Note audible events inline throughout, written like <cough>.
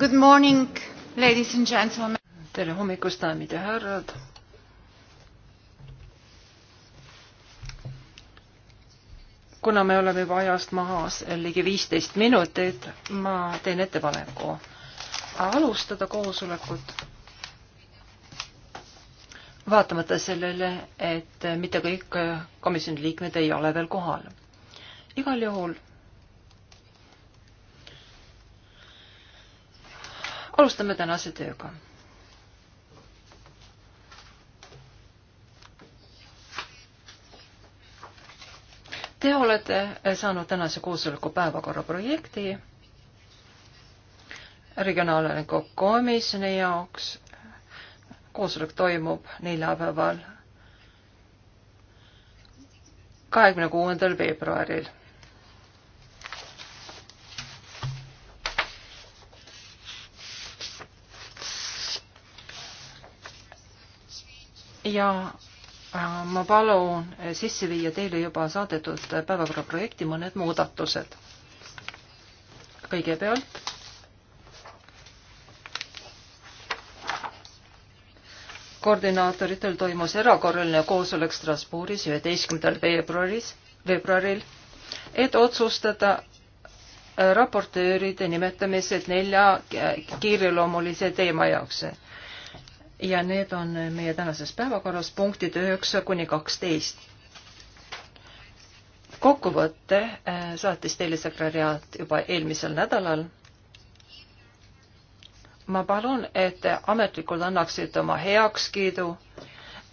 Good morning, ladies and gentlemen. tere hommikust, daamid ja härrad. kuna me oleme juba ajast mahas ligi viisteist minutit, ma teen ettepaneku alustada koosolekut. vaatamata sellele, et mitte kõik komisjoni liikmed ei ole veel kohal. igal juhul alustame tänase tööga. Te olete saanud tänase koosoleku päevakorra projekti regionaalarengu komisjoni jaoks. koosolek toimub neljapäeval, kahekümne kuuendal veebruaril ja äh, ma palun äh, sisse viia teile juba saadetud päevakorra projekti mõned muudatused. kõigepealt koordinaatoritel toimus erakorraline koosolek Strasbourgis üheteistkümnendal veebruaris, veebruaril, et otsustada äh, raportööride nimetamised nelja kiireloomulise teema jaoks ja need on meie tänases päevakorras punktid üheksa kuni kaksteist. kokkuvõtte äh, saatis teile sekretäriaat juba eelmisel nädalal. ma palun, et ametnikud annaksid oma heakskiidu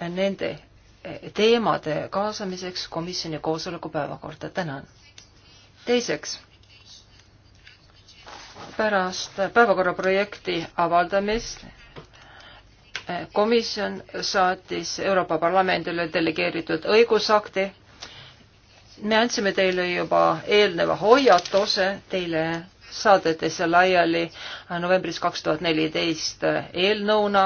nende äh, teemade kaasamiseks komisjoni koosoleku päevakorda. tänan. teiseks pärast päevakorra projekti avaldamist komisjon saatis Euroopa Parlamendile delegeeritud õigusakti. me andsime teile juba eelneva hoiatuse, teile saadeti see laiali novembris kaks tuhat neliteist eelnõuna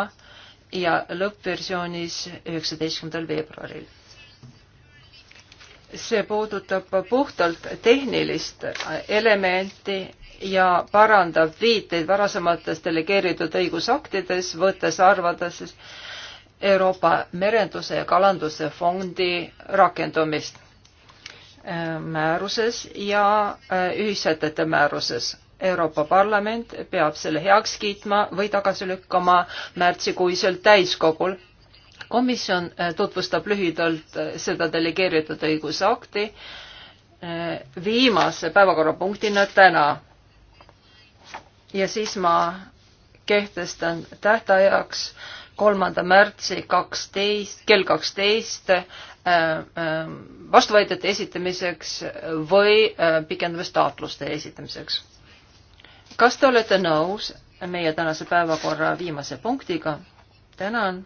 ja lõppversioonis üheksateistkümnendal veebruaril. see puudutab puhtalt tehnilist elementi ja parandab viiteid varasemates delegeeritud õigusaktides, võttes arvates Euroopa Merenduse ja Kalanduse Fondi rakendumist äh, määruses ja äh, ühissätete määruses. Euroopa Parlament peab selle heaks kiitma või tagasi lükkama märtsikuisel täiskogul. komisjon äh, tutvustab lühidalt seda delegeeritud õigusakti viimase päevakorrapunktina täna ja siis ma kehtestan tähtajaks kolmanda märtsi kaksteist, kell kaksteist äh, äh, vastuvõtjate esitamiseks või äh, pikendamistaotluste esitamiseks. kas te olete nõus meie tänase päevakorra viimase punktiga? tänan.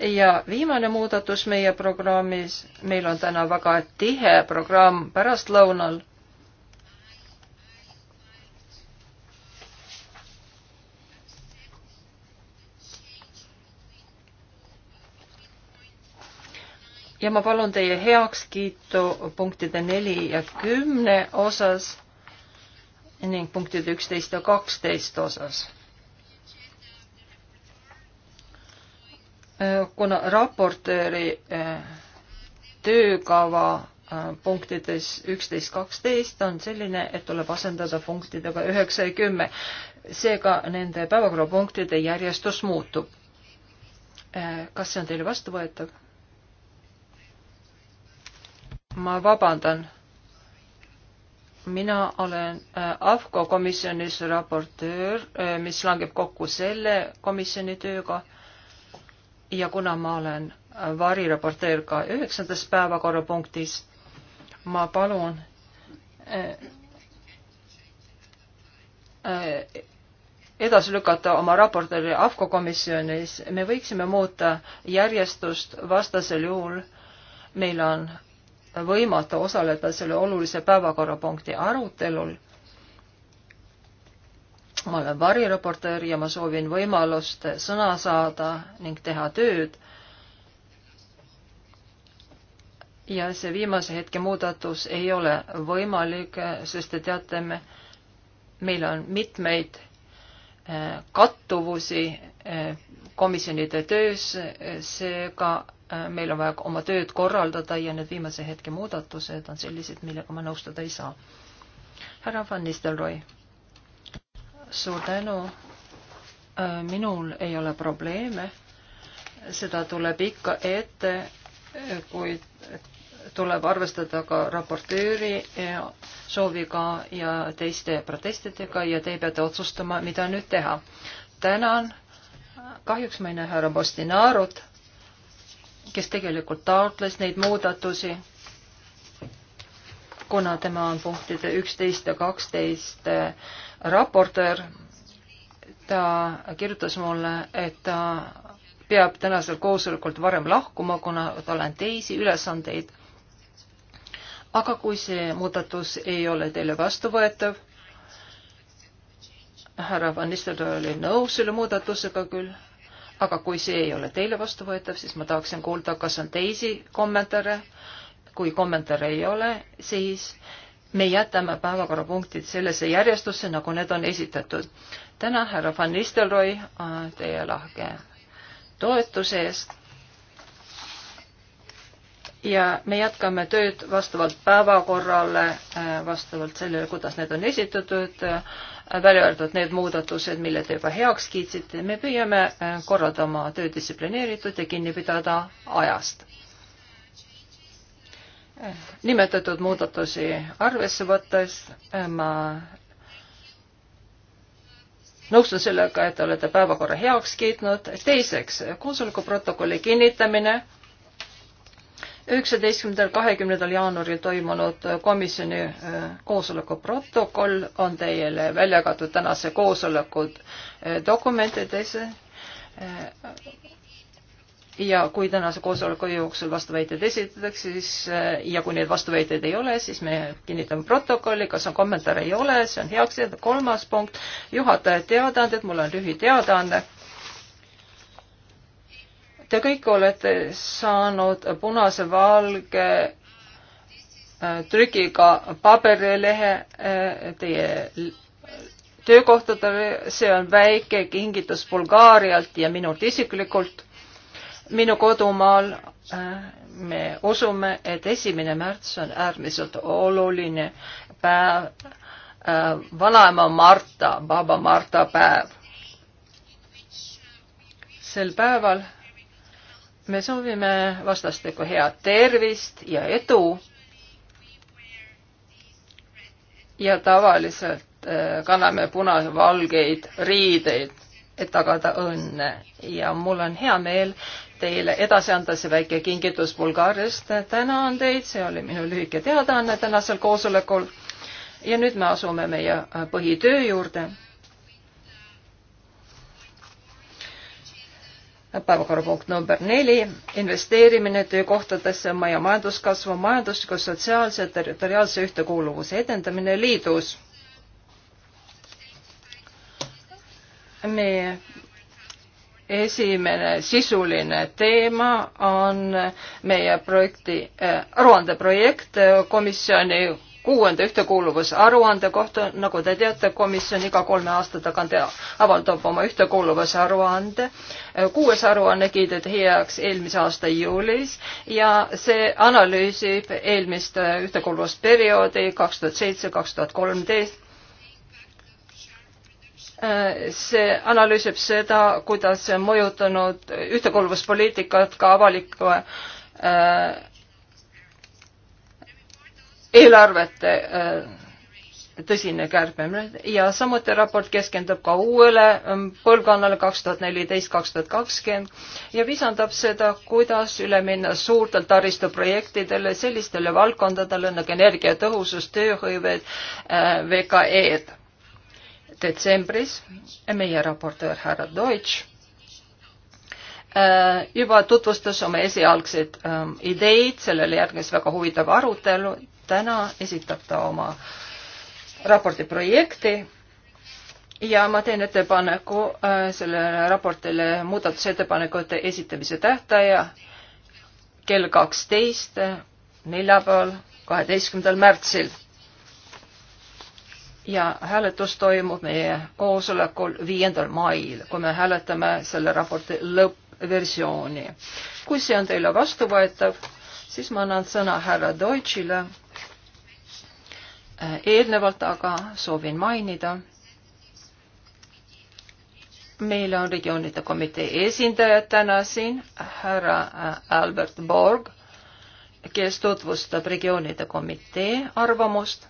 ja viimane muudatus meie programmis, meil on täna väga tihe programm pärastlõunal ja ma palun teie heakskiitu punktide neli ja kümne osas ning punktide üksteist ja kaksteist osas. Äh, kuna raportööri äh, töökava äh, punktides üksteist, kaksteist on selline, et tuleb asendada punktidega üheksa ja kümme. seega nende päevakorrapunktide järjestus muutub. kas see on teile vastuvõetav? ma vabandan. mina olen äh, AFCO komisjonis raportöör, äh, mis langeb kokku selle komisjoni tööga. ja kuna ma olen äh, variraportöör ka üheksandas päevakorrapunktis, ma palun edasi lükata oma raportööri AFCO komisjonis, me võiksime muuta järjestust vastasel juhul meil on võimatu osaleda selle olulise päevakorrapunkti arutelul. ma olen variraportöör ja ma soovin võimalust sõna saada ning teha tööd. ja see viimase hetke muudatus ei ole võimalik, sest te teate, me, meil on mitmeid eh, kattuvusi eh, komisjonide töös, seega Äh, meil on vaja oma tööd korraldada ja need viimase hetke muudatused on sellised, millega ma nõustuda ei saa. härra Van Nistelrooy, suur tänu. Äh, minul ei ole probleeme, seda tuleb ikka ette, äh, kuid tuleb arvestada ka raportööri sooviga ja teiste protestidega ja te peate otsustama, mida nüüd teha. tänan, kahjuks ma ei näe härra Postinarut kes tegelikult taotles neid muudatusi, kuna tema on punktide üksteist ja kaksteist äh, raportöör, ta kirjutas mulle, et ta peab tänaselt koosolekult varem lahkuma, kuna tal on teisi ülesandeid. aga kui see muudatus ei ole teile vastuvõetav, härra Van Nistelrooy oli nõus selle muudatusega küll aga kui see ei ole teile vastuvõetav, siis ma tahaksin kuulda, kas on teisi kommentaare. kui kommentaare ei ole, siis me jätame päevakorrapunktid sellesse järjestusse, nagu need on esitatud. tänan, härra Van Nistelrooy, teie lahke toetuse eest ja me jätkame tööd vastavalt päevakorrale, äh, vastavalt sellele, kuidas need on esitatud, äh, välja öeldud need muudatused, mille te juba heaks kiitsite, me püüame äh, korraldada oma töö distsiplineeritud ja kinni pidada ajast. nimetatud muudatusi arvesse võttes ma nõustun sellega, et te olete päevakorra heaks kiitnud. teiseks, koosoleku protokolli kinnitamine üheksateistkümnendal, kahekümnendal jaanuaril toimunud komisjoni äh, koosoleku protokoll on teile välja jagatud tänase koosoleku äh, dokumentides. Äh, ja kui tänase koosoleku jooksul vastuväiteid esitatakse, siis ja kui neid vastuväiteid ei ole, siis me kinnitame protokolli, kas on kommentaare, ei ole, see on heaks jäänud. kolmas punkt, juhataja teadaanded, mul on lühiteadaanne Te kõik olete saanud punase-valge äh, trükiga paberilehe äh, teie töökohtadele, see on väike kingitus Bulgaarialt ja minult isiklikult. minu kodumaal äh, me usume, et esimene märts on äärmiselt oluline päev, vanaema Marta, vaba Marta päev. sel päeval me soovime vastastikku head tervist ja edu. ja tavaliselt äh, kanname punavalgeid riideid, et tagada õnne ja mul on hea meel teile edasi anda see väike kingitus Bulgaariast. tänan teid, see oli minu lühike teadaanne tänasel koosolekul. ja nüüd me asume meie põhitöö juurde päevakorrapunkt number neli, investeerimine töökohtadesse, maja majanduskasvu, majandusliku, sotsiaalse, territoriaalse ühtekuuluvuse edendamine liidus. meie esimene sisuline teema on meie projekti äh,, aruandeprojekt komisjoni kuuenda ühtekuuluvusaruande kohta, nagu te teate, komisjon iga kolme aasta tagant avaldab oma ühtekuuluvusaruande. kuues aruanne kiideti heaks eelmise aasta juulis ja see analüüsib eelmist ühtekuuluvusperioodi kaks tuhat seitse, kaks tuhat kolmteist see analüüsib seda, kuidas see on mõjutanud ühtekuuluvuspoliitikat ka avalikku äh, eelarvete äh, tõsine kärbemine ja samuti raport keskendub ka uuele ähm, põlvkonnale kaks tuhat neliteist, kaks tuhat kakskümmend ja visandab seda, kuidas üle minna suurtelt taristuprojektidele, sellistele valdkondadele nagu energiatõhusus, tööhõived, äh, VKE-d. detsembris meie raportöör härra Deutsch äh, juba tutvustas oma esialgseid ähm, ideid, sellele järgnes väga huvitav arutelu täna esitab ta oma raporti projekti ja ma teen ettepaneku äh, sellele raportile muudatusettepanekute esitamise tähtaja kell kaksteist neljapäeval, kaheteistkümnendal märtsil. ja hääletus toimub meie koosolekul viiendal mail, kui me hääletame selle raporti lõppversiooni. kui see on teile vastuvõetav, siis ma annan sõna härra Deutschile Äh, eelnevalt, aga soovin mainida. meil on regioonide komitee esindajad täna siin, härra äh, Albert Borg, kes tutvustab regioonide komitee arvamust.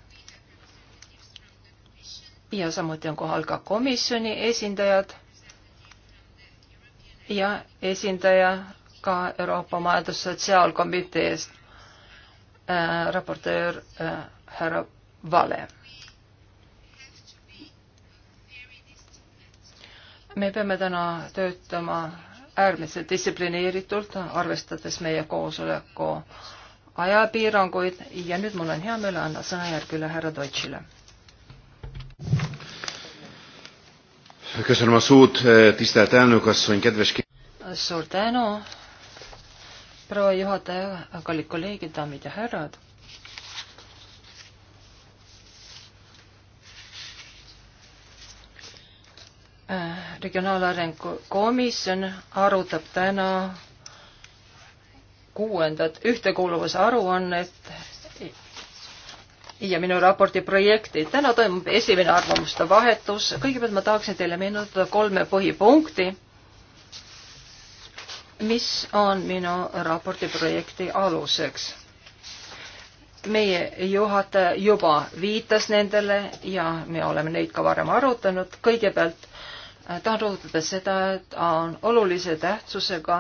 ja samuti on kohal ka komisjoni esindajad ja esindaja ka Euroopa Majandus-Sotsiaalkomiteest äh,, raportöör äh, härra vale. me peame täna töötama äärmiselt distsiplineeritult, arvestades meie koosoleku ajapiiranguid ja nüüd mul on hea meel anda sõna järgi üle härra Deutschile. suur tänu, proua juhataja, kallid kolleegid, daamid ja härrad Äh, regionaalarengu komisjon arutab täna kuuendat ühtekuuluvuse aruannet ja minu raporti projekti. täna toimub esimene arvamuste vahetus. kõigepealt ma tahaksin teile meenutada kolme põhipunkti, mis on minu raporti projekti aluseks. meie juhataja juba viitas nendele ja me oleme neid ka varem arutanud. kõigepealt Äh, tahan rõhutada seda, et on olulise tähtsusega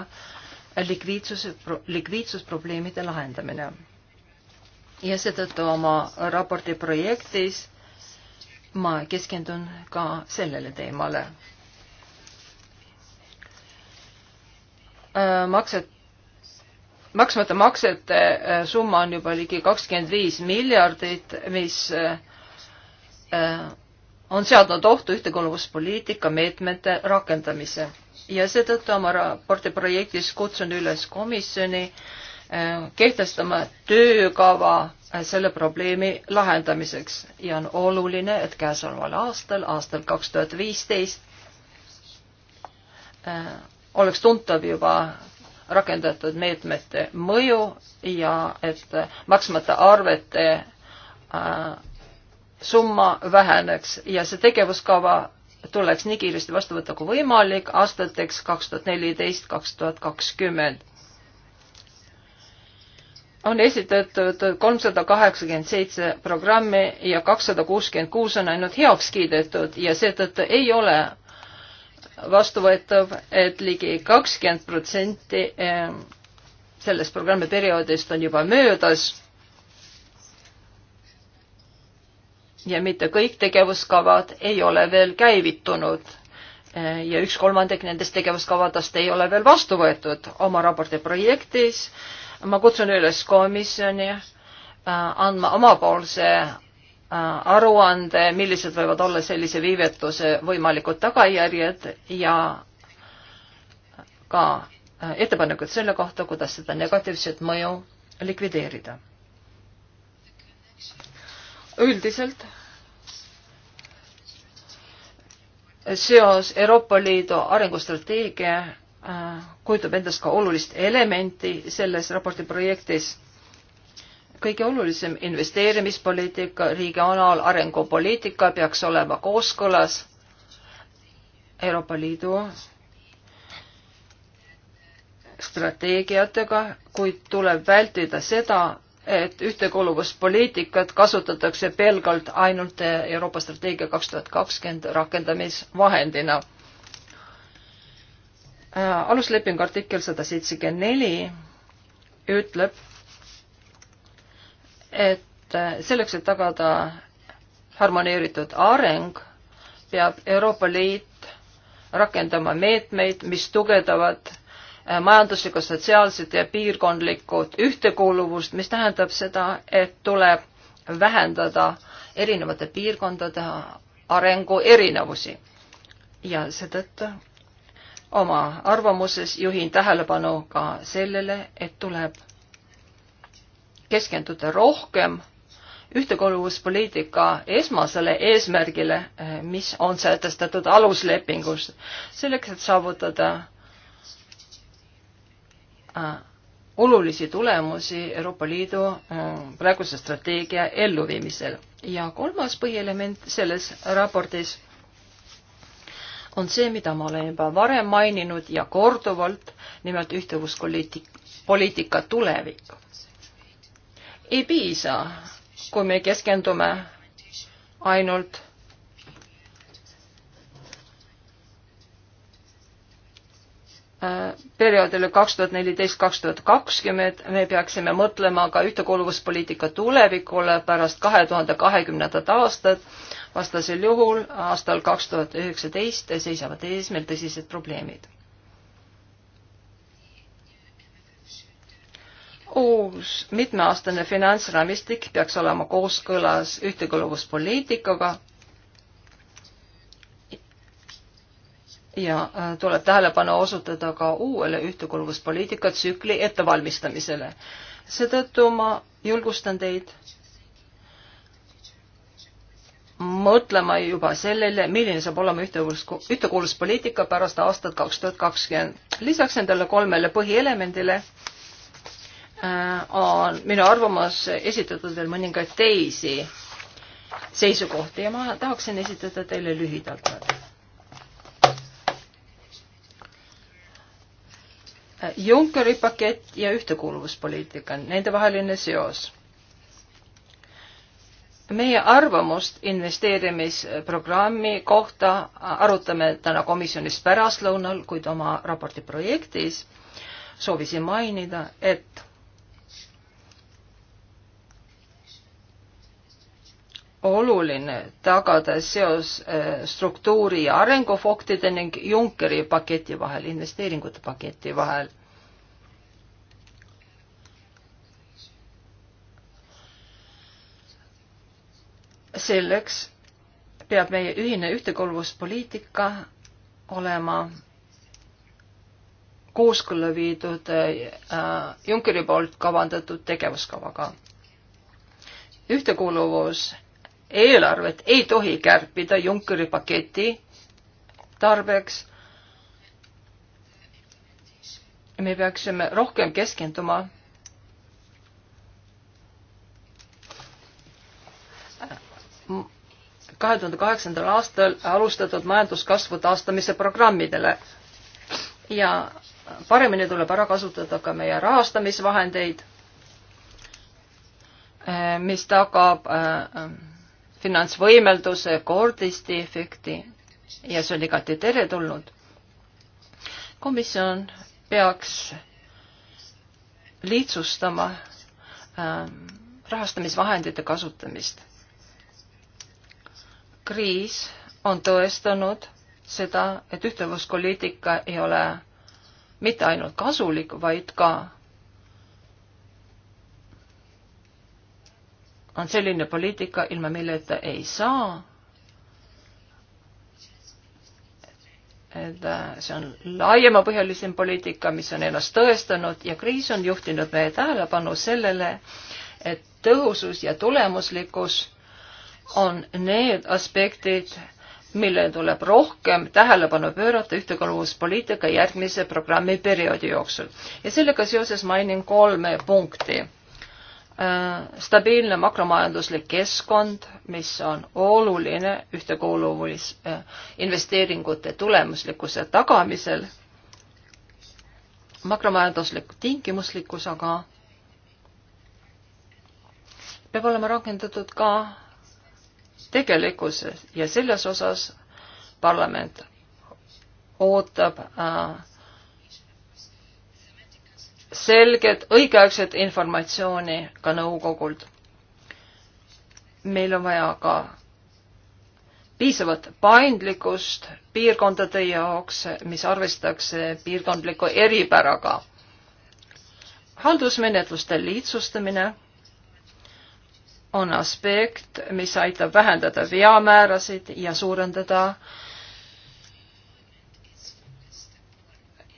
likviidsuse, likviidsusprobleemide lahendamine. ja seetõttu oma raporti projektis ma keskendun ka sellele teemale. Äh, maksed, maksmata maksete äh, summa on juba ligi kakskümmend viis miljardit, mis on seadnud ohtu ühtekuuluvuspoliitika meetmete rakendamise ja seetõttu oma raporti projektis kutsun üles komisjoni äh, kehtestama töökava äh, selle probleemi lahendamiseks ja on oluline, et käesoleval aastal, aastal kaks tuhat viisteist äh, oleks tuntav juba rakendatud meetmete mõju ja et maksmata arvete summa väheneks ja see tegevuskava tuleks nii kiiresti vastu võtta kui võimalik aastateks kaks tuhat neliteist, kaks tuhat kakskümmend. on esitatud kolmsada kaheksakümmend seitse programmi ja kakssada kuuskümmend kuus on ainult heaks kiidetud ja seetõttu ei ole vastuvõetav, et ligi kakskümmend protsenti eh, sellest programmi perioodist on juba möödas ja mitte kõik tegevuskavad ei ole veel käivitunud ja üks kolmandik nendest tegevuskavadest ei ole veel vastu võetud oma raporti projektis. ma kutsun üles komisjoni äh, andma omapoolse äh, aruande, millised võivad olla sellise viivetuse võimalikud tagajärjed ja ka äh, ettepanekud selle kohta, kuidas seda negatiivset mõju likvideerida üldiselt seos Euroopa Liidu arengustrateegia äh, kujutab endast ka olulist elementi selles raporti projektis. kõige olulisem investeerimispoliitika, regionaalarengupoliitika peaks olema kooskõlas Euroopa Liidu strateegiatega, kuid tuleb vältida seda, et ühtekuuluvuspoliitikat kasutatakse pelgalt ainult Euroopa strateegia kaks tuhat kakskümmend rakendamisvahendina. Äh, aluslepingu artikkel sada seitsekümmend neli ütleb, et selleks, et tagada harmoneeritud areng, peab Euroopa Liit rakendama meetmeid, mis tugevdavad Äh, majanduslikku, sotsiaalset ja piirkondlikku ühtekuuluvust, mis tähendab seda, et tuleb vähendada erinevate piirkondade arengu erinevusi. ja seetõttu oma arvamuses juhin tähelepanu ka sellele, et tuleb keskenduda rohkem ühtekuuluvuspoliitika esmasele eesmärgile, äh, mis on sätestatud aluslepingus, selleks, et saavutada Äh, olulisi tulemusi Euroopa Liidu äh, praeguse strateegia elluviimisel. ja kolmas põhielement selles raportis on see, mida ma olen juba varem maininud ja korduvalt, nimelt ühtevuspoliitika tulevik. ei piisa, kui me keskendume ainult perioodil kaks tuhat neliteist, kaks tuhat kakskümmend me peaksime mõtlema ka ühtekuuluvuspoliitika tulevikule pärast kahe tuhande kahekümnendat aastat. vastasel juhul aastal kaks tuhat üheksateist seisavad ees meil tõsised probleemid. uus mitmeaastane finantsraamistik peaks olema kooskõlas ühtekuuluvuspoliitikaga ja äh, tuleb tähelepanu osutada ka uuele ühtekuuluvuspoliitika tsükli ettevalmistamisele. seetõttu ma julgustan teid mõtlema juba sellele, milline saab olema ühtekuuluvus, ühtekuuluvuspoliitika pärast aastat kaks tuhat kakskümmend. lisaks nendele kolmele põhielemendile äh, on minu arvamus esitatud veel mõningaid teisi seisukohti ja ma tahaksin esitada teile lühidalt nad Junckeri pakett ja ühtekuuluvuspoliitika, nende vaheline seos. meie arvamust investeerimisprogrammi kohta arutame täna komisjonis pärastlõunal, kuid oma raporti projektis soovisin mainida, et oluline tagada seos eh, struktuuri ja arengufoktide ning Junckeri paketi vahel, investeeringute paketi vahel. selleks peab meie ühine ühtekuuluvuspoliitika olema kooskõlla viidud äh, Junckeri poolt kavandatud tegevuskavaga. ühtekuuluvus eelarvet ei tohi kärpida Junckeri paketi tarbeks. me peaksime rohkem keskenduma kahe tuhande kaheksandal aastal alustatud majanduskasvu taastamise programmidele ja paremini tuleb ära kasutada ka meie rahastamisvahendeid, eh, mis tagab eh, finantsvõimelduse koordisti efekti ja see on igati teretulnud. komisjon peaks lihtsustama eh, rahastamisvahendite kasutamist kriis on tõestanud seda, et ühtevuspoliitika ei ole mitte ainult kasulik, vaid ka on selline poliitika, ilma milleta ei saa. et äh, see on laiemapõhjalisem poliitika, mis on ennast tõestanud ja kriis on juhtinud meie tähelepanu sellele, et tõhusus ja tulemuslikkus on need aspektid, millele tuleb rohkem tähelepanu pöörata ühtekuuluvuspoliitika järgmise programmi perioodi jooksul. ja sellega seoses mainin kolme punkti. Äh, stabiilne makromajanduslik keskkond, mis on oluline ühtekuuluvulis äh, investeeringute tulemuslikkuse tagamisel, makromajanduslik tingimuslikkus aga peab olema rakendatud ka tegelikkuses ja selles osas parlament ootab äh, selget õigeaegset informatsiooni ka nõukogult. meil on vaja ka piisavat paindlikkust piirkondade jaoks, mis arvestatakse piirkondliku eripäraga. haldusmenetluste lihtsustamine on aspekt, mis aitab vähendada veamäärasid ja suurendada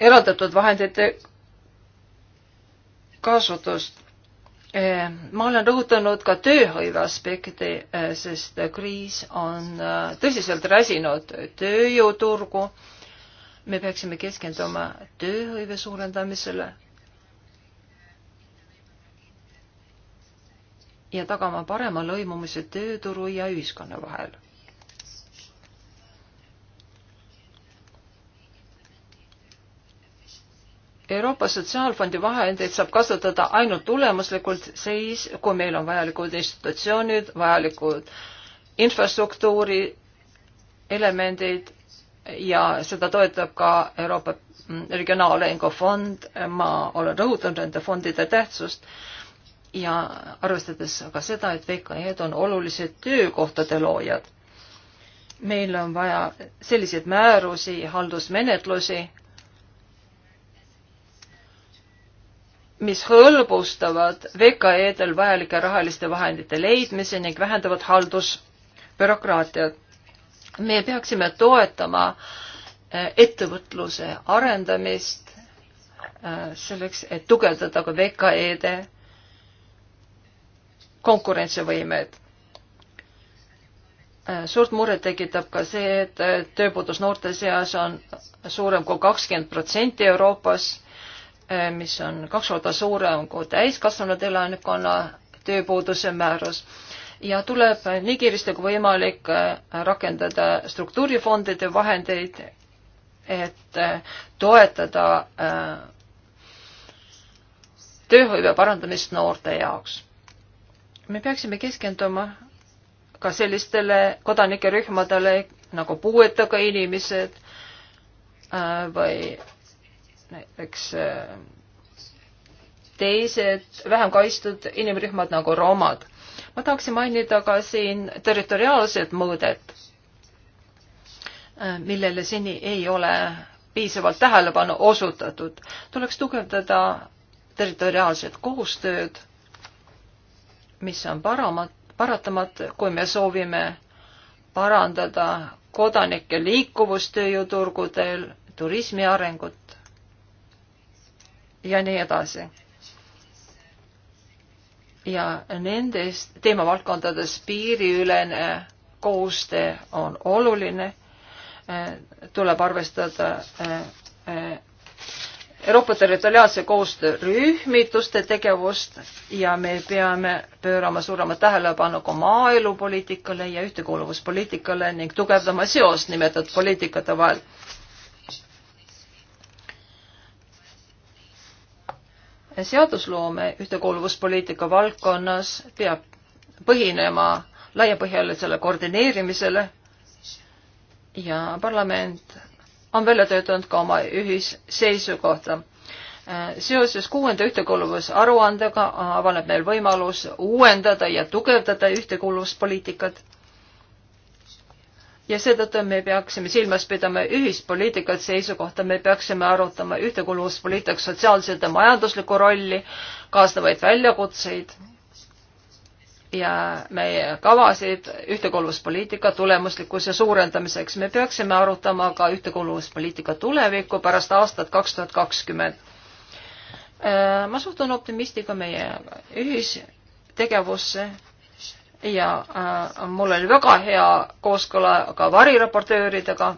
eraldatud vahendite kasutust. Eh, ma olen rõhutanud ka tööhõive aspekti, eh, sest kriis on eh, tõsiselt räsinud tööjõuturgu. me peaksime keskenduma tööhõive suurendamisele ja tagama parema lõimumise tööturu ja ühiskonna vahel. Euroopa Sotsiaalfondi vahendeid saab kasutada ainult tulemuslikult siis, kui meil on vajalikud institutsioonid, vajalikud infrastruktuuri elemendid ja seda toetab ka Euroopa mm, Regionaalarengu Fond. ma olen rõhutanud nende fondide tähtsust ja arvestades ka seda, et VKE-d on olulised töökohtade loojad. meil on vaja selliseid määrusi, haldusmenetlusi, mis hõlbustavad VKE-del vajalike rahaliste vahendite leidmise ning vähendavad haldusbürokraatiat. me peaksime toetama äh, ettevõtluse arendamist äh, selleks, et tugevdada ka VKE-de konkurentsivõimed. Äh, suurt muret tekitab ka see, et äh, tööpuudus noorte seas on suurem kui kakskümmend protsenti Euroopas, äh, mis on kaks korda suurem kui täiskasvanud elanikkonna tööpuuduse määrus ja tuleb nii kiiresti kui võimalik rakendada struktuurifondide vahendeid, et toetada tööhõive parandamist noorte jaoks me peaksime keskenduma ka sellistele kodanikerühmadele nagu puuetega inimesed äh, või näiteks äh, teised vähem kaitstud inimrühmad nagu romad. ma tahaksin mainida ka siin territoriaalset mõõdet, äh, millele seni ei ole piisavalt tähelepanu osutatud. tuleks tugevdada territoriaalset koostööd mis on paramat, paratamatu, kui me soovime parandada kodanike liikuvust tööjõuturgudel, turismi arengut ja nii edasi. ja nendes teemavaldkondades piiriülene koostöö on oluline, tuleb arvestada Euroopa territoriaalse koostöö rühmituste tegevust ja me peame pöörama suuremat tähelepanu ka maaelupoliitikale ja ühtekuuluvuspoliitikale ning tugevdama seost nimetatud poliitikate vahel. seadusloome ühtekuuluvuspoliitika valdkonnas peab põhinema laiapõhjalisele koordineerimisele ja parlament on välja töötanud ka oma ühisseisukohta. seoses kuuenda ühtekuuluvusaruandega avaneb meil võimalus uuendada ja tugevdada ühtekuuluvuspoliitikat. ja seetõttu me peaksime silmas pidama ühist poliitikat, seisukohta, me peaksime arutama ühtekuuluvuspoliitika sotsiaalset ja majanduslikku rolli, kaasnevaid väljakutseid ja meie kavasid ühtekuuluvuspoliitika tulemuslikkuse suurendamiseks. me peaksime arutama ka ühtekuuluvuspoliitika tulevikku pärast aastat kaks tuhat kakskümmend. Äh, ma suhtun optimistiga meie ühistegevusse ja äh, mul oli väga hea kooskõla ka variraportööridega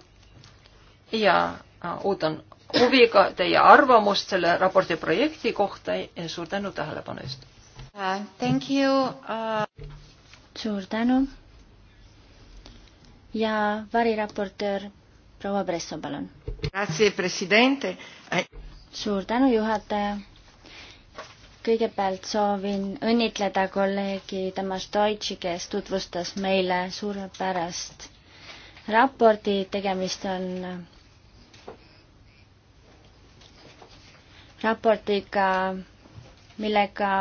ja äh, ootan huviga teie arvamust selle raporti projekti kohta ja suur tänu tähelepanu eest uh,. Thank you uh.... suur tänu. ja variraportöör proua Presso, palun. Grazie, president. suur tänu, juhataja kõigepealt soovin õnnitleda kolleegi Tamas Deutschi, kes tutvustas meile suurepärast raporti, tegemist on raportiga millega,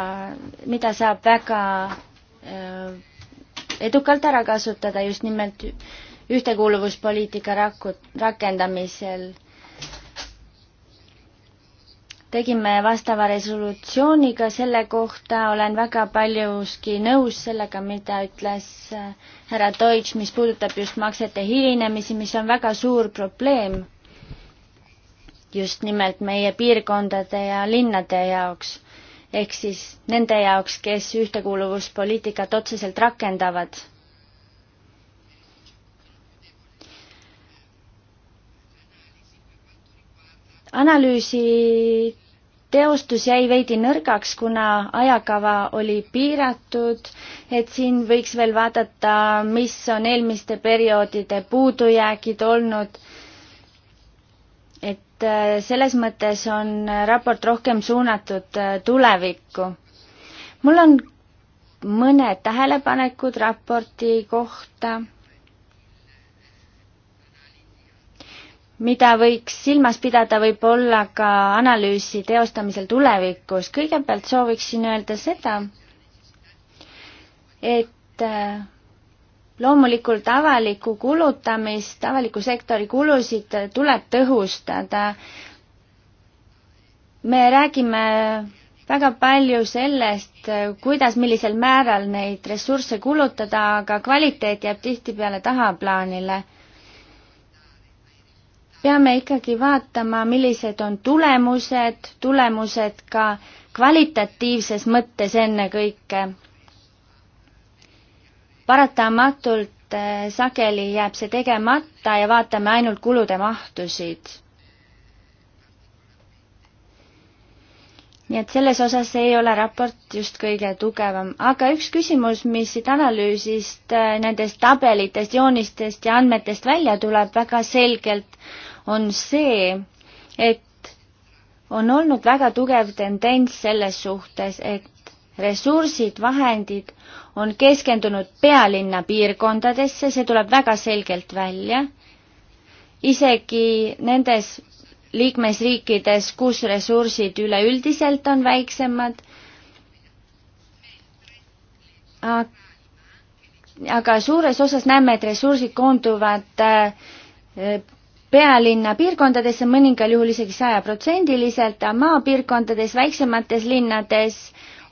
mida saab väga äh, edukalt ära kasutada just nimelt ühtekuuluvuspoliitika raku-, rakendamisel. tegime vastava resolutsiooni ka selle kohta, olen väga paljuski nõus sellega, mida ütles äh, härra Deutsch, mis puudutab just maksete hilinemisi, mis on väga suur probleem just nimelt meie piirkondade ja linnade jaoks ehk siis nende jaoks, kes ühtekuuluvuspoliitikat otseselt rakendavad. analüüsi teostus jäi veidi nõrgaks, kuna ajakava oli piiratud, et siin võiks veel vaadata, mis on eelmiste perioodide puudujäägid olnud, et et äh, selles mõttes on äh, raport rohkem suunatud äh, tulevikku. mul on mõned tähelepanekud raporti kohta, mida võiks silmas pidada võib-olla ka analüüsi teostamisel tulevikus. kõigepealt sooviksin öelda seda, et loomulikult avalikku kulutamist, avaliku sektori kulusid tuleb tõhustada. me räägime väga palju sellest, kuidas, millisel määral neid ressursse kulutada, aga kvaliteet jääb tihtipeale tahaplaanile. peame ikkagi vaatama, millised on tulemused, tulemused ka kvalitatiivses mõttes ennekõike paratamatult äh, sageli jääb see tegemata ja vaatame ainult kulude mahtusid nii et selles osas ei ole raport just kõige tugevam. aga üks küsimus, mis siit analüüsist, äh, nendest tabelitest, joonistest ja andmetest välja tuleb väga selgelt, on see, et on olnud väga tugev tendents selles suhtes, et ressursid, vahendid on keskendunud pealinna piirkondadesse, see tuleb väga selgelt välja. isegi nendes liikmesriikides, kus ressursid üleüldiselt on väiksemad. aga suures osas näeme, et ressursid koonduvad äh, pealinna piirkondadesse, mõningal juhul isegi sajaprotsendiliselt, maapiirkondades, väiksemates linnades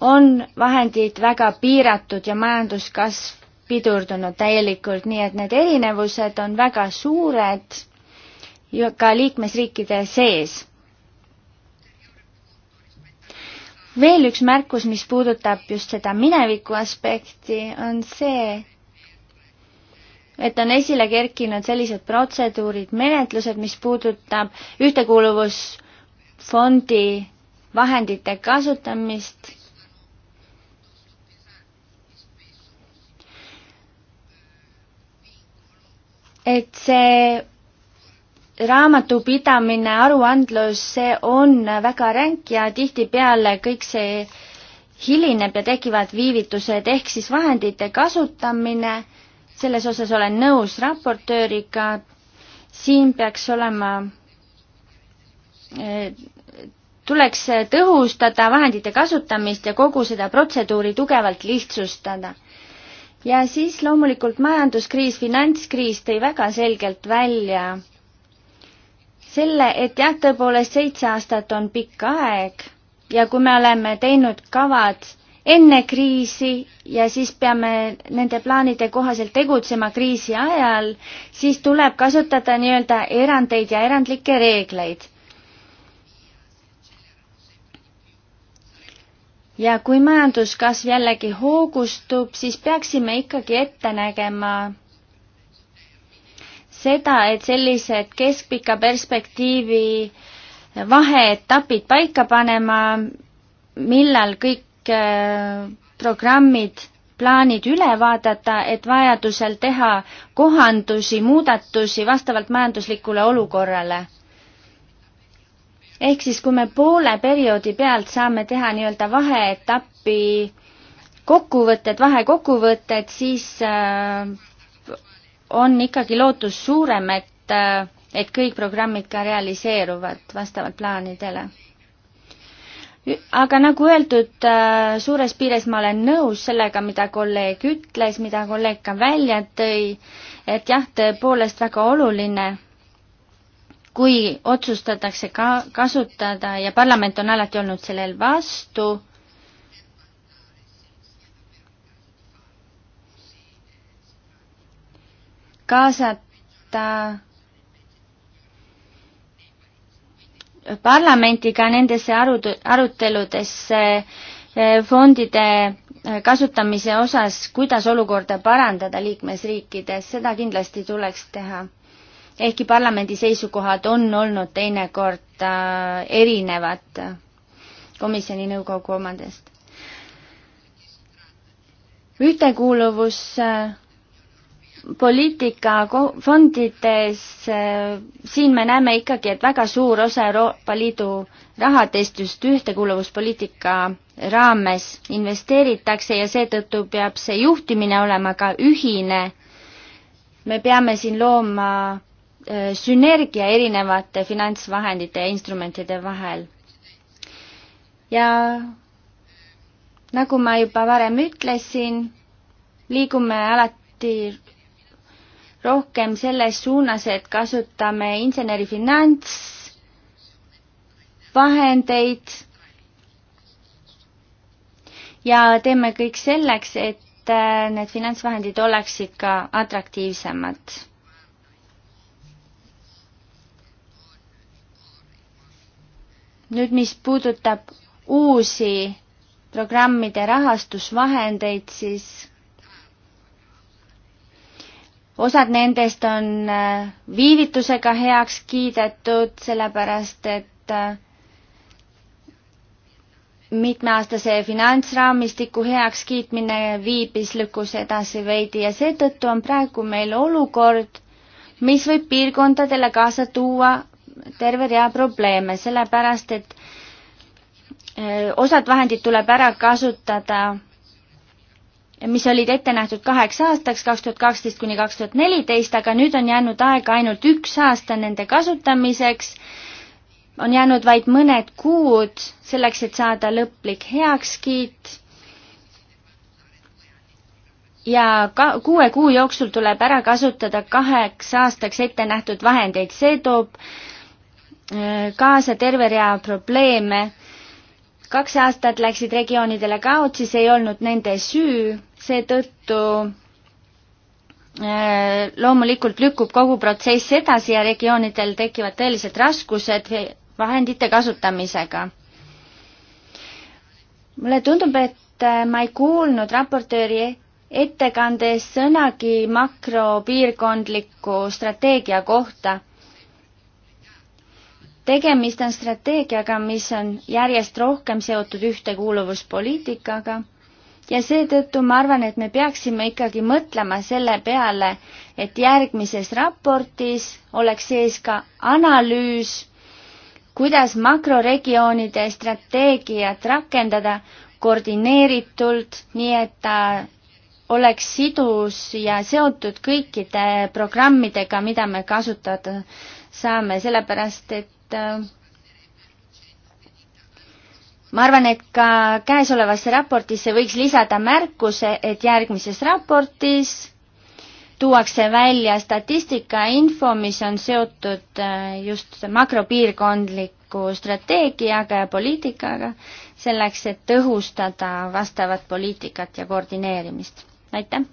on vahendid väga piiratud ja majanduskasv pidurdunud täielikult, nii et need erinevused on väga suured ka liikmesriikide sees. veel üks märkus, mis puudutab just seda mineviku aspekti, on see, et on esile kerkinud sellised protseduurid, menetlused, mis puudutab ühtekuuluvusfondi vahendite kasutamist et see raamatupidamine, aruandlus, see on väga ränk ja tihtipeale kõik see hilineb ja tekivad viivitused, ehk siis vahendite kasutamine, selles osas olen nõus raportööriga, siin peaks olema, eh, tuleks tõhustada vahendite kasutamist ja kogu seda protseduuri tugevalt lihtsustada ja siis loomulikult majanduskriis, finantskriis tõi väga selgelt välja selle, et jah, tõepoolest seitse aastat on pikk aeg ja kui me oleme teinud kavad enne kriisi ja siis peame nende plaanide kohaselt tegutsema kriisi ajal, siis tuleb kasutada nii-öelda erandeid ja erandlikke reegleid. ja kui majanduskasv jällegi hoogustub, siis peaksime ikkagi ette nägema seda, et sellised keskpika perspektiivi vaheetapid paika panema, millal kõik äh, programmid, plaanid üle vaadata, et vajadusel teha kohandusi, muudatusi vastavalt majanduslikule olukorrale ehk siis, kui me poole perioodi pealt saame teha nii-öelda vaheetappi kokkuvõtted, vahekokkuvõtted, siis äh, on ikkagi lootus suurem, et, äh, et kõik programmid ka realiseeruvad vastavalt plaanidele. aga nagu öeldud, äh, suures piires ma olen nõus sellega, mida kolleeg ütles, mida kolleeg ka välja tõi, et jah, tõepoolest väga oluline kui otsustatakse ka kasutada ja parlament on alati olnud sellel vastu, kaasata parlamendiga nendesse arut-, aruteludesse eh, fondide eh, kasutamise osas, kuidas olukorda parandada liikmesriikides, seda kindlasti tuleks teha ehkki parlamendi seisukohad on olnud teinekord äh, erinevad komisjoni nõukogu omadest. ühtekuuluvus äh, poliitika fondides, äh, siin me näeme ikkagi, et väga suur osa Euroopa Liidu rahadest just ühtekuuluvuspoliitika raames investeeritakse ja seetõttu peab see juhtimine olema ka ühine. me peame siin looma Äh, sünergia erinevate finantsvahendite ja instrumentide vahel. ja nagu ma juba varem ütlesin, liigume alati rohkem selles suunas, et kasutame inseneri finantsvahendeid ja teeme kõik selleks, et äh, need finantsvahendid oleksid ka atraktiivsemad nüüd, mis puudutab uusi programmide rahastusvahendeid, siis osad nendest on äh, viivitusega heaks kiidetud, sellepärast et äh, mitmeaastase finantsraamistiku heakskiitmine viibis, lükkus edasi veidi ja seetõttu on praegu meil olukord, mis võib piirkondadele kaasa tuua terve rea probleeme, sellepärast et eh, osad vahendid tuleb ära kasutada, mis olid ette nähtud kaheks aastaks, kaks tuhat kaksteist kuni kaks tuhat neliteist, aga nüüd on jäänud aega ainult üks aasta nende kasutamiseks, on jäänud vaid mõned kuud selleks, et saada lõplik heakskiit ja ka kuue kuu jooksul tuleb ära kasutada kaheks aastaks ette nähtud vahendeid, see toob äh, Äh, kaasa terve rea probleeme. kaks aastat läksid regioonidele kaotsi, see ei olnud nende süü, seetõttu äh, loomulikult lükkub kogu protsess edasi ja regioonidel tekivad tõelised raskused vahendite kasutamisega. mulle tundub, et äh, ma ei kuulnud raportööri ettekandes sõnagi makropiirkondliku strateegia kohta tegemist on strateegiaga, mis on järjest rohkem seotud ühtekuuluvuspoliitikaga ja seetõttu ma arvan, et me peaksime ikkagi mõtlema selle peale, et järgmises raportis oleks sees ka analüüs, kuidas makroregioonide strateegiat rakendada koordineeritult, nii et ta oleks sidus ja seotud kõikide programmidega, mida me kasutada saame, sellepärast et Äh, ma arvan, et ka käesolevasse raportisse võiks lisada märkuse, et järgmises raportis tuuakse välja statistika info, mis on seotud äh, just makropiirkondliku strateegiaga ja poliitikaga, selleks et tõhustada vastavat poliitikat ja koordineerimist. aitäh!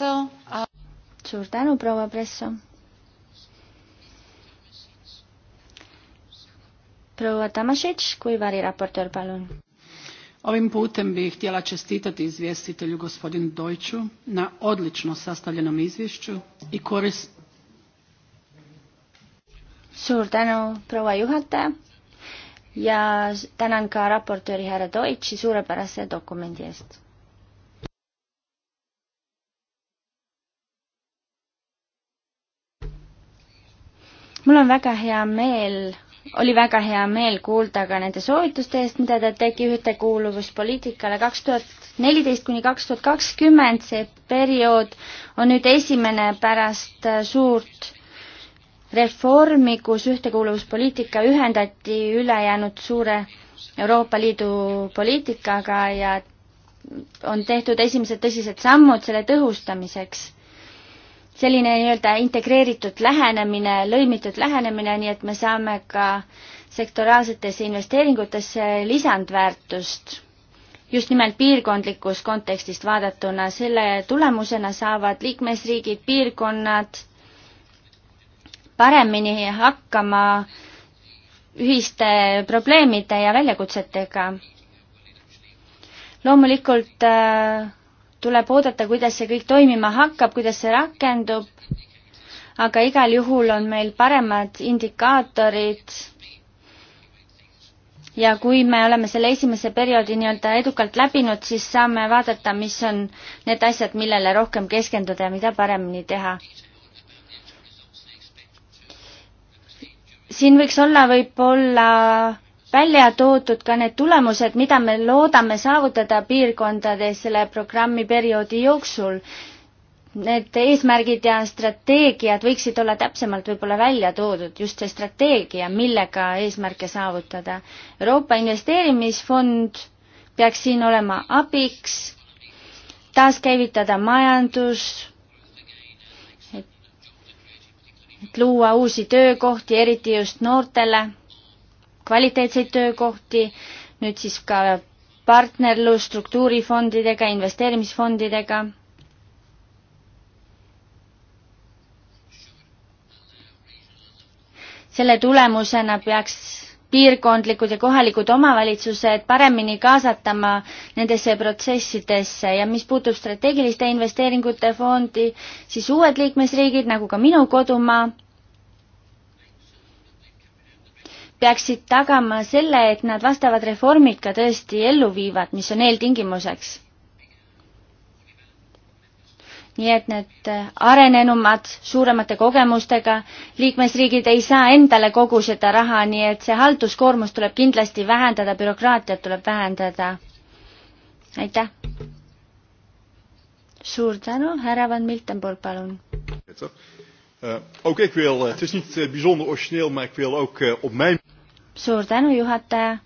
Uh, suur tänu, proua Presso! proua Tamašitš kui variraportöör, palun. Ovim putem bih htjela čestitati izvjestitelju gospodinu Dojču na odlično sastavljenom izvješću i koris... suur tänu, proua juhataja ja tänan ka raportööri härra Deutschi suurepärase dokumendi eest. mul on väga hea meel oli väga hea meel kuulda ka nende soovituste eest, mida ta tegi ühtekuuluvuspoliitikale kaks tuhat neliteist kuni kaks tuhat kakskümmend, see periood on nüüd esimene pärast äh, suurt reformi, kus ühtekuuluvuspoliitika ühendati ülejäänud suure Euroopa Liidu poliitikaga ja on tehtud esimesed tõsised sammud selle tõhustamiseks selline nii-öelda integreeritud lähenemine, lõimitud lähenemine, nii et me saame ka sektoraalsetesse investeeringutesse lisandväärtust just nimelt piirkondlikust kontekstist vaadatuna. selle tulemusena saavad liikmesriigid, piirkonnad paremini hakkama ühiste probleemide ja väljakutsetega. loomulikult äh, tuleb oodata, kuidas see kõik toimima hakkab, kuidas see rakendub, aga igal juhul on meil paremad indikaatorid ja kui me oleme selle esimese perioodi nii-öelda edukalt läbinud, siis saame vaadata, mis on need asjad, millele rohkem keskenduda ja mida paremini teha. siin võiks olla võib-olla välja toodud ka need tulemused, mida me loodame saavutada piirkondades selle programmi perioodi jooksul. Need eesmärgid ja strateegiad võiksid olla täpsemalt võib-olla välja toodud, just see strateegia, millega eesmärke saavutada. Euroopa Investeerimisfond peaks siin olema abiks, taaskäivitada majandus, et luua uusi töökohti, eriti just noortele kvaliteetseid töökohti, nüüd siis ka partnerlus struktuurifondidega, investeerimisfondidega. selle tulemusena peaks piirkondlikud ja kohalikud omavalitsused paremini kaasatama nendesse protsessidesse ja mis puutub strateegiliste investeeringute fondi, siis uued liikmesriigid, nagu ka minu kodumaa, peaksid tagama selle, et nad vastavad reformid ka tõesti ellu viivad, mis on eeltingimuseks. nii et need arenenumad, suuremate kogemustega liikmesriigid ei saa endale kogu seda raha, nii et see halduskoormus tuleb kindlasti vähendada, bürokraatiat tuleb vähendada. aitäh! Suur tänu, härra Van Miltenborg, palun. Ook ik wil, eh, het is niet eh, bijzonder origineel, maar ik wil ook eh, op mijn suur tänu, juhataja.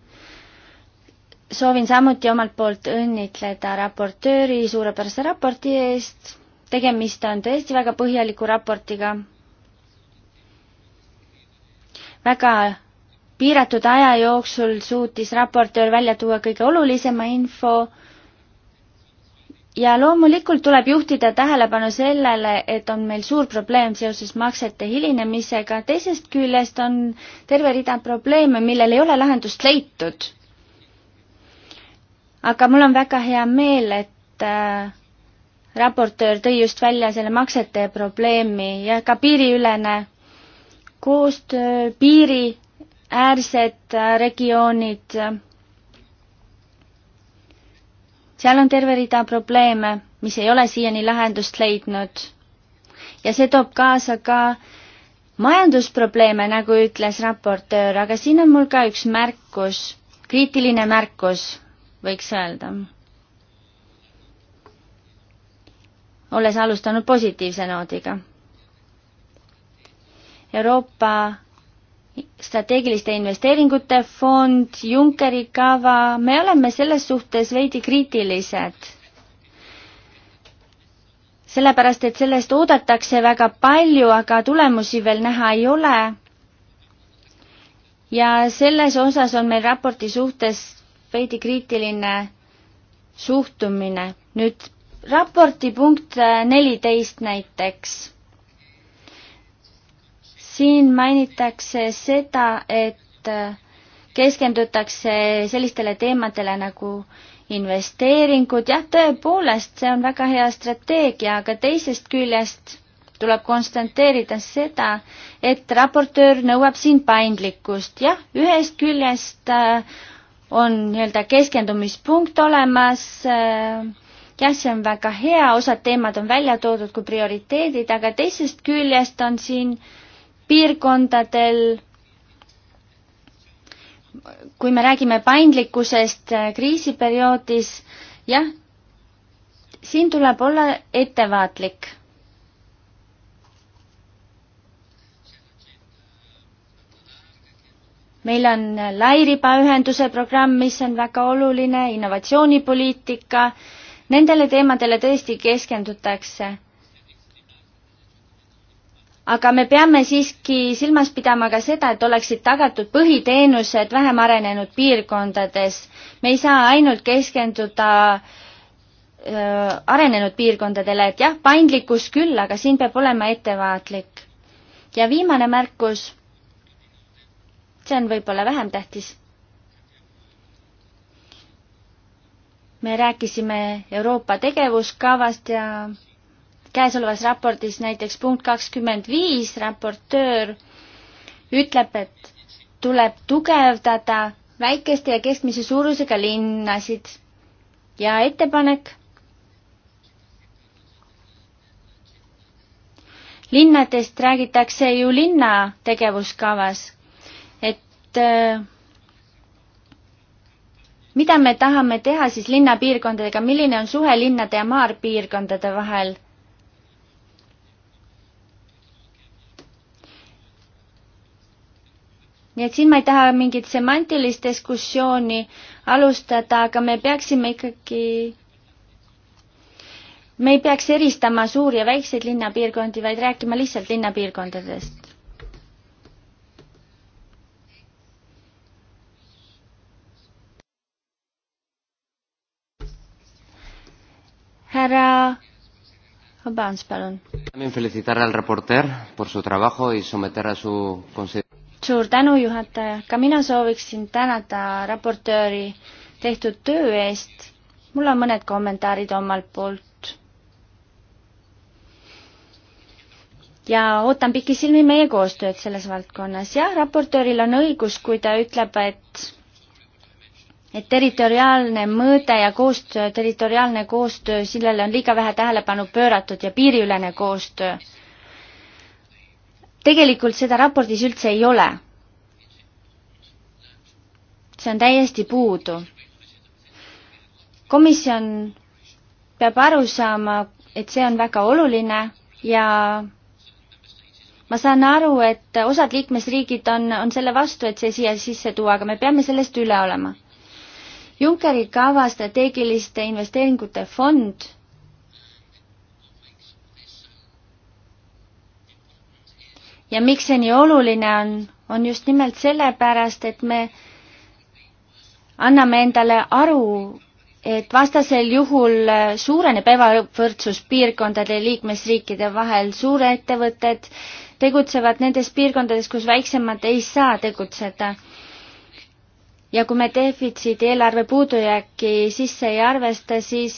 soovin samuti omalt poolt õnnitleda raportööri suurepärase raporti eest. tegemist on tõesti väga põhjaliku raportiga. väga piiratud aja jooksul suutis raportöör välja tuua kõige olulisema info ja loomulikult tuleb juhtida tähelepanu sellele, et on meil suur probleem seoses maksete hilinemisega, teisest küljest on terve rida probleeme, millel ei ole lahendust leitud. aga mul on väga hea meel, et äh, raportöör tõi just välja selle maksete probleemi ja ka piiriülene koostöö, piiriäärsed äh, regioonid seal on terve rida probleeme, mis ei ole siiani lahendust leidnud. ja see toob kaasa ka majandusprobleeme, nagu ütles raportöör, aga siin on mul ka üks märkus, kriitiline märkus, võiks öelda. olles alustanud positiivse noodiga. Euroopa strateegiliste investeeringute fond, Junckeri kava, me oleme selles suhtes veidi kriitilised. sellepärast, et sellest oodatakse väga palju, aga tulemusi veel näha ei ole. ja selles osas on meil raporti suhtes veidi kriitiline suhtumine. nüüd raporti punkt neliteist näiteks siin mainitakse seda, et keskendutakse sellistele teemadele nagu investeeringud, jah, tõepoolest, see on väga hea strateegia, aga teisest küljest tuleb konstanteerida seda, et raportöör nõuab siin paindlikkust, jah, ühest küljest äh, on nii-öelda keskendumispunkt olemas, äh, jah, see on väga hea, osad teemad on välja toodud kui prioriteedid, aga teisest küljest on siin äh, piirkondadel, kui me räägime paindlikkusest äh, kriisiperioodis, jah, siin tuleb olla ettevaatlik. meil on äh, lairibaühenduse programm, mis on väga oluline, innovatsioonipoliitika, nendele teemadele tõesti keskendutakse aga me peame siiski silmas pidama ka seda, et oleksid tagatud põhiteenused vähem arenenud piirkondades. me ei saa ainult keskenduda öö, arenenud piirkondadele, et jah, paindlikkus küll, aga siin peab olema ettevaatlik. ja viimane märkus, see on võib-olla vähem tähtis. me rääkisime Euroopa tegevuskavast ja käesolevas raportis näiteks punkt kakskümmend viis, raportöör ütleb, et tuleb tugevdada väikeste ja keskmise suurusega linnasid ja ettepanek linnadest räägitakse ju linna tegevuskavas, et äh, mida me tahame teha siis linnapiirkondadega, milline on suhe linnade ja maapiirkondade vahel? nii et siin ma ei taha mingit semantilist diskussiooni alustada, aga me peaksime ikkagi, me ei peaks eristama suuri ja väikseid linnapiirkondi, vaid rääkima lihtsalt linnapiirkondadest. härra Obans, palun. También felicitar al reporter por su trabajo y someter a su suur tänu, juhataja, ka mina sooviksin tänada raportööri tehtud töö eest. mul on mõned kommentaarid omalt poolt. ja ootan pikisilmi meie koostööd selles valdkonnas. jah, raportööril on õigus, kui ta ütleb, et et territoriaalne mõõde ja koostöö, territoriaalne koostöö, sellele on liiga vähe tähelepanu pööratud ja piiriülene koostöö tegelikult seda raportis üldse ei ole. see on täiesti puudu. komisjon peab aru saama, et see on väga oluline ja ma saan aru, et osad liikmesriigid on, on selle vastu, et see siia sisse tuua, aga me peame sellest üle olema. Junckeri kava strateegiliste investeeringute fond ja miks see nii oluline on, on just nimelt sellepärast, et me anname endale aru, et vastasel juhul suureneb ebavõrdsus piirkondade liikmesriikide vahel, suurettevõtted tegutsevad nendes piirkondades, kus väiksemad ei saa tegutseda. ja kui me defitsiidi eelarve puudujääki sisse ei arvesta, siis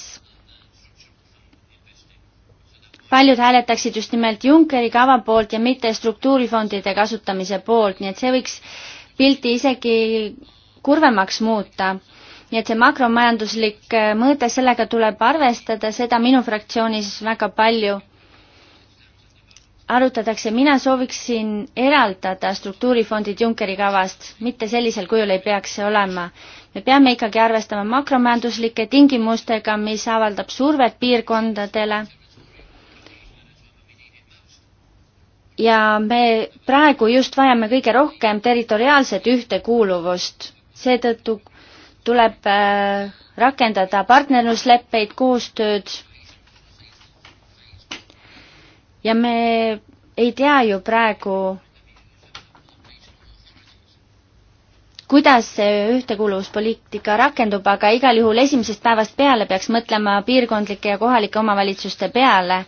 paljud hääletaksid just nimelt Junckeri kava poolt ja mitte struktuurifondide kasutamise poolt, nii et see võiks pilti isegi kurvemaks muuta. nii et see makromajanduslik äh, mõõde, sellega tuleb arvestada, seda minu fraktsioonis väga palju arutatakse, mina sooviksin eraldada struktuurifondid Junckeri kavast, mitte sellisel kujul ei peaks see olema. me peame ikkagi arvestama makromajanduslike tingimustega, mis avaldab survet piirkondadele ja me praegu just vajame kõige rohkem territoriaalset ühtekuuluvust, seetõttu tuleb äh, rakendada partnerlusleppeid, koostööd. ja me ei tea ju praegu, kuidas see ühtekuuluvuspoliitika rakendub, aga igal juhul esimesest päevast peale peaks mõtlema piirkondlike ja kohalike omavalitsuste peale.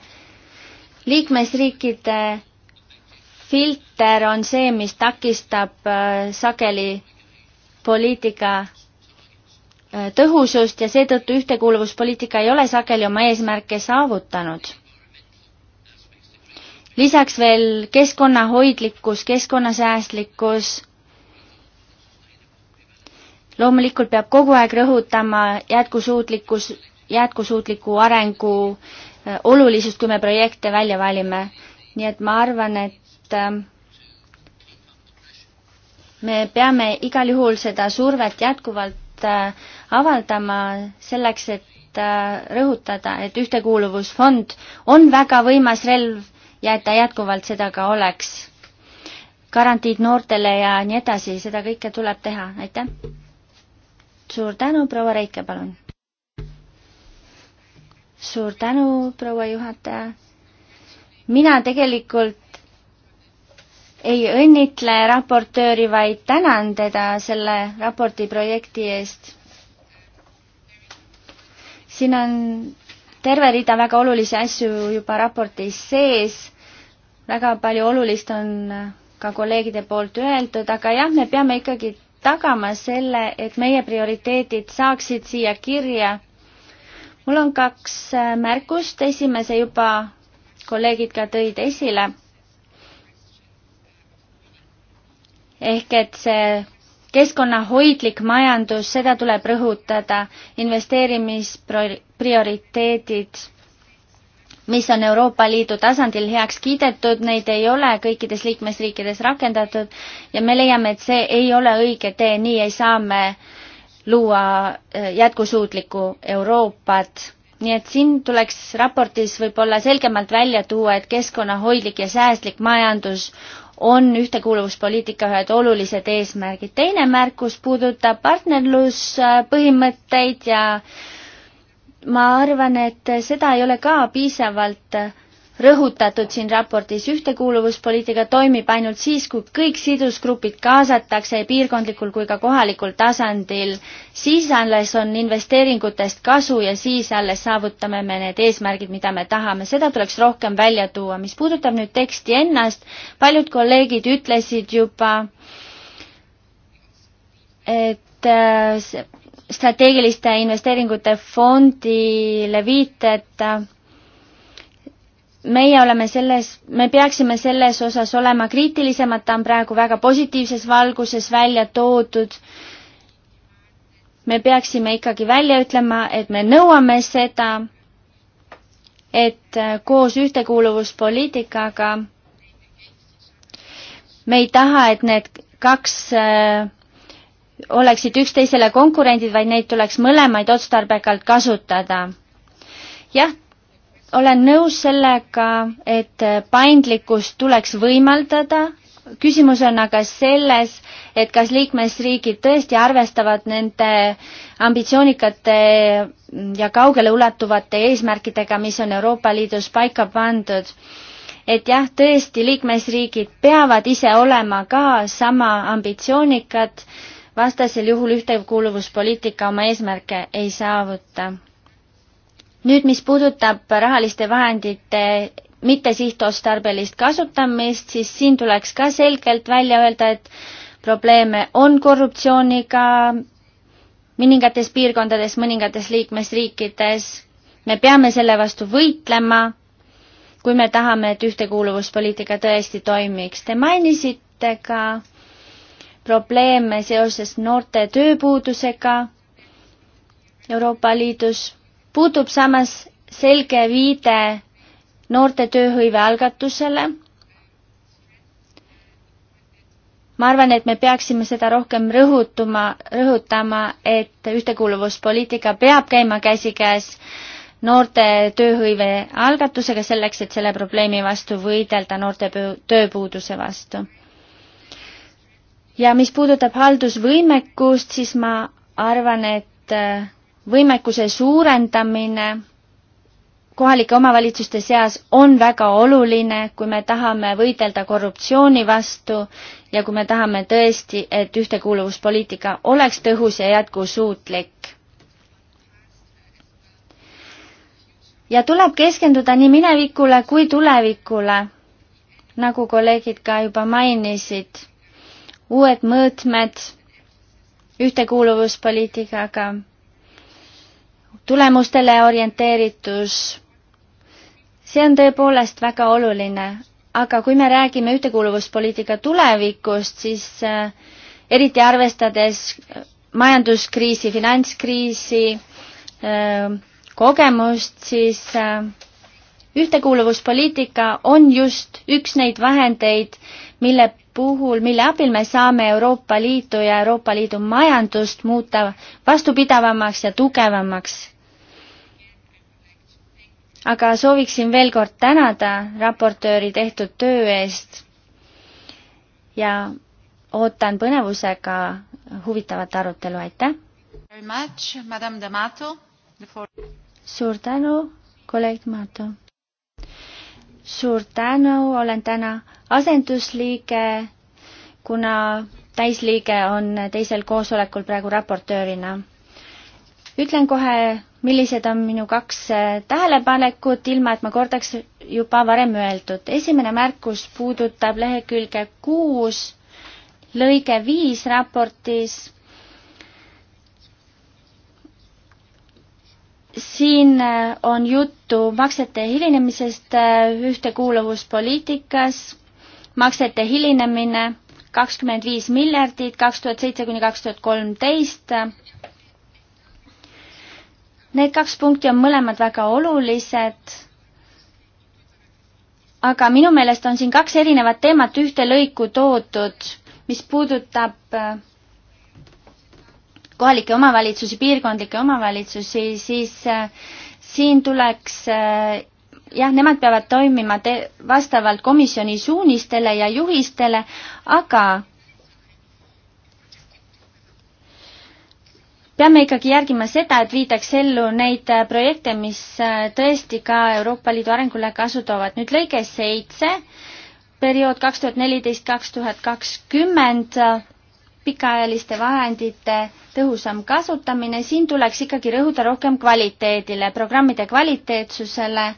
liikmesriikide filter on see, mis takistab äh, sageli poliitika äh, tõhusust ja seetõttu ühtekuuluvuspoliitika ei ole sageli oma eesmärke saavutanud. lisaks veel keskkonnahoidlikkus, keskkonnasäästlikkus. loomulikult peab kogu aeg rõhutama jätkusuutlikkus, jätkusuutliku arengu äh, olulisust, kui me projekte välja valime. nii et ma arvan, et et äh, me peame igal juhul seda survet jätkuvalt äh, avaldama selleks, et äh, rõhutada, et Ühtekuuluvusfond on väga võimas relv ja et ta jätkuvalt seda ka oleks. garantiid noortele ja nii edasi, seda kõike tuleb teha, aitäh! suur tänu, proua Reike, palun. suur tänu, proua juhataja. mina tegelikult ei õnnitle raportööri, vaid tänan teda selle raporti projekti eest. siin on terve rida väga olulisi asju juba raportis sees, väga palju olulist on ka kolleegide poolt öeldud, aga jah, me peame ikkagi tagama selle, et meie prioriteedid saaksid siia kirja. mul on kaks märkust, esimese juba kolleegid ka tõid esile ehk et see keskkonnahoidlik majandus, seda tuleb rõhutada, investeerimisprioriteedid, mis on Euroopa Liidu tasandil heaks kiidetud, neid ei ole kõikides liikmesriikides rakendatud ja me leiame, et see ei ole õige tee, nii ei saa me luua äh, jätkusuutlikku Euroopat. nii et siin tuleks raportis võib-olla selgemalt välja tuua, et keskkonnahoidlik ja säästlik majandus on ühtekuuluvuspoliitika ühed olulised eesmärgid. teine märkus puudutab partnerluspõhimõtteid ja ma arvan, et seda ei ole ka piisavalt rõhutatud siin raportis, ühtekuuluvuspoliitika toimib ainult siis, kui kõik sidusgrupid kaasatakse piirkondlikul kui ka kohalikul tasandil. siis alles on investeeringutest kasu ja siis alles saavutame me need eesmärgid, mida me tahame, seda tuleks rohkem välja tuua. mis puudutab nüüd teksti ennast, paljud kolleegid ütlesid juba, et äh, strateegiliste investeeringute fondile viited äh, meie oleme selles, me peaksime selles osas olema kriitilisemad, ta on praegu väga positiivses valguses välja toodud. me peaksime ikkagi välja ütlema, et me nõuame seda, et koos ühtekuuluvuspoliitikaga me ei taha, et need kaks äh, oleksid üksteisele konkurendid, vaid neid tuleks mõlemaid otstarbekalt kasutada. jah olen nõus sellega, et paindlikkust tuleks võimaldada, küsimus on aga selles, et kas liikmesriigid tõesti arvestavad nende ambitsioonikate ja kaugeleulatuvate eesmärkidega, mis on Euroopa Liidus paika pandud. et jah, tõesti, liikmesriigid peavad ise olema ka sama ambitsioonikad, vastasel juhul ühtekuuluvuspoliitika oma eesmärke ei saavuta nüüd, mis puudutab rahaliste vahendite mittesihtotstarbelist kasutamist, siis siin tuleks ka selgelt välja öelda, et probleeme on korruptsiooniga mõningates piirkondades, mõningates liikmesriikides. me peame selle vastu võitlema, kui me tahame, et ühtekuuluvuspoliitika tõesti toimiks. Te mainisite ka probleeme seoses noorte tööpuudusega Euroopa Liidus puudub samas selge viide noorte tööhõive algatusele. ma arvan, et me peaksime seda rohkem rõhutuma, rõhutama, et ühtekuuluvuspoliitika peab käima käsikäes noorte tööhõive algatusega selleks, et selle probleemi vastu võidelda noorte tööpuuduse vastu. ja mis puudutab haldusvõimekust, siis ma arvan, et äh, võimekuse suurendamine kohalike omavalitsuste seas on väga oluline, kui me tahame võidelda korruptsiooni vastu ja kui me tahame tõesti, et ühtekuuluvuspoliitika oleks tõhus ja jätkusuutlik. ja tuleb keskenduda nii minevikule kui tulevikule, nagu kolleegid ka juba mainisid, uued mõõtmed ühtekuuluvuspoliitikaga tulemustele orienteeritus, see on tõepoolest väga oluline, aga kui me räägime ühtekuuluvuspoliitika tulevikust, siis äh, eriti arvestades majanduskriisi, finantskriisi äh, kogemust, siis äh, ühtekuuluvuspoliitika on just üks neid vahendeid, mille puhul, mille abil me saame Euroopa Liitu ja Euroopa Liidu majandust muuta vastupidavamaks ja tugevamaks aga sooviksin veel kord tänada raportööri tehtud töö eest ja ootan põnevusega huvitavat arutelu, aitäh! suur tänu, kolleeg Mato! suur tänu, olen täna asendusliige, kuna täisliige on teisel koosolekul praegu raportöörina ütlen kohe, millised on minu kaks äh, tähelepanekut, ilma et ma kordaks juba varem öeldud. esimene märkus puudutab lehekülge kuus, lõige viis raportis. siin äh, on juttu maksete hilinemisest äh, ühtekuuluvuspoliitikas, maksete hilinemine kakskümmend viis miljardit, kaks tuhat seitse kuni kaks tuhat kolmteist Need kaks punkti on mõlemad väga olulised, aga minu meelest on siin kaks erinevat teemat ühte lõiku toodud, mis puudutab äh, kohalikke omavalitsusi, piirkondlikke omavalitsusi, siis äh, siin tuleks äh, jah, nemad peavad toimima te-, vastavalt komisjoni suunistele ja juhistele, aga peame ikkagi järgima seda, et viidaks ellu neid äh, projekte, mis äh, tõesti ka Euroopa Liidu arengule kasu toovad. nüüd lõige seitse, periood kaks tuhat neliteist, kaks tuhat kakskümmend, äh, pikaajaliste vahendite tõhusam kasutamine, siin tuleks ikkagi rõhuda rohkem kvaliteedile, programmide kvaliteetsusele,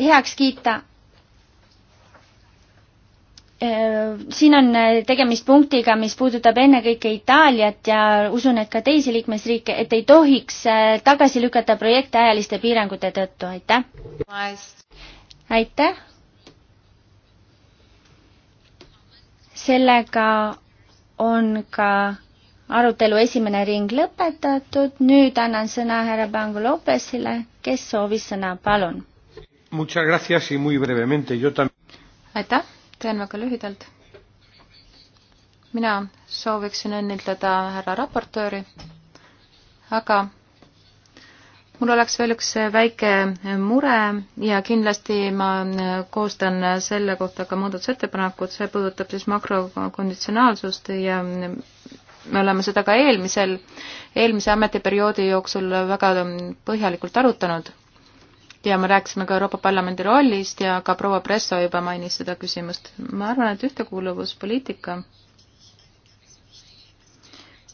heaks kiita Äh, siin on äh, tegemist punktiga, mis puudutab ennekõike Itaaliat ja usun, et ka teisi liikmesriike, et ei tohiks äh, tagasi lükata projekte ajaliste piirangute tõttu, aitäh. aitäh. sellega on ka arutelu esimene ring lõpetatud, nüüd annan sõna härra Pango Lopesile, kes soovis sõna, palun. aitäh teen väga lühidalt. mina sooviksin õnnitleda härra raportööri, aga mul oleks veel üks väike mure ja kindlasti ma koostan selle kohta ka muudatusettepanekud, see puudutab siis makrokonditsionaalsust ja me oleme seda ka eelmisel, eelmise ametiperioodi jooksul väga põhjalikult arutanud ja me rääkisime ka Euroopa Parlamendi rollist ja ka proua Presso juba mainis seda küsimust. ma arvan, et ühtekuuluvuspoliitika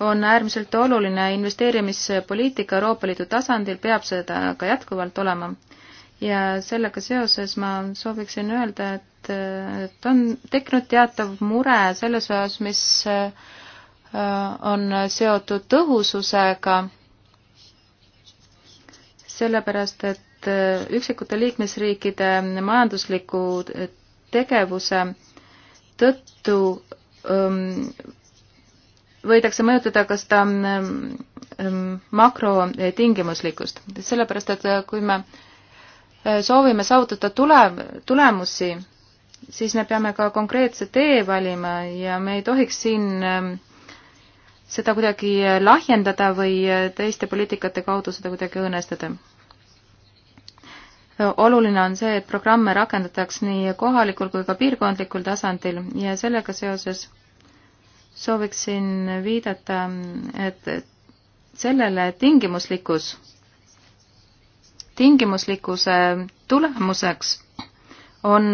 on äärmiselt oluline investeerimispoliitika Euroopa Liidu tasandil, peab seda ka jätkuvalt olema. ja sellega seoses ma sooviksin öelda, et, et on tekkinud teatav mure selles osas, mis äh, on seotud tõhususega, sellepärast et et äh, üksikute liikmesriikide majandusliku äh, tegevuse tõttu ähm, võidakse mõjutada ka seda ähm, ähm, makrotingimuslikkust, sellepärast et äh, kui me soovime saavutada tule, tulemusi, siis me peame ka konkreetse tee valima ja me ei tohiks siin seda kuidagi lahjendada või teiste poliitikate kaudu seda kuidagi õõnestada oluline on see, et programme rakendataks nii kohalikul kui ka piirkondlikul tasandil ja sellega seoses sooviksin viidata, et sellele tingimuslikkus, tingimuslikkuse tulemuseks on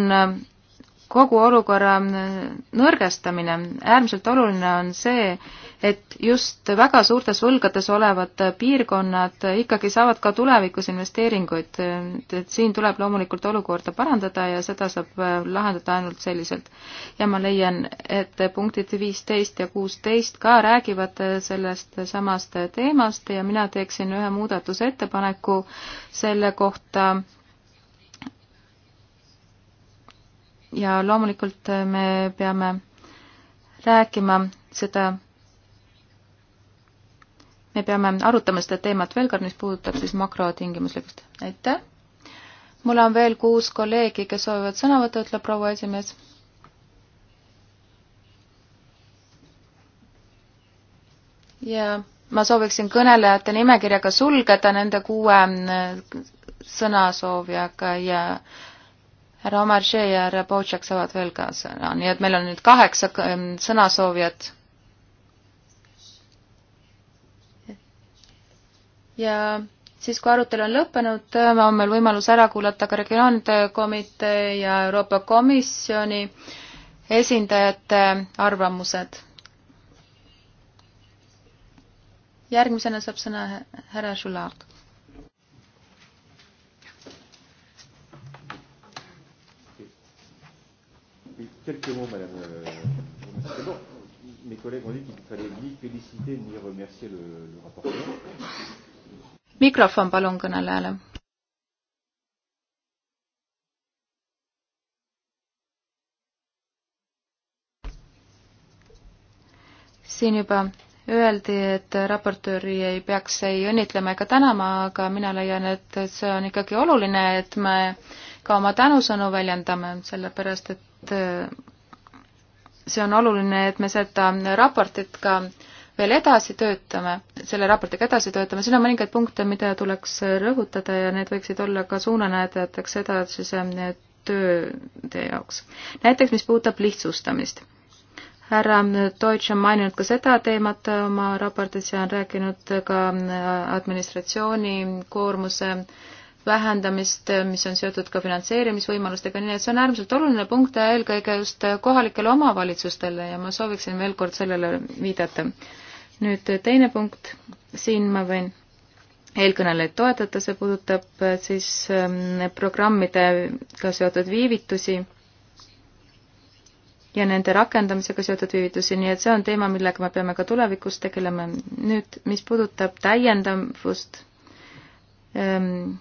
kogu olukorra nõrgestamine. äärmiselt oluline on see, et just väga suurtes võlgades olevad piirkonnad ikkagi saavad ka tulevikus investeeringuid, et siin tuleb loomulikult olukorda parandada ja seda saab äh, lahendada ainult selliselt. ja ma leian, et punktid viisteist ja kuusteist ka räägivad äh, sellest samast teemast ja mina teeksin ühe muudatusettepaneku selle kohta, ja loomulikult äh, me peame rääkima seda me peame arutama seda teemat veel kord, mis puudutab siis makrotingimuslikkust. aitäh! mul on veel kuus kolleegi, kes soovivad sõna võtta, ütleb proua esimees. ja ma sooviksin kõnelejate nimekirjaga sulgeda nende kuue äh, sõnasoovijaga ja härra Omar Šee ja härra Potšak saavad veel ka sõna, nii et meil on nüüd kaheksa äh, sõnasoovijat ja siis, kui arutelu on lõppenud, on meil võimalus ära kuulata ka regionaalide komitee ja Euroopa Komisjoni esindajate arvamused. järgmisena saab sõna härra Žulaak. quelques mots, Madame. D'abord, euh, mes collègues ont dit qu'il fallait ni féliciter ni remercier le, le rapporteur mikrofon palun kõnelejale. siin juba öeldi, et raportööri ei peaks ei õnnitlema ega tänama, aga mina leian, et see on ikkagi oluline, et me ka oma tänusõnu väljendame, sellepärast et äh, see on oluline, et me seda raportit ka äh, veel edasi töötame, selle raportiga edasi töötame, siin on mõningaid punkte, mida tuleks rõhutada ja need võiksid olla ka suunanäitajateks edasise tööde jaoks. näiteks, mis puudutab lihtsustamist. härra Deutsch on maininud ka seda teemat oma raportis ja on rääkinud ka administratsiooni koormuse vähendamist, mis on seotud ka finantseerimisvõimalustega, nii et see on äärmiselt oluline punkt ja eelkõige just kohalikele omavalitsustele ja ma sooviksin veel kord sellele viidata nüüd teine punkt, siin ma võin eelkõnelejaid toetada, see puudutab äh, siis ähm, programmidega seotud viivitusi ja nende rakendamisega seotud viivitusi, nii et see on teema, millega me peame ka tulevikus tegelema. nüüd, mis puudutab täiendavust, ähm,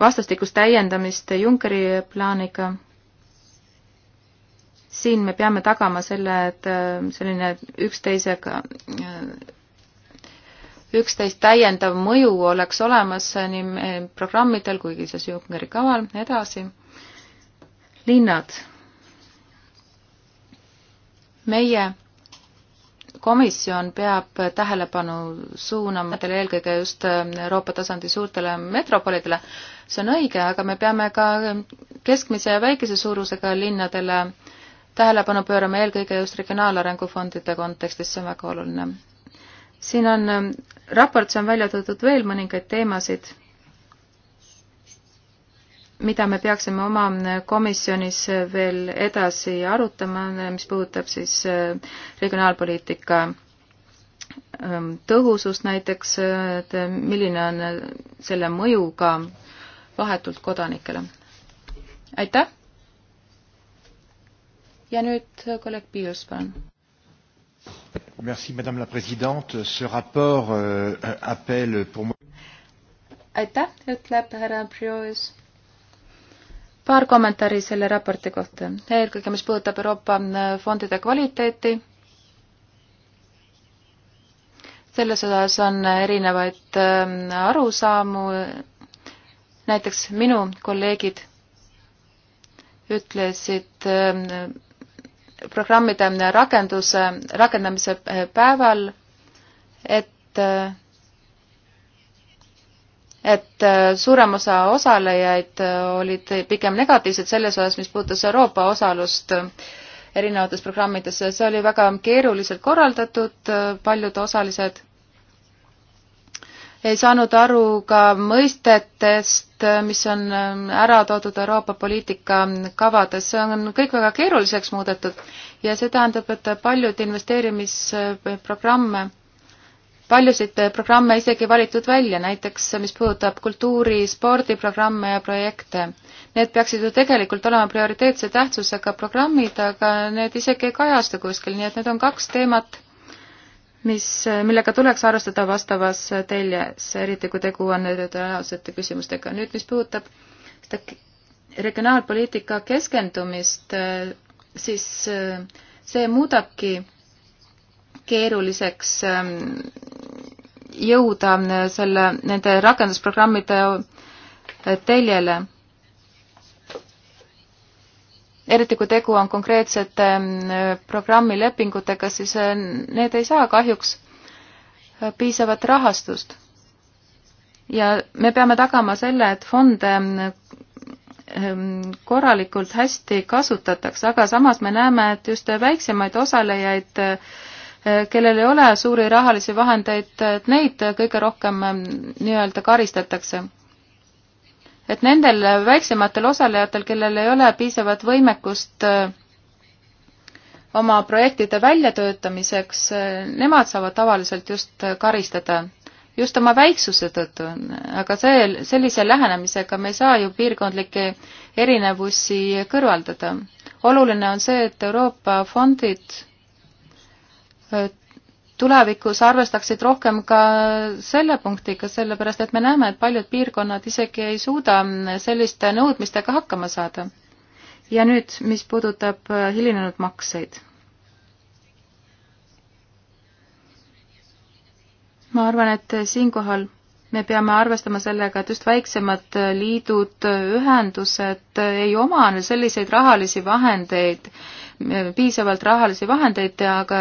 vastastikust täiendamist Junckeri plaaniga siin me peame tagama selle, et äh, selline üksteisega, äh, üksteist täiendav mõju oleks olemas nii programmidel kui ka siis Junckeri kaval, edasi. linnad. meie komisjon peab tähelepanu suunama eelkõige just äh, Euroopa tasandi suurtele metropolidele, see on õige, aga me peame ka keskmise ja väikese suurusega linnadele äh, tähelepanu pöörame eelkõige just regionaalarengu fondide kontekstis, see on väga oluline. siin on, ähm, raportis on välja toodud veel mõningaid teemasid, mida me peaksime oma äh, komisjonis äh, veel edasi arutama, äh, mis puudutab siis regionaalpoliitika ähm, tõhusust näiteks, et milline on selle mõju ka vahetult kodanikele. aitäh! ja nüüd äh, kolleeg Pius, palun. Merci, madame la présidente. Ce rapport euh, appelle pour moi. aitäh, ütleb härra Pius. paar kommentaari selle raporti kohta. eelkõige, mis puudutab Euroopa äh, fondide kvaliteeti. selles osas on erinevaid ähm, arusaamu. näiteks minu kolleegid ütlesid ähm, programmide rakenduse, rakendamise päeval, et et suurem osa osalejaid olid pigem negatiivsed selles osas, mis puudutas Euroopa osalust erinevates programmides, see oli väga keeruliselt korraldatud, paljud osalised ei saanud aru ka mõistetest, mis on ähm, ära toodud Euroopa poliitika kavades, see on kõik väga keeruliseks muudetud ja see tähendab, et paljud investeerimisprogramme paljusid programme isegi valitud välja, näiteks mis puudutab kultuuri, spordiprogramme ja projekte. Need peaksid ju tegelikult olema prioriteetse tähtsusega programmid, aga need isegi ei kajastu kuskil, nii et need on kaks teemat, mis, millega tuleks arvestada vastavas teljes, eriti kui tegu on territoriaalsete küsimustega. nüüd, mis puudutab seda regionaalpoliitika keskendumist, siis see muudabki keeruliseks jõuda selle, nende rakendusprogrammide teljele eriti kui tegu on konkreetsete mm, programmilepingutega, siis äh, need ei saa kahjuks äh, piisavat rahastust. ja me peame tagama selle, et fonde mm, ähm, korralikult hästi kasutatakse, aga samas me näeme, et just väiksemaid osalejaid, äh, kellel ei ole suuri rahalisi vahendeid, et neid kõige rohkem mm, nii-öelda karistatakse et nendel väiksematel osalejatel, kellel ei ole piisavat võimekust äh, oma projektide väljatöötamiseks, äh, nemad saavad tavaliselt just karistada, just oma väiksuse tõttu, aga see, sellise lähenemisega me ei saa ju piirkondlikke erinevusi kõrvaldada. oluline on see, et Euroopa fondid äh, tulevikus arvestaksid rohkem ka selle punktiga, sellepärast et me näeme, et paljud piirkonnad isegi ei suuda selliste nõudmistega hakkama saada. ja nüüd, mis puudutab hilinenud makseid. ma arvan, et siinkohal me peame arvestama sellega, et just väiksemad liidud, ühendused ei oma selliseid rahalisi vahendeid, piisavalt rahalisi vahendeid ja ka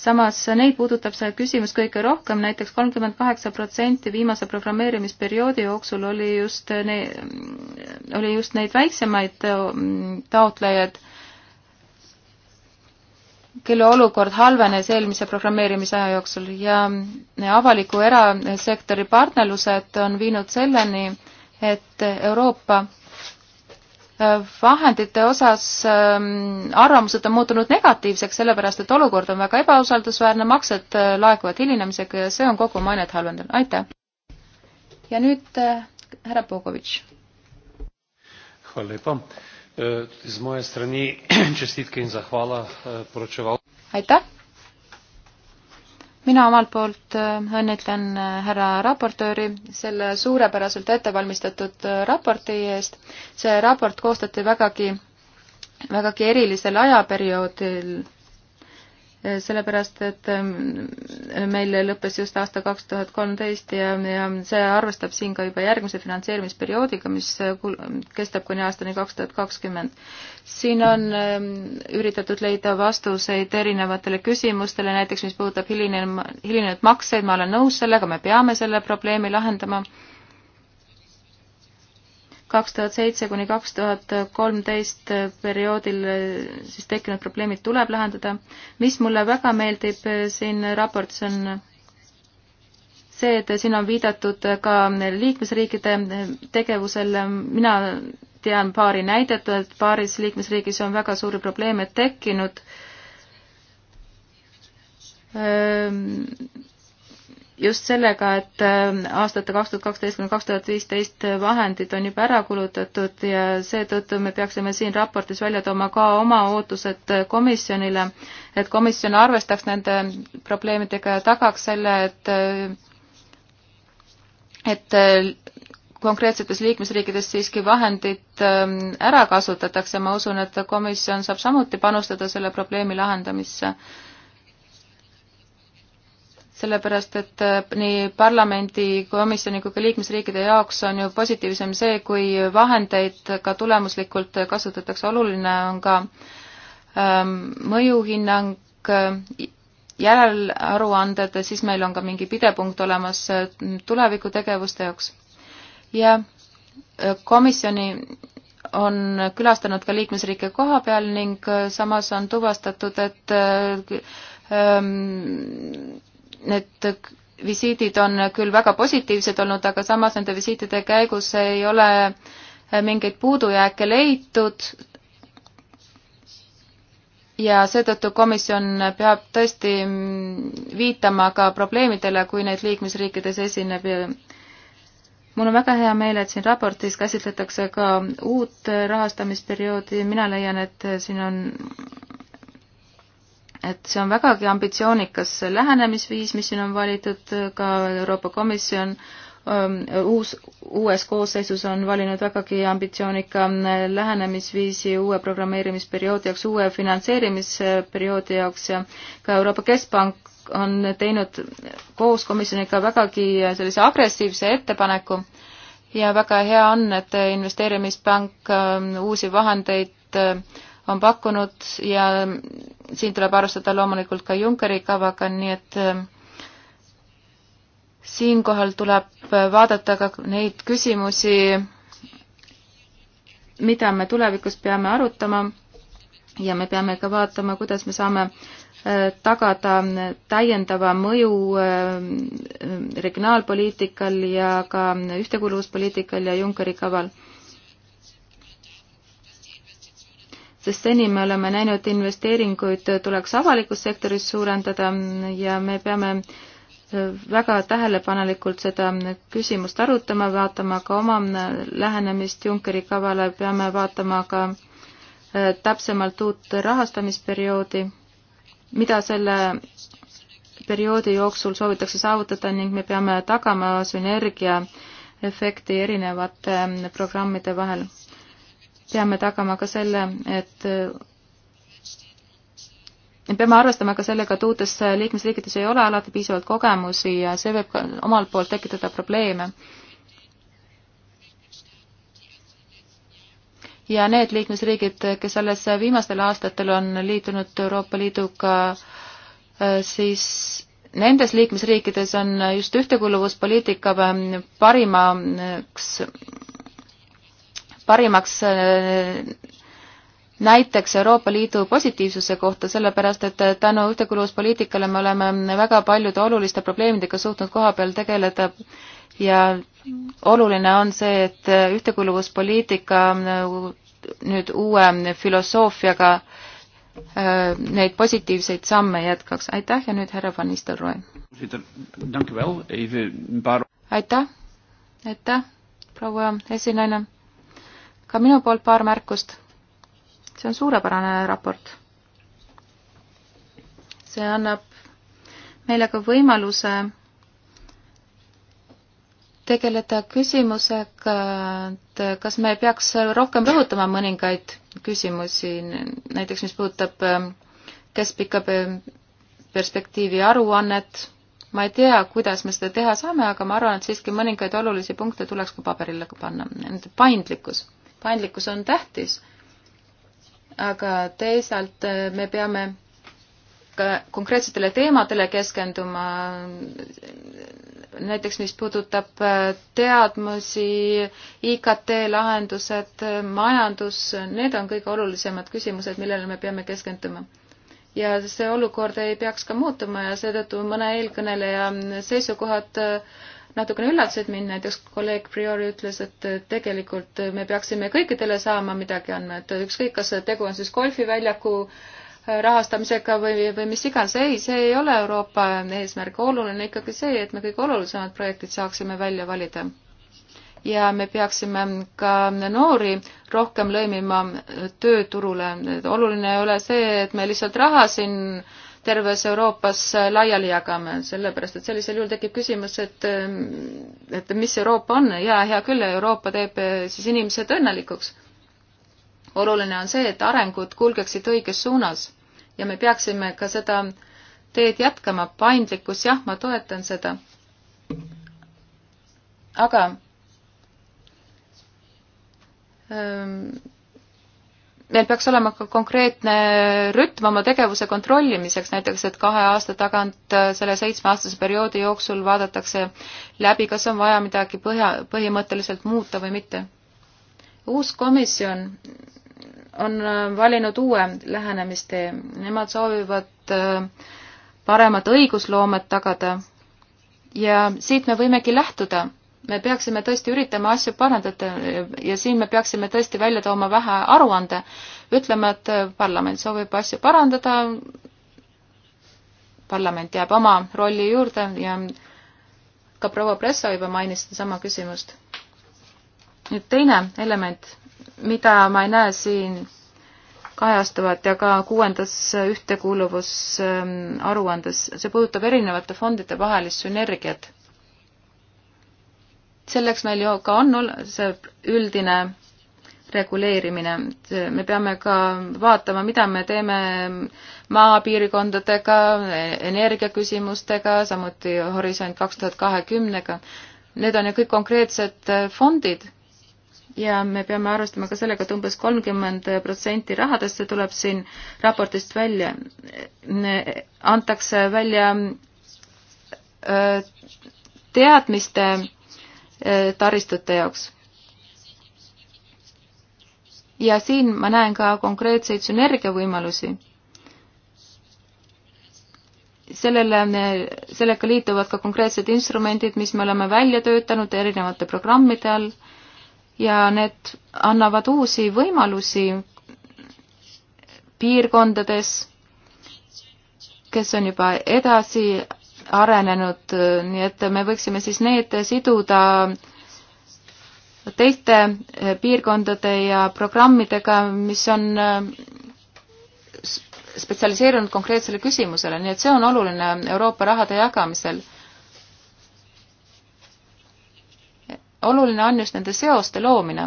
samas neid puudutab see küsimus kõige rohkem näiteks, näiteks kolmkümmend kaheksa protsenti viimase programmeerimisperioodi jooksul oli just, oli just neid väiksemaid äh, taotlejaid kelle olukord halvenes eelmise programmeerimisaja jooksul ja avaliku erasektori partnerlused on viinud selleni, et Euroopa vahendite osas ähm, arvamused on muutunud negatiivseks, sellepärast et olukord on väga ebausaldusväärne, maksed äh, laekuvad hilinemisega ja see on kogu mainet halvendanud, aitäh! ja nüüd äh, härra Pogovitš. Äh, <clears throat> aitäh! mina omalt poolt äh, õnnitlen äh, härra raportööri selle suurepäraselt ettevalmistatud äh, raporti eest. see raport koostati vägagi, vägagi erilisel ajaperioodil Eh, sellepärast, et ehm, meil lõppes just aasta kaks tuhat kolmteist ja, ja see arvestab siin ka juba järgmise finantseerimisperioodiga, mis eh, kul-, kestab kuni aastani kaks tuhat kakskümmend. siin on ehm, üritatud leida vastuseid erinevatele küsimustele, näiteks mis puudutab hilinen-, hilinenud makseid, ma olen nõus sellega, me peame selle probleemi lahendama kaks tuhat seitse kuni kaks tuhat kolmteist perioodil eh, siis tekkinud probleemid tuleb lahendada. mis mulle väga meeldib eh, siin raportis on see, et siin on viidatud ka liikmesriikide eh, tegevusele, mina tean paari näidet, et paaris liikmesriigis on väga suuri probleeme tekkinud ehm, just sellega, et äh, aastate kaks tuhat kaksteist kuni kaks tuhat viisteist vahendid on juba ära kulutatud ja seetõttu me peaksime siin raportis välja tooma ka oma ootused komisjonile, et komisjon arvestaks nende probleemidega ja tagaks selle, et äh, et äh, konkreetsetes liikmesriikides siiski vahendid ähm, ära kasutatakse, ma usun, et komisjon saab samuti panustada selle probleemi lahendamisse sellepärast et äh, nii parlamendi, komisjoni kui ka liikmesriikide jaoks on ju positiivsem see, kui vahendeid ka tulemuslikult kasutatakse, oluline on ka ähm, mõjuhinnang, äh, järelaruanded, siis meil on ka mingi pidepunkt olemas äh, tulevikutegevuste jaoks. ja komisjoni on külastanud ka liikmesriike koha peal ning samas on tuvastatud, et ähm, need visiidid on küll väga positiivsed olnud, aga samas nende visiitide käigus ei ole mingeid puudujääke leitud. ja seetõttu komisjon peab tõesti viitama ka probleemidele, kui neid liikmesriikides esineb. mul on väga hea meel, et siin raportis käsitletakse ka uut rahastamisperioodi, mina leian, et siin on et see on vägagi ambitsioonikas lähenemisviis, mis siin on valitud, ka Euroopa Komisjon ähm, uus, uues koosseisus on valinud vägagi ambitsioonika lähenemisviisi uue programmeerimisperioodi jaoks, uue finantseerimisperioodi jaoks ja ka Euroopa Keskpank on teinud koos komisjoniga vägagi sellise agressiivse ettepaneku ja väga hea on, et investeerimispank ähm, uusi vahendeid äh, on pakkunud ja siin tuleb arvestada loomulikult ka Junckeri kavaga, nii et ähm, siinkohal tuleb vaadata ka neid küsimusi, mida me tulevikus peame arutama ja me peame ka vaatama, kuidas me saame äh, tagada täiendava mõju äh, regionaalpoliitikal ja ka ühtekuuluvuspoliitikal ja Junckeri kaval sest seni me oleme näinud, investeeringuid tuleks avalikus sektoris suurendada ja me peame äh, väga tähelepanelikult seda küsimust arutama, vaatama ka oma äh, lähenemist Junckeri kavale, peame vaatama ka äh, täpsemalt uut rahastamisperioodi, mida selle perioodi jooksul soovitakse saavutada ning me peame tagama sünergia efekti erinevate programmide vahel peame tagama ka selle, et me peame arvestama ka sellega, et uutes liikmesriikides ei ole alati piisavalt kogemusi ja see võib ka omalt poolt tekitada probleeme. ja need liikmesriigid, kes alles viimastel aastatel on liitunud Euroopa Liiduga, siis nendes liikmesriikides on just ühtekuuluvuspoliitika parimaks parimaks äh, näiteks Euroopa Liidu positiivsuse kohta, sellepärast et äh, tänu ühtekuuluvuspoliitikale me oleme väga paljude oluliste probleemidega suutnud koha peal tegeleda ja oluline on see, et äh, ühtekuuluvuspoliitika nüüd uue filosoofiaga neid positiivseid samme jätkaks. aitäh ja nüüd härra Van Nistelrooy. aitäh, aitäh, proua esinaine ka minu poolt paar märkust. see on suurepärane raport. see annab meile ka võimaluse tegeleda küsimusega, et kas me peaks rohkem rõhutama mõningaid küsimusi, näiteks mis puudutab ähm, keskpikka perspektiivi aruannet, ma ei tea, kuidas me seda teha saame, aga ma arvan, et siiski mõningaid olulisi punkte tuleks ka paberile panna, nende paindlikkus paindlikkus on tähtis, aga teisalt äh, me peame ka konkreetsetele teemadele keskenduma, näiteks mis puudutab äh, teadmusi, IKT lahendused, äh, majandus, need on kõige olulisemad küsimused, millele me peame keskenduma. ja see olukord ei peaks ka muutuma ja seetõttu mõne eelkõneleja seisukohad äh, natukene üllatasid mind, näiteks kolleeg Priori ütles, et tegelikult me peaksime kõikidele saama midagi anda, et ükskõik, kas tegu on siis golfiväljaku äh, rahastamisega või, või mis iganes, ei, see ei ole Euroopa eesmärk, oluline ikkagi see, et me kõige olulisemad projektid saaksime välja valida. ja me peaksime ka noori rohkem lõimima tööturule, et oluline ei ole see, et me lihtsalt raha siin äh, terves Euroopas laiali jagame, sellepärast et sellisel juhul tekib küsimus, et et mis Euroopa on ja hea küll, Euroopa teeb siis inimesed õnnelikuks. oluline on see, et arengud kulgeksid õiges suunas ja me peaksime ka seda teed jätkama, paindlikkus, jah, ma toetan seda. aga ähm, meil peaks olema ka konkreetne rütm oma tegevuse kontrollimiseks, näiteks et kahe aasta tagant äh, selle seitsmeaastase perioodi jooksul vaadatakse läbi, kas on vaja midagi põhja, põhimõtteliselt muuta või mitte. uus komisjon on äh, valinud uue lähenemistee, nemad soovivad äh, paremat õigusloomet tagada ja siit me võimegi lähtuda me peaksime tõesti üritama asju parandada ja siin me peaksime tõesti välja tooma vähe aruande, ütlema, et parlament soovib asju parandada, parlament jääb oma rolli juurde ja ka proua Pressa juba mainis sedasama küsimust. nüüd teine element, mida ma ei näe siin kajastuvat ja ka kuuendas ühtekuuluvusaruandes, see puudutab erinevate fondide vahelist sünergiat selleks meil ju ka on see üldine reguleerimine, et me peame ka vaatama, mida me teeme maapiirkondadega, energiaküsimustega, samuti Horisont kaks tuhat kahekümnega. Need on ju kõik konkreetsed fondid ja me peame arvestama ka sellega, et umbes kolmkümmend protsenti rahadest, see tuleb siin raportist välja, antakse välja äh, teadmiste Äh, taristute jaoks. ja siin ma näen ka konkreetseid sünergiavõimalusi. sellele, äh, sellega liituvad ka konkreetsed instrumendid, mis me oleme välja töötanud erinevate programmide all ja need annavad uusi võimalusi piirkondades, kes on juba edasi arenenud, nii et me võiksime siis need siduda teiste piirkondade ja programmidega, mis on spetsialiseerunud konkreetsele küsimusele, nii et see on oluline Euroopa rahade jagamisel. oluline on just nende seoste loomine.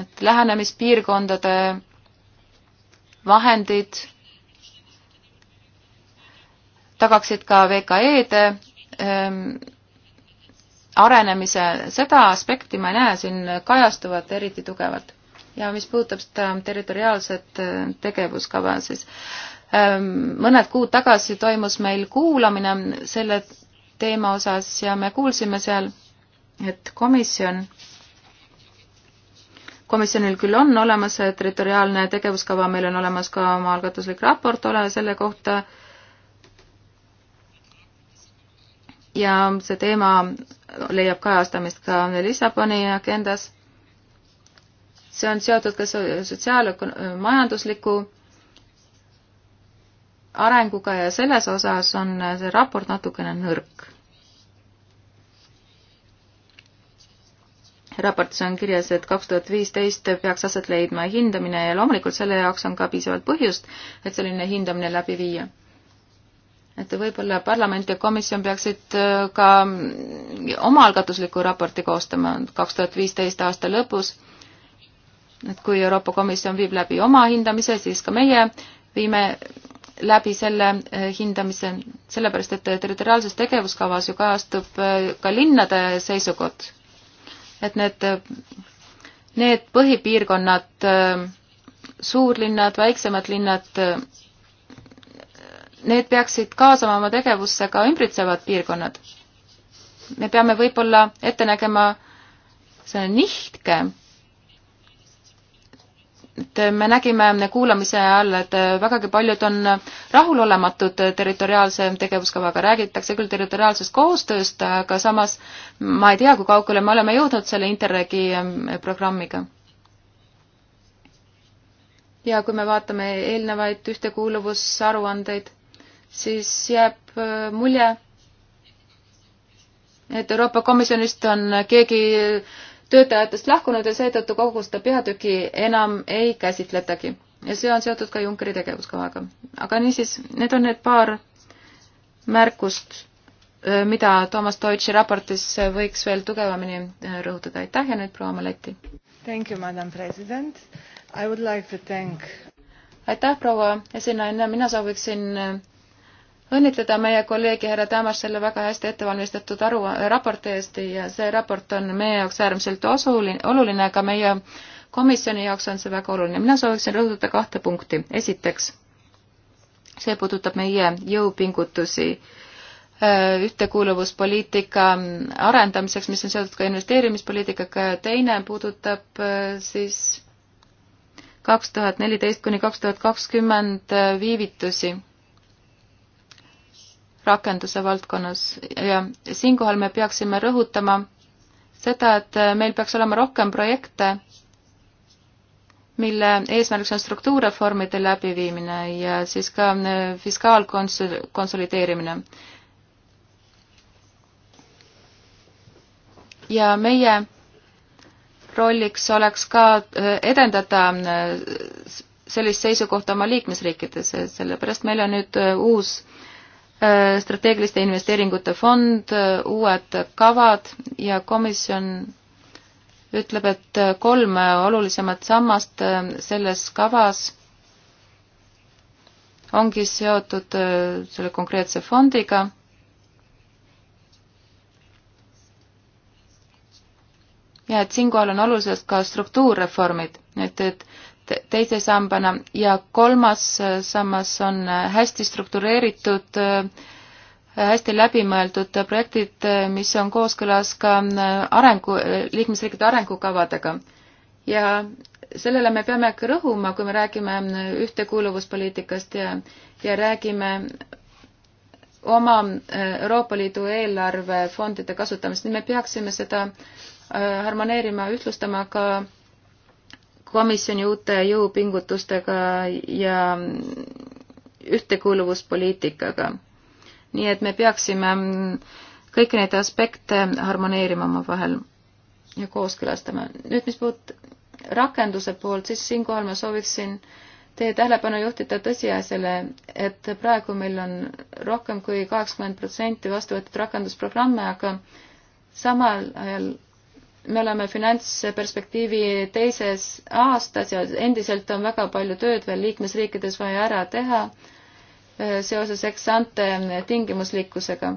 et lähenemispiirkondade vahendid tagaksid ka VKE-de ehm, arenemise, seda aspekti ma ei näe siin kajastuvat eriti tugevalt. ja mis puudutab seda territoriaalset ehm, tegevuskava, siis ehm, mõned kuud tagasi toimus meil kuulamine selle teema osas ja me kuulsime seal, et komisjon, komisjonil küll on olemas territoriaalne tegevuskava, meil on olemas ka omaalgatuslik raport ole selle kohta, ja see teema leiab kajastamist ka Lissaboni agendas. see on seotud ka sotsiaal-, majandusliku arenguga ja selles osas on see raport natukene nõrk. raportis on kirjas, et kaks tuhat viisteist peaks aset leidma hindamine ja loomulikult selle jaoks on ka piisavalt põhjust, et selline hindamine läbi viia et võib-olla parlament ja komisjon peaksid äh, ka omaalgatusliku raporti koostama kaks tuhat viisteist aasta lõpus. et kui Euroopa Komisjon viib läbi oma hindamise, siis ka meie viime läbi selle äh, hindamise, sellepärast et territoriaalses tegevuskavas ju kajastub äh, ka linnade seisukoht. et need, need põhipiirkonnad, suurlinnad, väiksemad linnad need peaksid kaasama oma tegevusse ka ümbritsevad piirkonnad. me peame võib-olla ette nägema selle nihke, et me nägime kuulamise ajal, et vägagi paljud on rahulolematud territoriaalse tegevuskavaga, räägitakse küll territoriaalsest koostööst, aga samas ma ei tea, kui kaugele me oleme jõudnud selle Interregi ähm, programmiga ja kui me vaatame eelnevaid ühtekuuluvusaruandeid, siis jääb äh, mulje, et Euroopa Komisjonist on keegi töötajatest lahkunud ja seetõttu kogu seda peatüki enam ei käsitletagi. ja see on seotud ka Junckeri tegevuskavaga. aga niisiis, need on need paar märkust, äh, mida Toomas Deutsche raportis võiks veel tugevamini äh, rõhutada. aitäh ja nüüd proua Maletti! Like thank... aitäh, proua esinaine, mina sooviksin õnnitleda meie kolleegi härra Tamas selle väga hästi ettevalmistatud aru, raporti eest ja see raport on meie jaoks äärmiselt osuline, oluline, aga meie komisjoni jaoks on see väga oluline. mina sooviksin rõhutada kahte punkti. esiteks, see puudutab meie jõupingutusi äh, ühtekuuluvuspoliitika arendamiseks, mis on seotud ka investeerimispoliitikaga ja teine puudutab äh, siis kaks tuhat neliteist kuni kaks tuhat kakskümmend äh, viivitusi rakenduse valdkonnas ja siinkohal me peaksime rõhutama seda, et meil peaks olema rohkem projekte, mille eesmärgiks on struktuurreformide läbiviimine ja siis ka äh, fiskaalkonsolideerimine. ja meie rolliks oleks ka äh, edendada äh, sellist seisukohta oma liikmesriikides, sellepärast meil on nüüd uus Äh, strateegiliste investeeringute fond, äh, uued kavad ja komisjon ütleb, et äh, kolm olulisemat sammast selles kavas ongi seotud selle konkreetse fondiga. ja et siinkohal on olulised ka struktuurreformid, et, et teise sambana ja kolmas äh, sammas on äh, hästi struktureeritud, äh, hästi läbimõeldud projektid, mis on kooskõlas ka arengu, liikmesriikide arengukavadega. ja sellele me peame ka rõhuma, kui me räägime ühtekuuluvuspoliitikast ja, ja räägime oma Euroopa Liidu eelarvefondide kasutamist, nii me peaksime seda harmoneerima, ühtlustama ka äh, komisjoni uute jõupingutustega ja ühtekuuluvuspoliitikaga. nii et me peaksime kõiki neid aspekte harmoneerima omavahel ja kooskõlastama. nüüd, mis puudutab rakenduse poolt, siis siinkohal ma sooviksin teie tähelepanu juhtida tõsiasjale, et praegu meil on rohkem kui kaheksakümmend protsenti vastu võetud rakendusprogramme, aga samal ajal me oleme finantsperspektiivi teises aastas ja endiselt on väga palju tööd veel liikmesriikides vaja ära teha eh, seoses eksante tingimuslikkusega.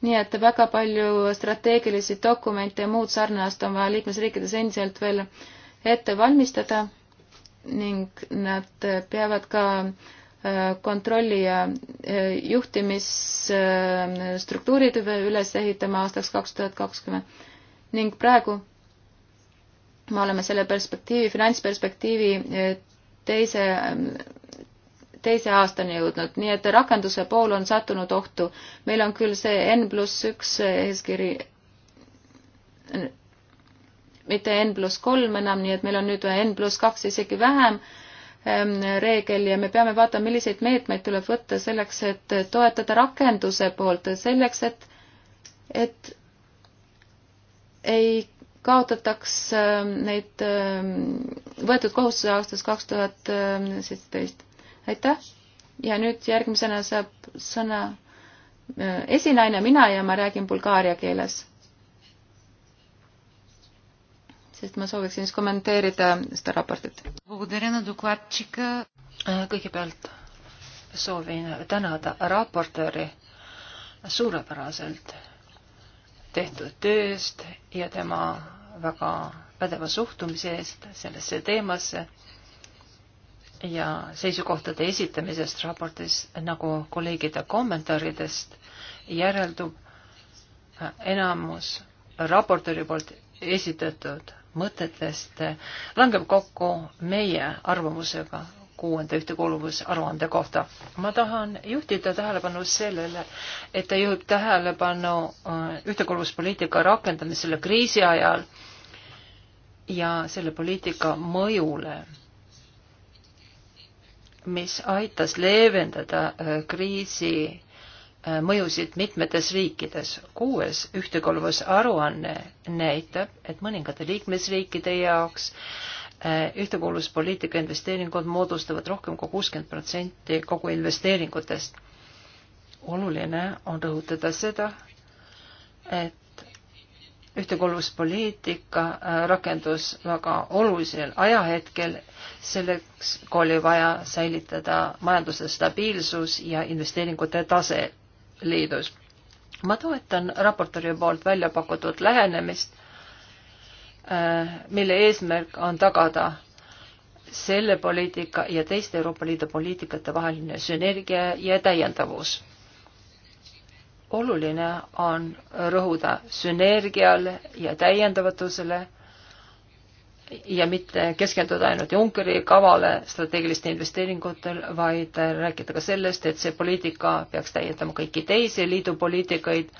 nii et väga palju strateegilisi dokumente ja muud sarnast on vaja liikmesriikides endiselt veel ette valmistada ning nad peavad ka äh, kontrolli ja eh, juhtimisstruktuurid eh, üles ehitama aastaks kaks tuhat kakskümmend ning praegu me oleme selle perspektiivi, finantsperspektiivi eh, teise, teise aastani jõudnud, nii et rakenduse pool on sattunud ohtu. meil on küll see N pluss üks eeskiri, mitte N pluss kolm enam, nii et meil on nüüd N pluss kaks isegi vähem Ähm, reegel ja me peame vaatama, milliseid meetmeid tuleb võtta selleks, et toetada rakenduse poolt, selleks, et, et ei kaotataks ähm, neid ähm, võetud kohustusi aastast kaks tuhat seitseteist. aitäh ja nüüd järgmisena saab sõna äh, esinaine, mina ja ma räägin bulgaaria keeles sest ma sooviksin siis kommenteerida seda raportit. kõigepealt soovin tänada raportööri suurepäraselt tehtud töö eest ja tema väga pädeva suhtumise eest sellesse teemasse ja seisukohtade esitamisest raportis nagu kolleegide kommentaaridest järeldub enamus raportööri poolt esitatud mõtetest eh, langeb kokku meie arvamusega kuuenda ühtekuuluvusaruande kohta. ma tahan juhtida tähelepanu sellele, et ta juhib tähelepanu eh, ühtekuuluvuspoliitika rakendamisele kriisi ajal ja selle poliitika mõjule, mis aitas leevendada eh, kriisi Äh, mõjusid mitmetes riikides. kuues ühtekuuluvusaruanne näitab, et mõningate liikmesriikide jaoks äh, ühtekuuluvuspoliitika investeeringud moodustavad rohkem kui kuuskümmend protsenti kogu investeeringutest. oluline on rõhutada seda, et ühtekuuluvuspoliitika äh, rakendus väga olulisel ajahetkel, selleks kui oli vaja säilitada majanduse stabiilsus ja investeeringute tase Liidus. ma toetan raportööri poolt välja pakutud lähenemist, äh, mille eesmärk on tagada selle poliitika ja teiste Euroopa Liidu poliitikate vaheline sünergia ja täiendavus. oluline on rõhuda sünergiale ja täiendavatusele ja mitte keskenduda ainult Junckeri kavale strateegiliste investeeringutel, vaid rääkida ka sellest, et see poliitika peaks täiendama kõiki teisi liidu poliitikaid,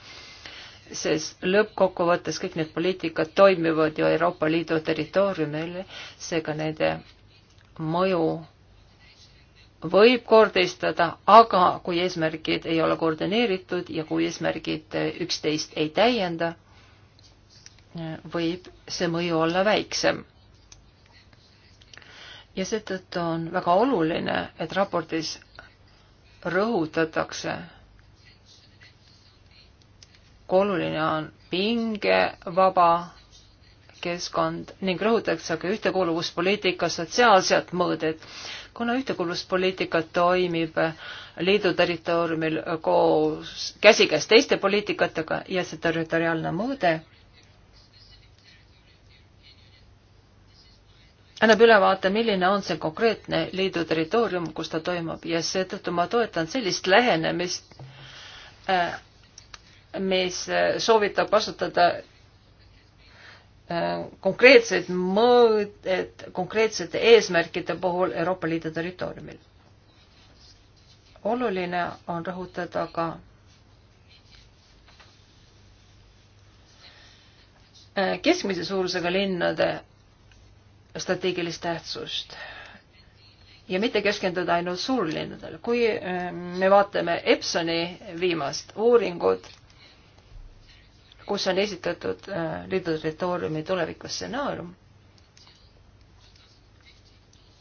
sest lõppkokkuvõttes kõik need poliitikad toimivad ju Euroopa Liidu territooriumil, seega nende mõju võib kordistada, aga kui eesmärgid ei ole koordineeritud ja kui eesmärgid üksteist ei täienda, võib see mõju olla väiksem ja seetõttu on väga oluline, et raportis rõhutatakse, kui oluline on pingevaba keskkond ning rõhutatakse ka ühtekuuluvuspoliitika sotsiaalsed mõõded. kuna ühtekuuluvuspoliitika toimib liidu territooriumil koos, käsikäes teiste poliitikatega ja see territoriaalne mõõde annab ülevaate, milline on see konkreetne liidu territoorium, kus ta toimub ja seetõttu ma toetan sellist lähenemist, äh, mis äh, soovitab kasutada äh, konkreetseid mõõdet konkreetsete eesmärkide puhul Euroopa Liidu territooriumil. oluline on rõhutada ka keskmise suurusega linnade strateegilist tähtsust ja mitte keskenduda ainult suurlinnadele. kui ähm, me vaatame Epsoni viimast uuringut, kus on esitatud äh, liidu territooriumi tulevikustsenaarium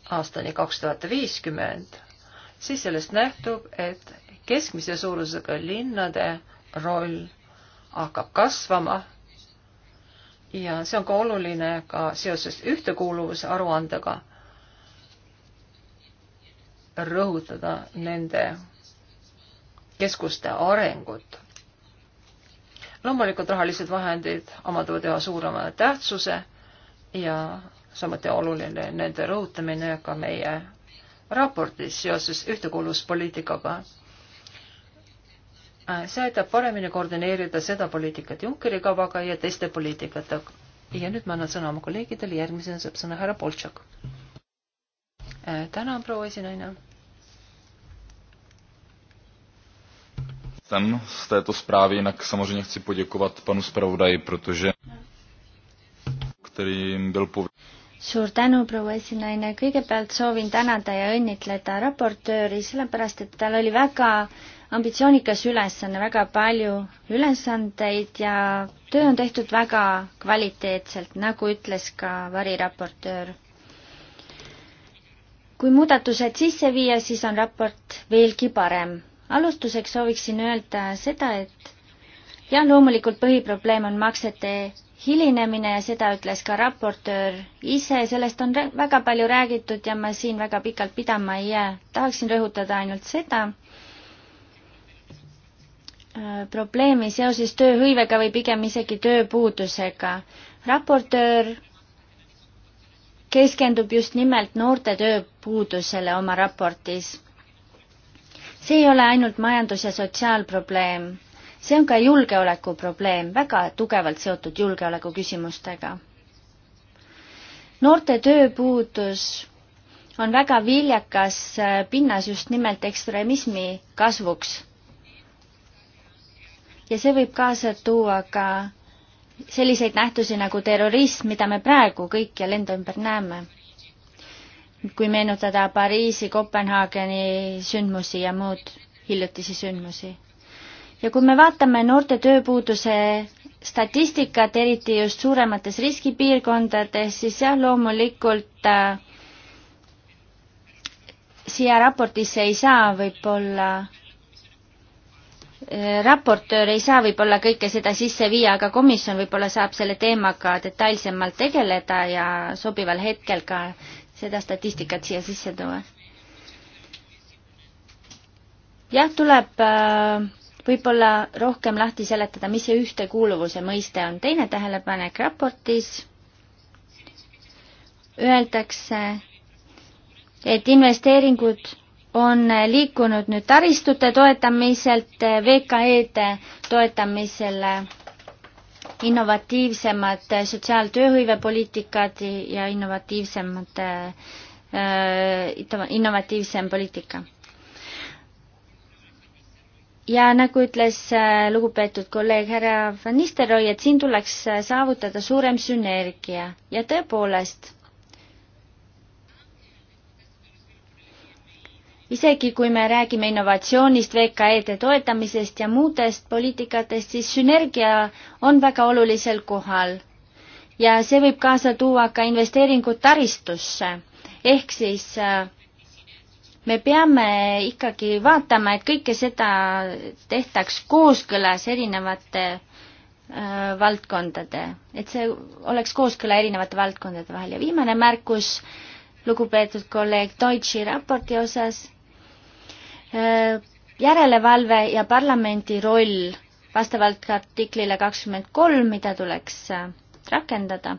aastani kaks tuhat viiskümmend, siis sellest nähtub, et keskmise suurusega linnade roll hakkab kasvama ja see on ka oluline ka seoses ühtekuuluvusaruandega rõhutada nende keskuste arengut. loomulikult rahalised vahendid omandavad üha suurema tähtsuse ja samuti oluline nende rõhutamine ka meie raportis seoses ühtekuuluvuspoliitikaga Äh, see aitab paremini koordineerida seda poliitikat Junckeri kavaga ja teiste poliitikatega. ja nüüd ma annan sõna oma kolleegidele, järgmisena saab sõna härra Boltšak. Äh, tänan, proua esinaine. Ten z této zprávy, jinak samozřejmě chci poděkovat panu zpravodaji, protože kterým byl pověřen suur tänu, proua esinaine, kõigepealt soovin tänada ja õnnitleda raportööri, sellepärast et tal oli väga äh, ambitsioonikas ülesanne, väga palju ülesandeid ja töö on tehtud väga kvaliteetselt, nagu ütles ka variraportöör. kui muudatused sisse viia, siis on raport veelgi parem. alustuseks sooviksin öelda seda, et jah, loomulikult põhiprobleem on maksete hilinemine ja seda ütles ka raportöör ise, sellest on väga palju räägitud ja ma siin väga pikalt pidama ei jää. tahaksin rõhutada ainult seda, Äh, probleemi seoses tööhõivega või pigem isegi tööpuudusega. raportöör keskendub just nimelt noorte tööpuudusele oma raportis. see ei ole ainult majandus- ja sotsiaalprobleem, see on ka julgeolekuprobleem, väga tugevalt seotud julgeoleku küsimustega. noorte tööpuudus on väga viljakas pinnas just nimelt ekstremismi kasvuks ja see võib kaasa tuua ka selliseid nähtusi nagu terrorism, mida me praegu kõikjal enda ümber näeme. kui meenutada Pariisi, Kopenhaageni sündmusi ja muud hiljutisi sündmusi. ja kui me vaatame noorte tööpuuduse statistikat, eriti just suuremates riskipiirkondades, siis jah, loomulikult äh, siia raportisse ei saa võib-olla äh, raportöör ei saa võib-olla kõike seda sisse viia, aga komisjon võib-olla saab selle teemaga detailsemalt tegeleda ja sobival hetkel ka seda statistikat siia sisse tuua. jah, tuleb äh, võib-olla rohkem lahti seletada, mis see ühtekuuluvuse mõiste on. teine tähelepanek raportis öeldakse, et investeeringud on liikunud nüüd taristute toetamiselt VKE-de toetamisele, innovatiivsemad sotsiaaltööhõivepoliitikad ja innovatiivsemad, äh, innovatiivsem poliitika. ja nagu ütles äh, lugupeetud kolleeg härra Van Nistelrooy, et siin tuleks saavutada suurem sünergia ja tõepoolest isegi kui me räägime innovatsioonist, VKE-de toetamisest ja muudest poliitikatest, siis sünergia on väga olulisel kohal. ja see võib kaasa tuua ka investeeringud taristusse. ehk siis äh, me peame ikkagi vaatama, et kõike seda tehtaks kooskõlas erinevate äh, valdkondade, et see oleks kooskõla erinevate valdkondade vahel ja viimane märkus, lugupeetud kolleeg Deutsche raporti osas, Äh, järelevalve ja parlamendi roll vastavalt artiklile kakskümmend kolm, mida tuleks äh, rakendada.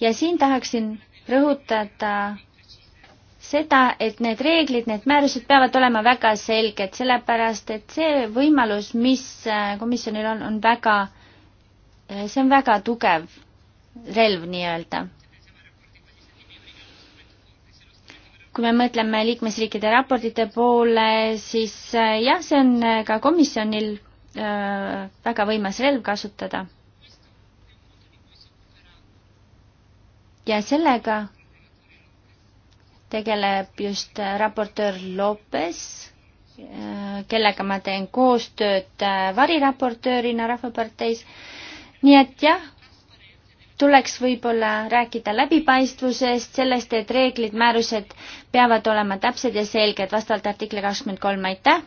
ja siin tahaksin rõhutada seda, et need reeglid, need määrused peavad olema väga selged, sellepärast et see võimalus, mis äh, komisjonil on, on väga, see on väga tugev relv nii-öelda kui me mõtleme liikmesriikide raportite poole, siis eh, jah, see on eh, ka komisjonil eh, väga võimas relv kasutada. ja sellega tegeleb just raportöör Lopes, kellega ma teen koostööd variraportöörina Rahvaparteis. nii et jah, tuleks võib-olla rääkida läbipaistvusest, sellest, et reeglid, määrused peavad olema täpsed ja selged vastavalt artikli kakskümmend kolm, aitäh.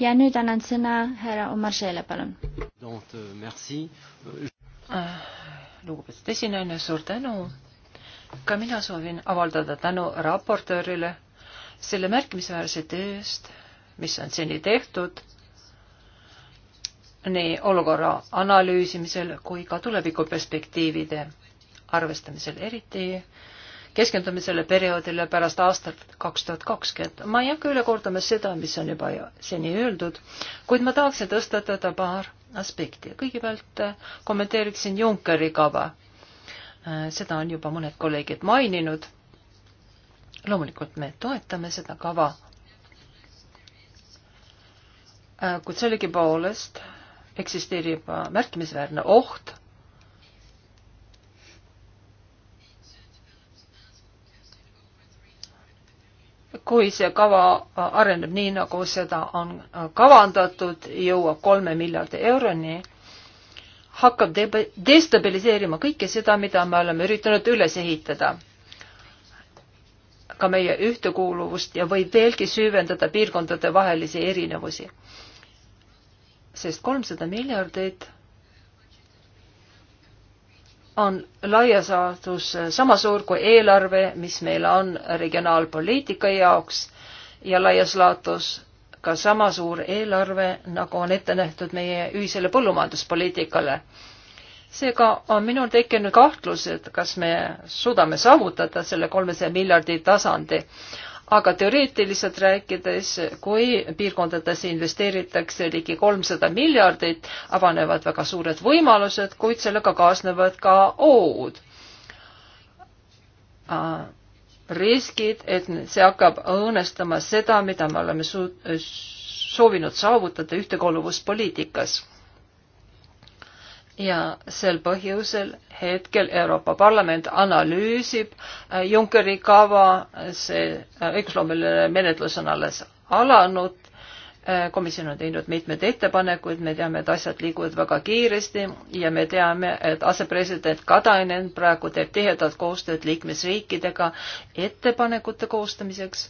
ja nüüd annan sõna härra Omar Šeele, palun. Euh, ah, lugupeetud esinejana, suur tänu. ka mina soovin avaldada tänu raportöörile selle märkimisväärse töö eest, mis on seni tehtud nii olukorra analüüsimisel kui ka tulevikuperspektiivide arvestamisel, eriti keskendume selle perioodile pärast aastat kaks tuhat kakskümmend. ma ei hakka üle kordama seda, mis on juba seni öeldud, kuid ma tahaksin tõstatada paar aspekti. kõigepealt äh, kommenteeriksin Junckeri kava. Äh, seda on juba mõned kolleegid maininud. loomulikult me toetame seda kava. Äh, kuid sellegipoolest eksisteerib äh, märkimisväärne oht, kui see kava äh, areneb nii, nagu seda on äh, kavandatud, jõuab kolme miljardi euroni, hakkab destabiliseerima kõike seda, mida me oleme üritanud üles ehitada. ka meie ühtekuuluvust ja võib veelgi süvendada piirkondade vahelisi erinevusi sest kolmsada miljardit on laias laastus sama suur kui eelarve, mis meil on regionaalpoliitika jaoks ja laias laastus ka sama suur eelarve, nagu on ette nähtud meie ühisele põllumajanduspoliitikale. seega on minul tekkinud kahtlus, et kas me suudame saavutada selle kolmesaja miljardi tasandi aga teoreetiliselt rääkides, kui piirkondadesse investeeritakse ligi kolmsada miljardit, avanevad väga suured võimalused, kuid sellega kaasnevad ka ohud. Äh, riskid, et see hakkab õõnestama seda, mida me oleme soovinud saavutada ühtekuuluvuspoliitikas ja sel põhjusel hetkel Euroopa Parlament analüüsib äh, Junckeri kava, see äh, õigusloomeline menetlus on alles alanud, äh, komisjon on teinud mitmeid ettepanekuid, me teame, et asjad liiguvad väga kiiresti ja me teame, et asepresident Katainen praegu teeb tihedat koostööd liikmesriikidega ettepanekute koostamiseks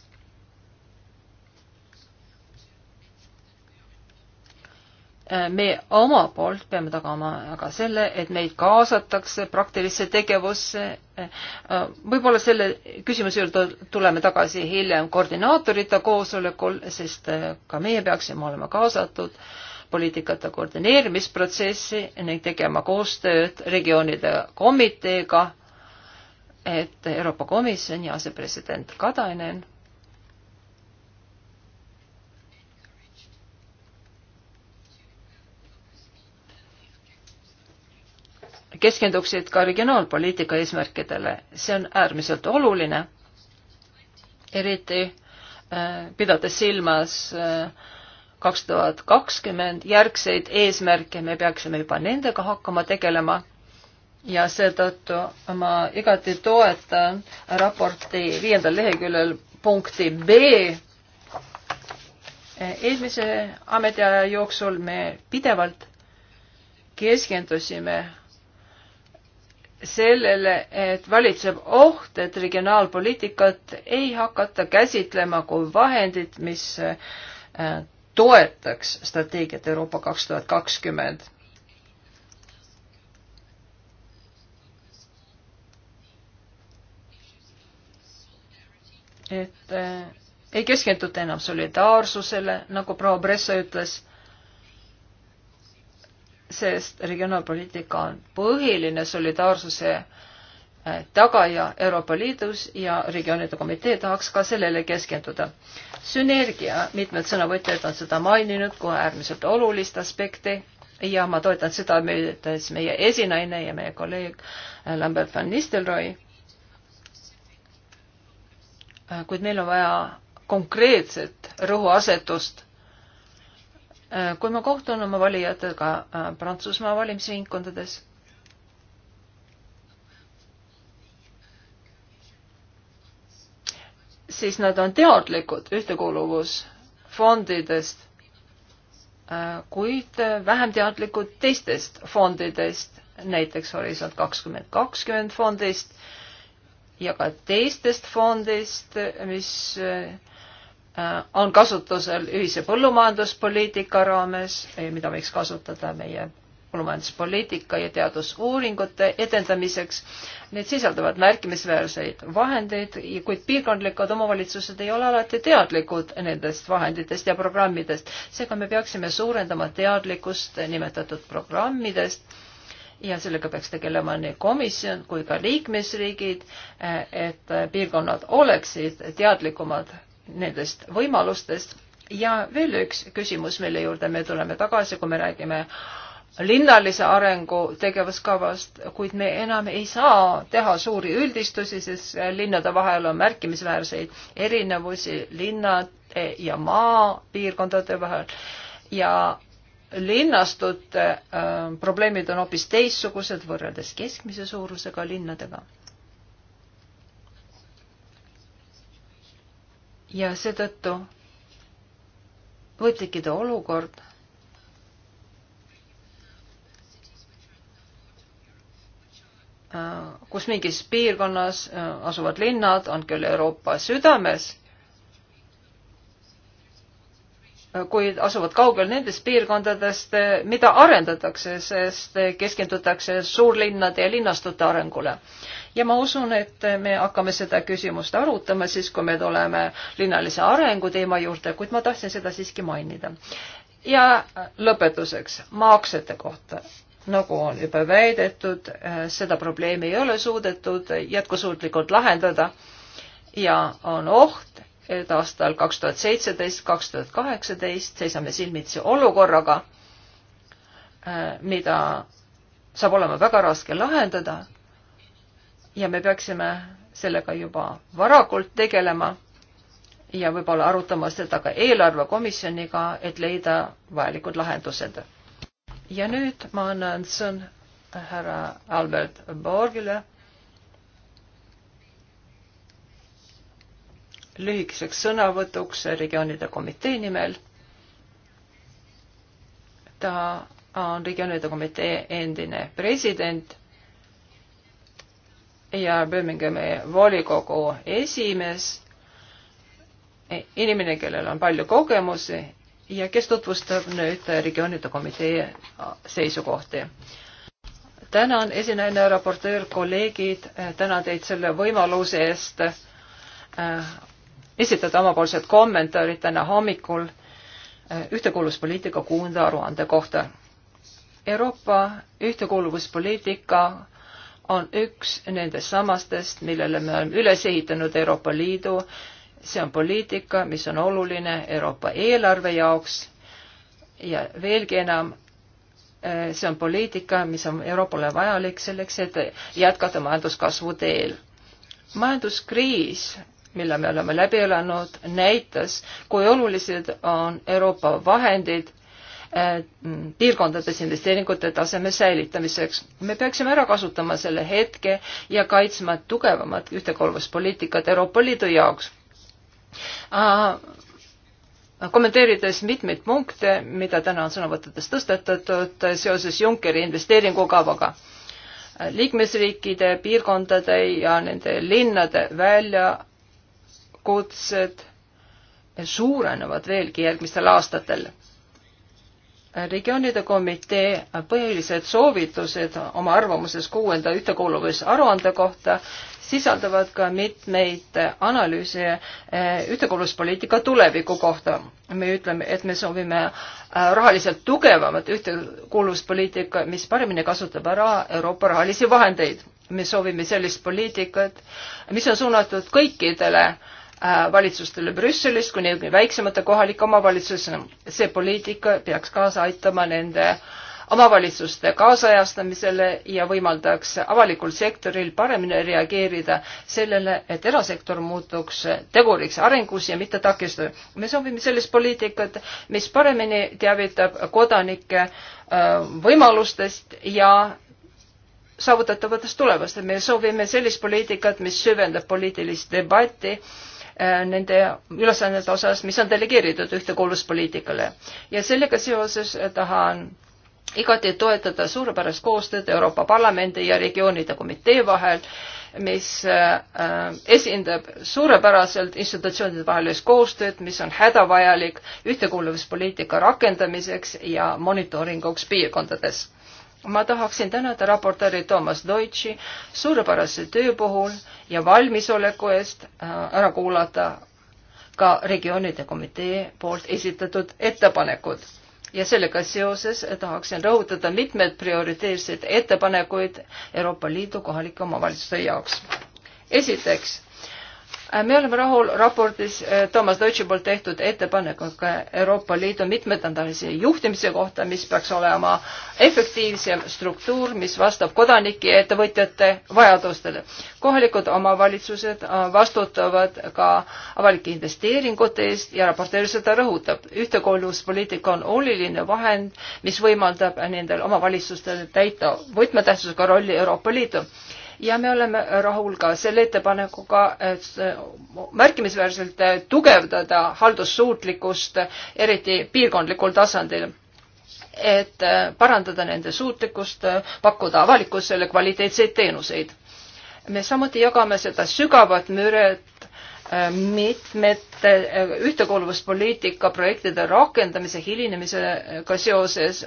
me oma poolt peame tagama aga selle, et meid kaasatakse praktilisse tegevusse. võib-olla selle küsimuse juurde tuleme tagasi hiljem koordinaatorite koosolekul, sest ka meie peaksime olema kaasatud poliitikate koordineerimisprotsessi ning tegema koostööd regioonide komiteega, et Euroopa Komisjoni asepresident Katainen keskenduksid ka regionaalpoliitika eesmärkidele. see on äärmiselt oluline, eriti äh, pidades silmas äh, kaks tuhat kakskümmend järgseid eesmärke, me peaksime juba nendega hakkama tegelema ja seetõttu ma igati toetan raporti viiendal leheküljel punkti B. eelmise ametiaja jooksul me pidevalt keskendusime sellele, et valitseb oht, et regionaalpoliitikat ei hakata käsitlema kui vahendit, mis äh, toetaks strateegiat Euroopa kaks tuhat kakskümmend. et äh, ei keskenduta enam solidaarsusele, nagu proua Bresso ütles sest regionaalpoliitika on põhiline solidaarsuse eh, tagaja Euroopa Liidus ja regioonide komitee tahaks ka sellele keskenduda. sünergia, mitmed sõnavõtjad on seda maininud kui äärmiselt olulist aspekti ja ma toetan seda, mida siis meie esinaine ja meie kolleeg eh, Lambert van Nistelrooy. Eh, kuid meil on vaja konkreetset rõhuasetust Äh, kui ma kohtun oma valijatega äh, Prantsusmaa valimisringkondades, siis nad on teadlikud ühtekuuluvusfondidest, äh, kuid vähem teadlikud teistest fondidest, näiteks Horisont kakskümmend kakskümmend fondist ja ka teistest fondist, mis äh, Äh, on kasutusel ühise põllumajanduspoliitika raames, eh, mida võiks kasutada meie põllumajanduspoliitika ja teadusuuringute edendamiseks. Need sisaldavad märkimisväärseid vahendeid, kuid piirkondlikud omavalitsused ei ole alati teadlikud nendest vahenditest ja programmidest. seega me peaksime suurendama teadlikkust nimetatud programmidest ja sellega peaks tegelema nii komisjon kui ka liikmesriigid, eh, et piirkonnad oleksid teadlikumad nendest võimalustest. ja veel üks küsimus, mille juurde me tuleme tagasi, kui me räägime linnalise arengu tegevuskavast, kuid me enam ei saa teha suuri üldistusi, sest linnade vahel on märkimisväärseid erinevusi linnade ja maapiirkondade vahel ja linnastute äh, probleemid on hoopis teistsugused võrreldes keskmise suurusega linnadega ja seetõttu võib tekkida olukord, kus mingis piirkonnas asuvad linnad on küll Euroopa südames, kuid asuvad kaugel nendest piirkondadest, mida arendatakse, sest keskendutakse suurlinnade ja linnastute arengule ja ma usun, et me hakkame seda küsimust arutama siis, kui me tuleme linnalise arengu teema juurde, kuid ma tahtsin seda siiski mainida. ja lõpetuseks maksete kohta nagu on juba väidetud, eh, seda probleemi ei ole suudetud jätkusuutlikult lahendada ja on oht, et aastal kaks tuhat seitseteist, kaks tuhat kaheksateist seisame silmitsi olukorraga, eh, mida saab olema väga raske lahendada, ja me peaksime sellega juba varakult tegelema ja võib-olla arutama seda ka eelarvekomisjoniga, et leida vajalikud lahendused. ja nüüd ma annan sõna härra Albert Borgile lühikeseks sõnavõtuks regioonide komitee nimel. ta on regioonide komitee endine president ja Birminghami volikogu esimees, inimene, kellel on palju kogemusi ja kes tutvustab nüüd regioonide komitee seisukohti. tänan, esinejana raportöör, kolleegid, tänan teid selle võimaluse eest äh, esitada omapoolsed kommentaarid täna hommikul äh, ühtekuuluvuspoliitika kuuenda aruande kohta. Euroopa ühtekuuluvuspoliitika on üks nendest samastest, millele me oleme üles ehitanud Euroopa Liidu. see on poliitika, mis on oluline Euroopa eelarve jaoks ja veelgi enam, eh, see on poliitika, mis on Euroopale vajalik selleks, et jätkata majanduskasvu teel. majanduskriis, mille me oleme läbi elanud, näitas, kui olulised on Euroopa vahendid piirkondades investeeringute taseme säilitamiseks. me peaksime ära kasutama selle hetke ja kaitsma tugevamat ühtekorralduspoliitikat Euroopa Liidu jaoks kommenteerides mitmeid punkte, mida täna on sõnavõttudes tõstetatud seoses Junckeri investeeringukavaga. liikmesriikide, piirkondade ja nende linnade väljakutsed suurenevad veelgi järgmistel aastatel regioonide komitee põhilised soovitused oma arvamuses kuuenda ühtekuuluvusaruande kohta sisaldavad ka mitmeid analüüse eh, ühtekuuluvuspoliitika tuleviku kohta. me ütleme, et me soovime eh, rahaliselt tugevamat ühtekuuluvuspoliitika, mis paremini kasutab ära Euroopa rahalisi vahendeid. me soovime sellist poliitikat, mis on suunatud kõikidele äh, Äh, valitsustele Brüsselist kuni väiksemate kohalike omavalitsusena. see poliitika peaks kaasa aitama nende omavalitsuste kaasajastamisele ja võimaldaks avalikul sektoril paremini reageerida sellele, et erasektor muutuks teguriks arengus ja mitte takistada. me soovime sellist poliitikat, mis paremini teavitab kodanikke äh, võimalustest ja saavutatavatest tulevastest. me soovime sellist poliitikat, mis süvendab poliitilist debatti Äh, nende ülesannete osas, mis on delegeeritud ühtekuuluvuspoliitikale. ja sellega seoses äh, tahan igati toetada suurepärast koostööd Euroopa Parlamendi ja regioonide komitee vahel, mis äh, esindab suurepäraselt institutsioonide vahelist koostööd, mis on hädavajalik ühtekuuluvuspoliitika rakendamiseks ja monitooringuks piirkondades ma tahaksin tänada raportööri Toomas Deutschi suurepärase töö puhul ja valmisoleku eest äh, ära kuulata ka regioonide komitee poolt esitatud ettepanekud. ja sellega seoses tahaksin rõhutada mitmed prioriteetseid ettepanekuid Euroopa Liidu kohalike omavalitsuste jaoks. esiteks Äh, me oleme rahul raportis äh, Toomas Deutsche poolt tehtud ettepanekuga Euroopa Liidu mitmetandalise juhtimise kohta, mis peaks olema efektiivsem struktuur, mis vastab kodanike ja ettevõtjate vajadustele. kohalikud omavalitsused äh, vastutavad ka avalike investeeringute eest ja raporteer seda rõhutab. ühtekuuluvuspoliitika on oluline vahend, mis võimaldab nendel omavalitsustel täita võtmetähtsusega rolli Euroopa Liidu ja me oleme rahul ka selle ettepanekuga, et märkimisväärselt tugevdada haldussuutlikkust, eriti piirkondlikul tasandil et äh, parandada nende suutlikkust äh, pakkuda avalikkusele kvaliteetseid teenuseid. me samuti jagame seda sügavat müret äh, mitmete ühtekuuluvuspoliitika projektide rakendamise hilinemisega seoses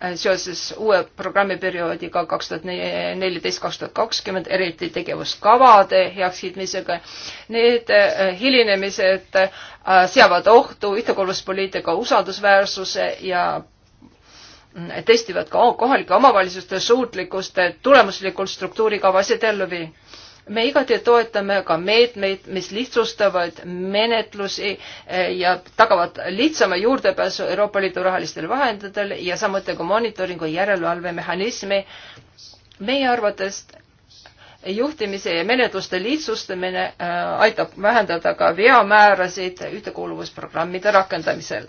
Äh, seoses uue programmiperioodiga kaks tuhat neliteist, kaks tuhat kakskümmend, eriti tegevuskavade heakskiitmisega. Need äh, hilinemised äh, seavad ohtu ühtekuuluvuspoliitika usaldusväärsuse ja mm, testivad ka kohalike omavalitsuste suutlikkust tulemuslikult struktuurikavasid ellu viia me igati toetame ka meetmeid, mis lihtsustavad menetlusi eh, ja tagavad lihtsama juurdepääsu Euroopa Liidu rahalistele vahenditele ja samuti ka monitooringu järelevalvemehhanismi. meie arvates juhtimise ja menetluste lihtsustamine eh, aitab vähendada ka veamäärasid ühtekuuluvusprogrammide rakendamisel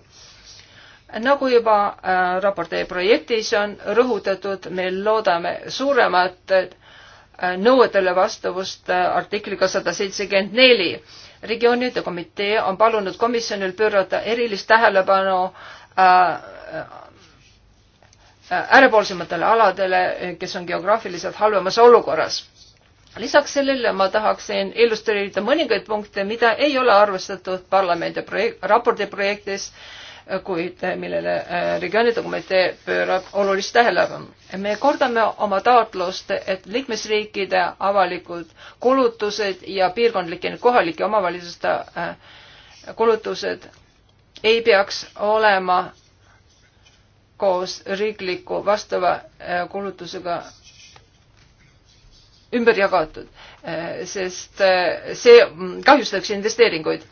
nagu juba eh, raporti projektis on rõhutatud, me loodame suuremat Äh, nõuetele vastavust äh, artikliga sada seitsekümmend neli. regioonide komitee on palunud komisjonil pöörata erilist tähelepanu äh, äärepoolsematele aladele, kes on geograafiliselt halvemas olukorras. lisaks sellele ma tahaksin illustreerida mõningaid punkte, mida ei ole arvestatud parlamendi projekt, raporti projektis äh, kuid millele äh, regioonidokumente pöörab olulist tähelepanu. me kordame oma taotlust, et liikmesriikide avalikud kulutused ja piirkondlike, kohalike omavalitsuste äh, kulutused ei peaks olema koos riikliku vastava äh, kulutusega ümber jagatud, sest see kahjustaks investeeringuid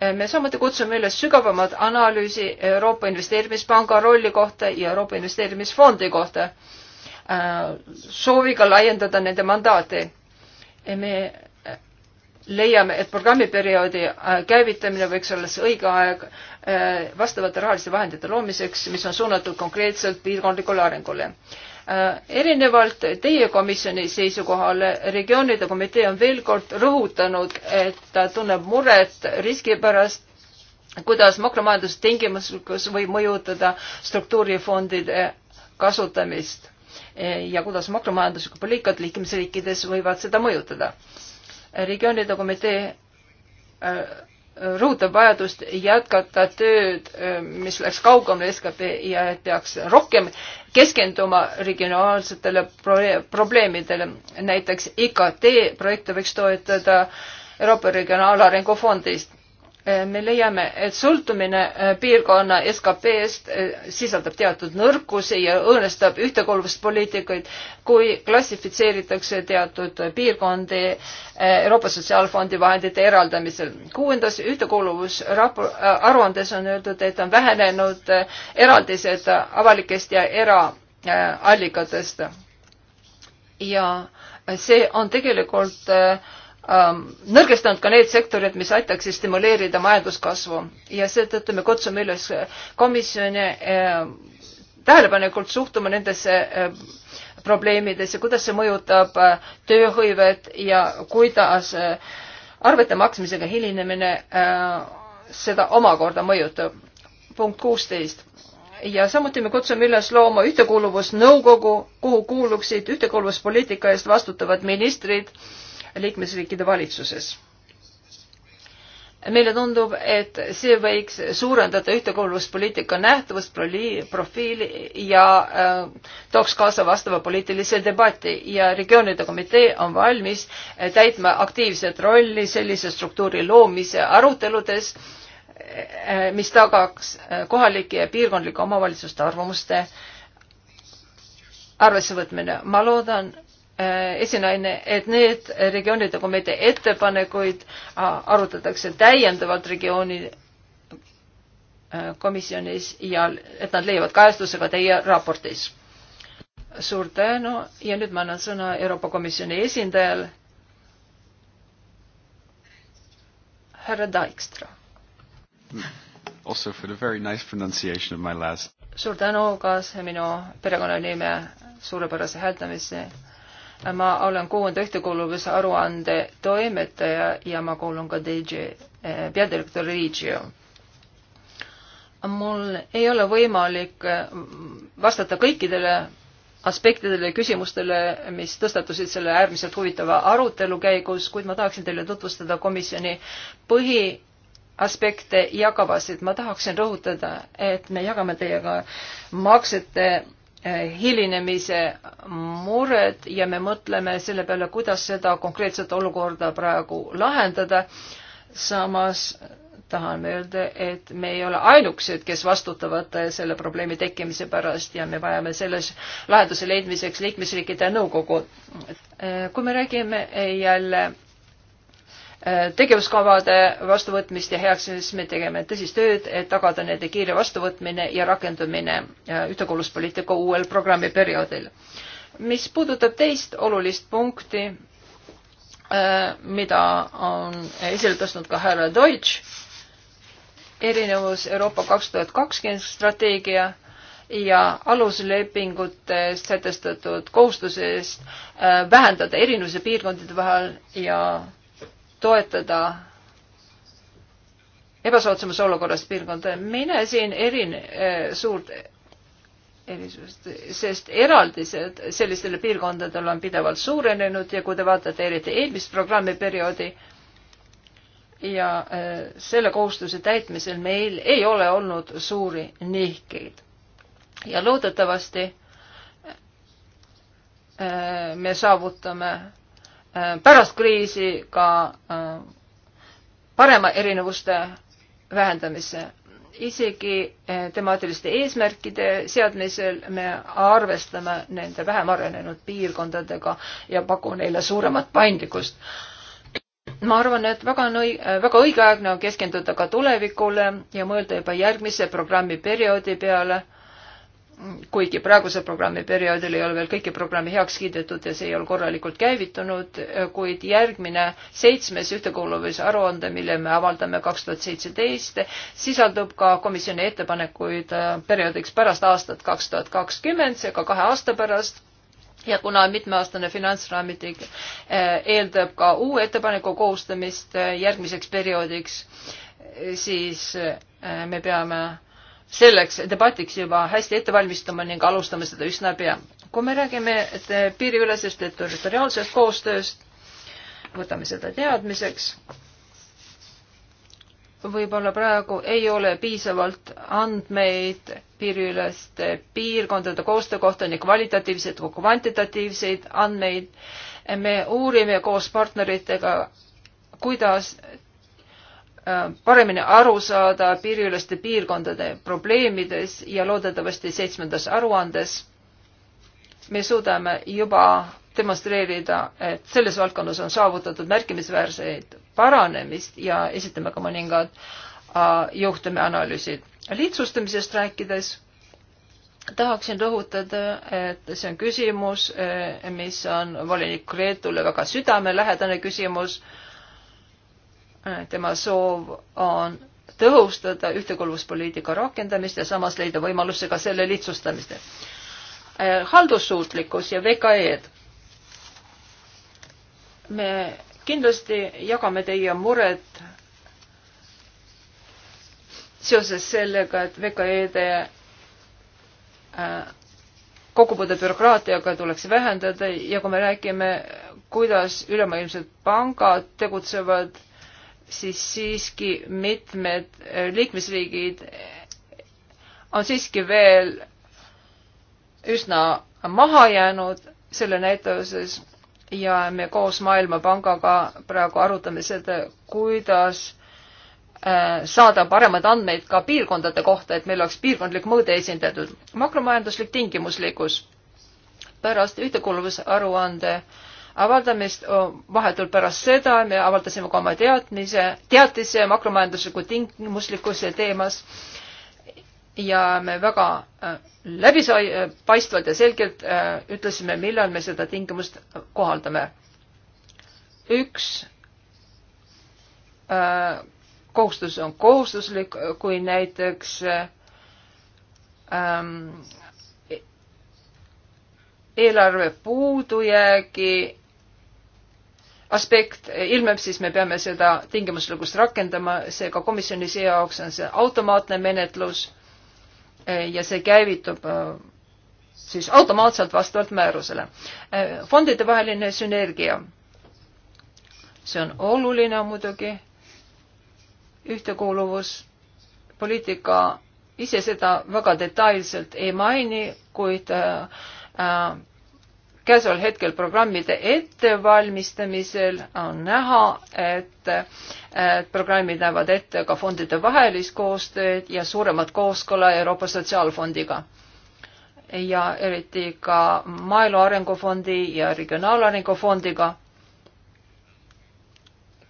Äh, me samuti kutsume üles sügavamat analüüsi Euroopa Investeerimispanga rolli kohta ja Euroopa Investeerimisfondi kohta äh, sooviga laiendada nende mandaati. me äh, leiame, et programmiperioodi käivitamine võiks olla see õige aeg vastavate rahaliste vahendite loomiseks, mis on suunatud konkreetselt piirkondlikule arengule. Äh, erinevalt teie komisjoni seisukohale, regioonide komitee on veel kord rõhutanud, et ta tunneb muret riski pärast, kuidas makromajandustingimuslikkus võib mõjutada struktuurifondide kasutamist äh, ja kuidas makromajanduslikud poliitikad liikmesriikides võivad seda mõjutada. regioonide komitee äh, rõhutab vajadust jätkata tööd, äh, mis läks kaugemale SKP ja peaks rohkem keskenduma regionaalsetele pro probleemidele. näiteks IKT projekte võiks toetada Euroopa Regionaalarengu Fondist Eh, me leiame, et sõltumine eh, piirkonna SKP-st eh, sisaldab teatud nõrkusi ja õõnestab ühtekuuluvuspoliitikaid, kui klassifitseeritakse teatud piirkondi Euroopa Sotsiaalfondi vahendite eraldamisel. kuuendas ühtekuuluvusrapor-, aruandes on öeldud, et on vähenenud eraldised avalikest ja eraallikatest. ja see on tegelikult äh, Ähm, nõrgestanud ka need sektorid, mis aitaksid stimuleerida majanduskasvu ja seetõttu me kutsume üles komisjoni äh, tähelepanelikult suhtuma nendesse äh, probleemidesse, kuidas see mõjutab äh, tööhõivet ja kuidas arvete maksmisega hilinemine seda omakorda mõjutab. punkt kuusteist ja samuti me kutsume üles looma ühtekuuluvusnõukogu, kuhu kuuluksid ühtekuuluvuspoliitika eest vastutavad ministrid äh, liikmesriikide valitsuses. meile tundub, et see võiks suurendada ühtekuuluvuspoliitika nähtavust, profiili ja äh, tooks kaasa vastava poliitilise debati ja regioonide komitee on valmis äh, täitma aktiivset rolli sellise struktuuri loomise aruteludes äh, mis tagaks kohalike ja piirkondlike omavalitsuste arvamuste arvessevõtmine. ma loodan, Äh, esinaine, et need regioonide komitee ettepanekuid äh, arutatakse täiendavalt regiooni äh, komisjonis ja et nad leiavad kajastuse ka teie raportis. suur tänu ja nüüd ma annan sõna Euroopa Komisjoni esindajale, härra Dijkstra. Also for the very nice pronunciation of my last. suur tänu ka minu perekonnanime suurepärase hääldamise ma olen kuuenda ühtekuuluvuse aruande toimetaja ja ma kuulun ka DJ, eh, peadirektor Regio. mul ei ole võimalik mm, vastata kõikidele aspektidele ja küsimustele, mis tõstatusid selle äärmiselt huvitava arutelu käigus, kuid ma tahaksin teile tutvustada komisjoni põhiaspekte ja kavasid. ma tahaksin rõhutada, et me jagame teiega maksete hilinemise mured ja me mõtleme selle peale, kuidas seda konkreetset olukorda praegu lahendada. samas tahan öelda, et me ei ole ainukesed, kes vastutavad selle probleemi tekkimise pärast ja me vajame selles lahenduse leidmiseks liikmesriikide nõukogu. kui me räägime jälle Äh, tegevuskavade vastuvõtmist ja heaks, siis me tegeme tõsist tööd, et tagada nende kiire vastuvõtmine ja rakendumine äh, ühtekuuluvuspoliitika uuel programmiperioodil. mis puudutab teist olulist punkti, äh, mida on esile tõstnud ka härra Deutsch, erinevus Euroopa kaks tuhat kakskümmend strateegia ja aluslepingutes sätestatud kohustusest vähendada erinevusi piirkondade vahel ja toetada ebasoodsamas olukorras piirkonda. mina siin erin eh, suurt erisust, sest eraldised sellistele piirkondadele on pidevalt suurenenud ja kui te vaatate eriti eelmist programmiperioodi ja eh, selle kohustuse täitmisel meil ei ole olnud suuri nihkeid. ja loodetavasti eh, me saavutame Äh, pärast kriisi ka äh, parema erinevuste vähendamise. isegi äh, temaatiliste eesmärkide seadmisel me arvestame nende vähem arenenud piirkondadega ja pakume neile suuremat paindlikkust. ma arvan, et väga on õi-, väga õigeaegne on keskenduda ka tulevikule ja mõelda juba järgmise programmi perioodi peale kuigi praegusel programmi perioodil ei ole veel kõiki programme heaks kiidetud ja see ei ole korralikult käivitunud, kuid järgmine seitsmes ühtekuuluvusaruande, mille me avaldame kaks tuhat seitseteist, sisaldub ka komisjoni ettepanekuid äh, perioodiks pärast aastat kaks tuhat kakskümmend, seega kahe aasta pärast ja kuna mitmeaastane finantsraamistik äh, eeldab ka uue ettepaneku koostamist äh, järgmiseks perioodiks, siis me peame selleks debatiks juba hästi ette valmistuma ning alustame seda üsna pea. kui me räägime eh, piiriülesest ja territoriaalsest koostööst, võtame seda teadmiseks. võib-olla praegu ei ole piisavalt andmeid piiriüleste piirkondade koostöö kohta, nii kvalitatiivseid kui kvantitatiivseid andmeid. me uurime koos partneritega, kuidas Äh, paremini aru saada piiriüleste piirkondade probleemides ja loodetavasti seitsmendas aruandes me suudame juba demonstreerida, et selles valdkonnas on saavutatud märkimisväärseid paranemist ja esitame ka mõningad äh, juhtumianalüüsid. lihtsustamisest rääkides tahaksin rõhutada, et see on küsimus, äh, mis on volinik Reetule väga südamelähedane küsimus tema soov on tõhustada ühtekuuluvuspoliitika rakendamist ja samas leida võimaluse ka selle lihtsustamist. Äh, haldussuutlikkus ja VKE-d. me kindlasti jagame teie muret seoses sellega, et VKE-de äh, kokkupuude bürokraatiaga tuleks vähendada ja kui me räägime, kuidas ülemaailmsed pangad tegutsevad siis siiski mitmed äh, liikmesriigid on siiski veel üsna maha jäänud selle näitavuses ja me koos Maailmapangaga praegu arutame seda, kuidas äh, saada paremaid andmeid ka piirkondade kohta, et meil oleks piirkondlik mõõde esindatud. makromajanduslik tingimuslikkus pärast ühtekuuluvusaruande äh, avaldamist vahetult pärast seda me avaldasime ka oma teadmise, teatise makromajandusliku tingimuslikkuse teemas ja me väga läbipaistvalt ja selgelt ütlesime, millal me seda tingimust kohaldame. üks kohustus on kohustuslik, kui näiteks ähm, eelarve puudujäägi aspekt ilmneb, siis me peame seda tingimuslikkust rakendama, seega komisjoni jaoks on see automaatne menetlus eh, ja see käivitub eh, siis automaatselt vastavalt määrusele. Eh, fondidevaheline sünergia. see on oluline muidugi, ühtekuuluvuspoliitika ise seda väga detailselt ei maini, kuid äh, käesoleval hetkel programmide ettevalmistamisel on näha, et, et programmid näevad ette ka fondide vahelist koostööd ja suuremat kooskõla Euroopa Sotsiaalfondiga. ja eriti ka Maaelu Arengufondi ja Regionaalarengu Fondiga,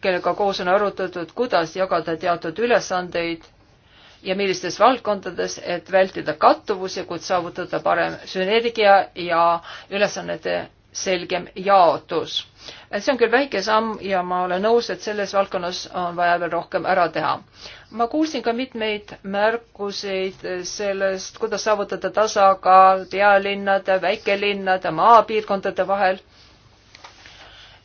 kellega koos on arutatud, kuidas jagada teatud ülesandeid ja millistes valdkondades, et vältida kattuvusi, kuid saavutada parem sünergia ja ülesannete selgem jaotus. et see on küll väike samm ja ma olen nõus, et selles valdkonnas on vaja veel rohkem ära teha. ma kuulsin ka mitmeid märkuseid sellest, kuidas saavutada tasakaal pealinnade, väikelinnade, maapiirkondade vahel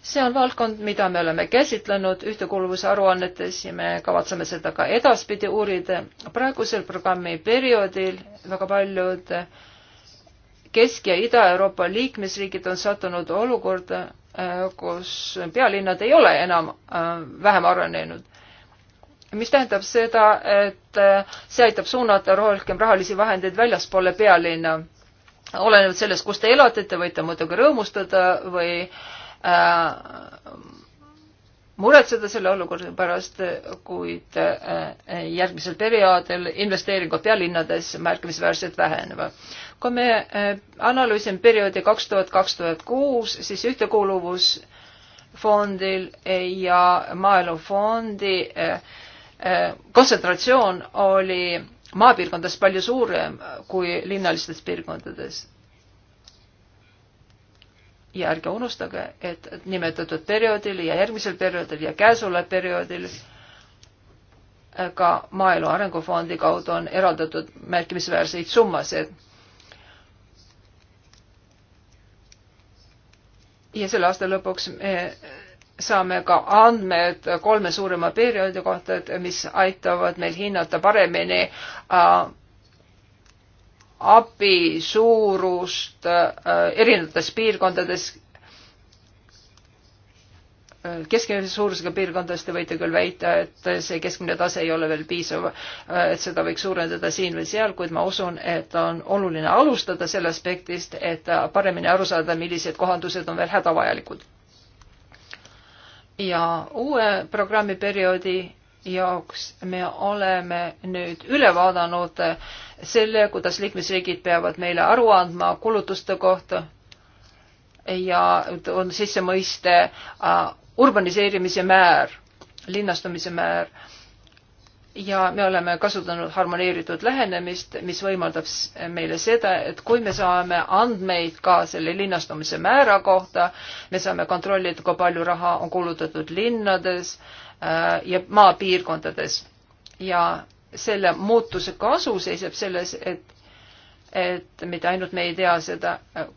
see on valdkond, mida me oleme käsitlenud ühtekuuluvusaruannetes ja me kavatseme seda ka edaspidi uurida. praegusel programmi perioodil väga paljud Kesk- ja Ida-Euroopa liikmesriigid on sattunud olukorda, kus pealinnad ei ole enam äh, vähem arenenud. mis tähendab seda, et äh, see aitab suunata rohkem rahalisi vahendeid väljaspoole pealinna. olenevalt sellest, kus te elate, te võite muidugi rõõmustada või äh, Äh, muretseda selle olukorra pärast, kuid äh, järgmisel perioodil investeeringud pealinnades märkimisväärselt vähenevad. kui me äh, analüüsime perioodi kaks tuhat, kaks tuhat kuus, siis ühtekuuluvusfondil ja maaelufondi kontsentratsioon oli maapiirkondades palju suurem kui linnalistes piirkondades ja ärge unustage, et nimetatud perioodil ja järgmisel perioodil ja käesoleval perioodil ka Maaelu Arengufondi kaudu on eraldatud märkimisväärseid summasid. ja selle aasta lõpuks me saame ka andmed kolme suurema perioodi kohta, et mis aitavad meil hinnata paremini äh, abi suurust äh, erinevates piirkondades. Äh, keskmise suurusega piirkondades te võite küll väita, et see keskmine tase ei ole veel piisav, äh, et seda võiks suurendada siin või seal, kuid ma usun, et on oluline alustada selle aspektist, et paremini aru saada, millised kohandused on veel hädavajalikud. ja uue programmiperioodi jaoks me oleme nüüd üle vaadanud selle, kuidas liikmesriigid peavad meile aru andma kulutuste kohta ja on sisse mõiste äh, urbaniseerimise määr, linnastumise määr. ja me oleme kasutanud harmoneeritud lähenemist, mis võimaldab meile seda, et kui me saame andmeid ka selle linnastumise määra kohta, me saame kontrollida, kui palju raha on kulutatud linnades äh,, Äh, ja maapiirkondades. ja selle muutuse kasu seisab selles, et, et mitte ainult me ei tea seda, äh,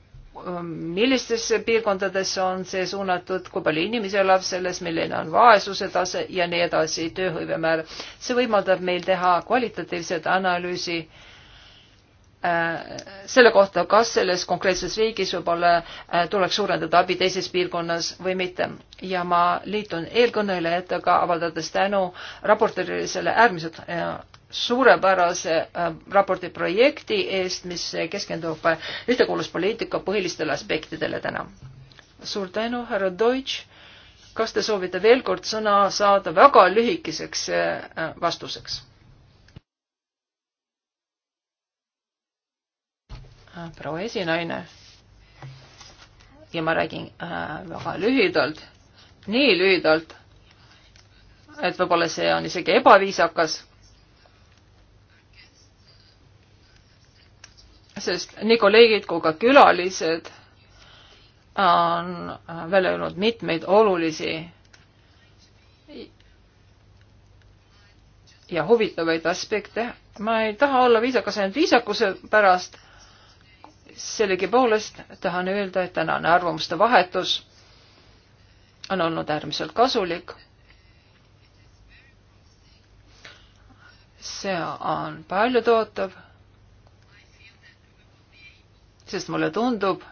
millistesse piirkondadesse on see suunatud, kui palju inimesi elab selles, milline on vaesuse tase ja nii edasi, tööhõivemäär. see võimaldab meil teha kvalitatiivset analüüsi äh, Äh, selle kohta, kas selles konkreetses riigis võib-olla äh, tuleks suurendada abi teises piirkonnas või mitte. ja ma liitun eelkõnelejatega, avaldades tänu raportöörile selle äärmiselt äh, suurepärase raporti projekti eest, mis keskendub ühtekuuluvuspoliitika põhilistele aspektidele täna. suur tänu, härra Deutsch. kas te soovite veel kord sõna saada väga lühikeseks vastuseks? Äh, proua esinaine. ja ma räägin äh, väga lühidalt, nii lühidalt, et võib-olla see on isegi ebaviisakas sest nii kolleegid kui ka külalised on äh, välja öelnud mitmeid olulisi ja huvitavaid aspekte. ma ei taha olla viisakas ainult viisakuse pärast, sellegipoolest tahan öelda, et tänane arvamuste vahetus on olnud äärmiselt kasulik. see on paljutootav, sest mulle tundub,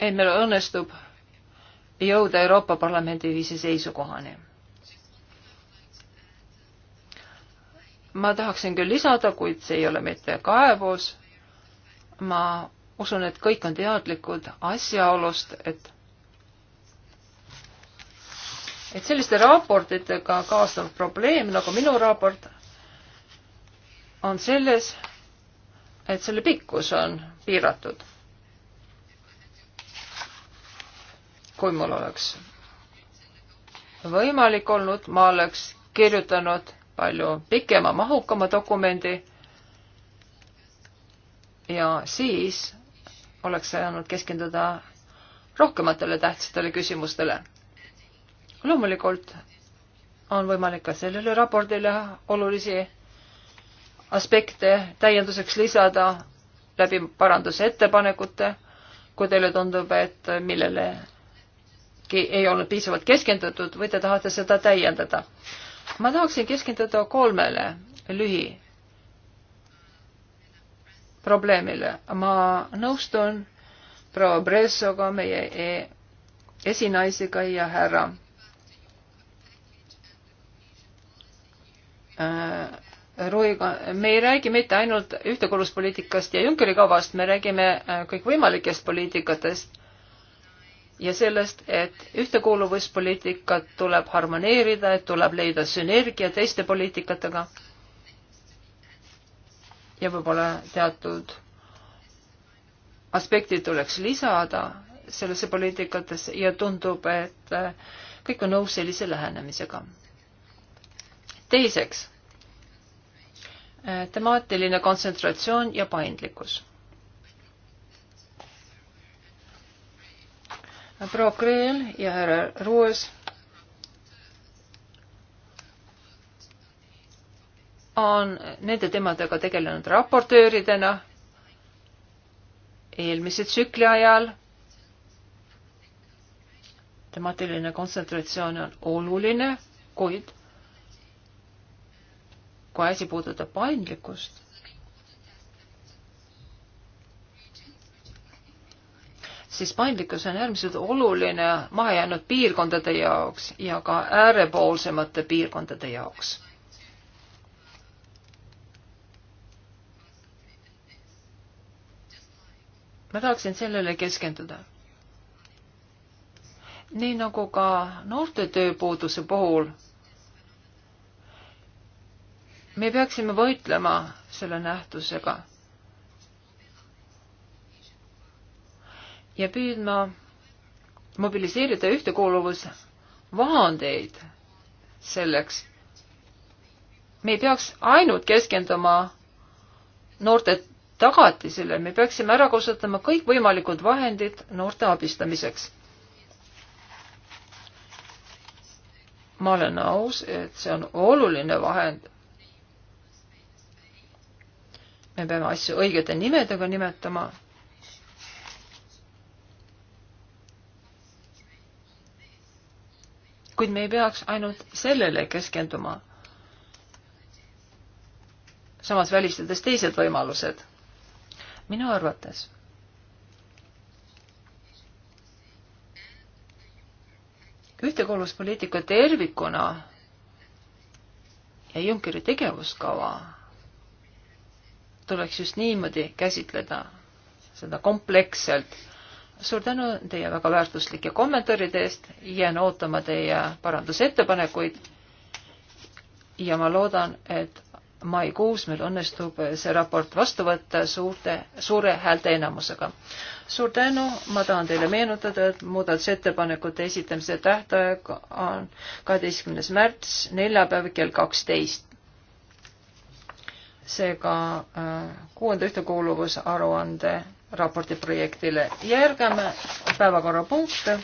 et meil õnnestub jõuda Euroopa Parlamendi ühise seisukohani ma tahaksin küll lisada, kuid see ei ole mitte kaebus. ma usun, et kõik on teadlikud asjaolust, et et selliste raportitega kaasnev probleem nagu minu raport on selles, et selle pikkus on piiratud. kui mul oleks võimalik olnud, ma oleks kirjutanud palju pikema, mahukama dokumendi. ja siis oleks saanud keskenduda rohkematele tähtsatele küsimustele. loomulikult on võimalik ka sellele raportile olulisi aspekte täienduseks lisada läbi parandusettepanekute, kui teile tundub, et millelegi ei olnud piisavalt keskendutud või te tahate seda täiendada ma tahaksin keskenduda kolmele lühi probleemile. ma nõustun proua Bressoga, meie e esinaisega ja härra äh, Ruiga. me ei räägi mitte ainult ühtekorruspoliitikast ja Junckeri kavast, me räägime äh, kõikvõimalikest poliitikatest ja sellest, et ühtekuuluvuspoliitikat tuleb harmoneerida, et tuleb leida sünergia teiste poliitikatega ja võib-olla teatud aspektid tuleks lisada sellesse poliitikatesse ja tundub, et äh, kõik on nõus sellise lähenemisega. teiseks, äh, temaatiline kontsentratsioon ja paindlikkus proua Kreel ja härra Ruus on nende teemadega tegelenud raportööridena eelmise tsükli ajal. temaatiline kontsentratsioon on oluline, kuid kui asi puudutab paindlikkust, siis paindlikkus on äärmiselt oluline mahajäänud piirkondade jaoks ja ka äärepoolsemate piirkondade jaoks. ma tahaksin sellele keskenduda. nii nagu ka noorte tööpuuduse puhul, me peaksime võitlema selle nähtusega ja püüdma mobiliseerida ühtekuuluvusvahendeid selleks. me ei peaks ainult keskenduma noorte tagatisele, me peaksime ära kasutama kõikvõimalikud vahendid noorte abistamiseks. ma olen aus, et see on oluline vahend. me peame asju õigete nimedega nimetama kuid me ei peaks ainult sellele keskenduma, samas välistades teised võimalused. minu arvates ühtekuuluvuspoliitika tervikuna ja Junckeri tegevuskava tuleks just niimoodi käsitleda, seda kompleksselt suur tänu teie väga väärtuslike kommentaaride eest, jään ootama teie parandusettepanekuid ja ma loodan, et maikuus meil õnnestub see raport vastu võtta suurte, suure häälteenamusega. suur tänu, ma tahan teile meenutada, et muudatusettepanekute esitamise tähtaeg on kaheteistkümnes märts, neljapäev kell kaksteist. seega äh, kuuenda ühtekuuluvusaruande raporti projektile ja järgame päevakorrapunkte.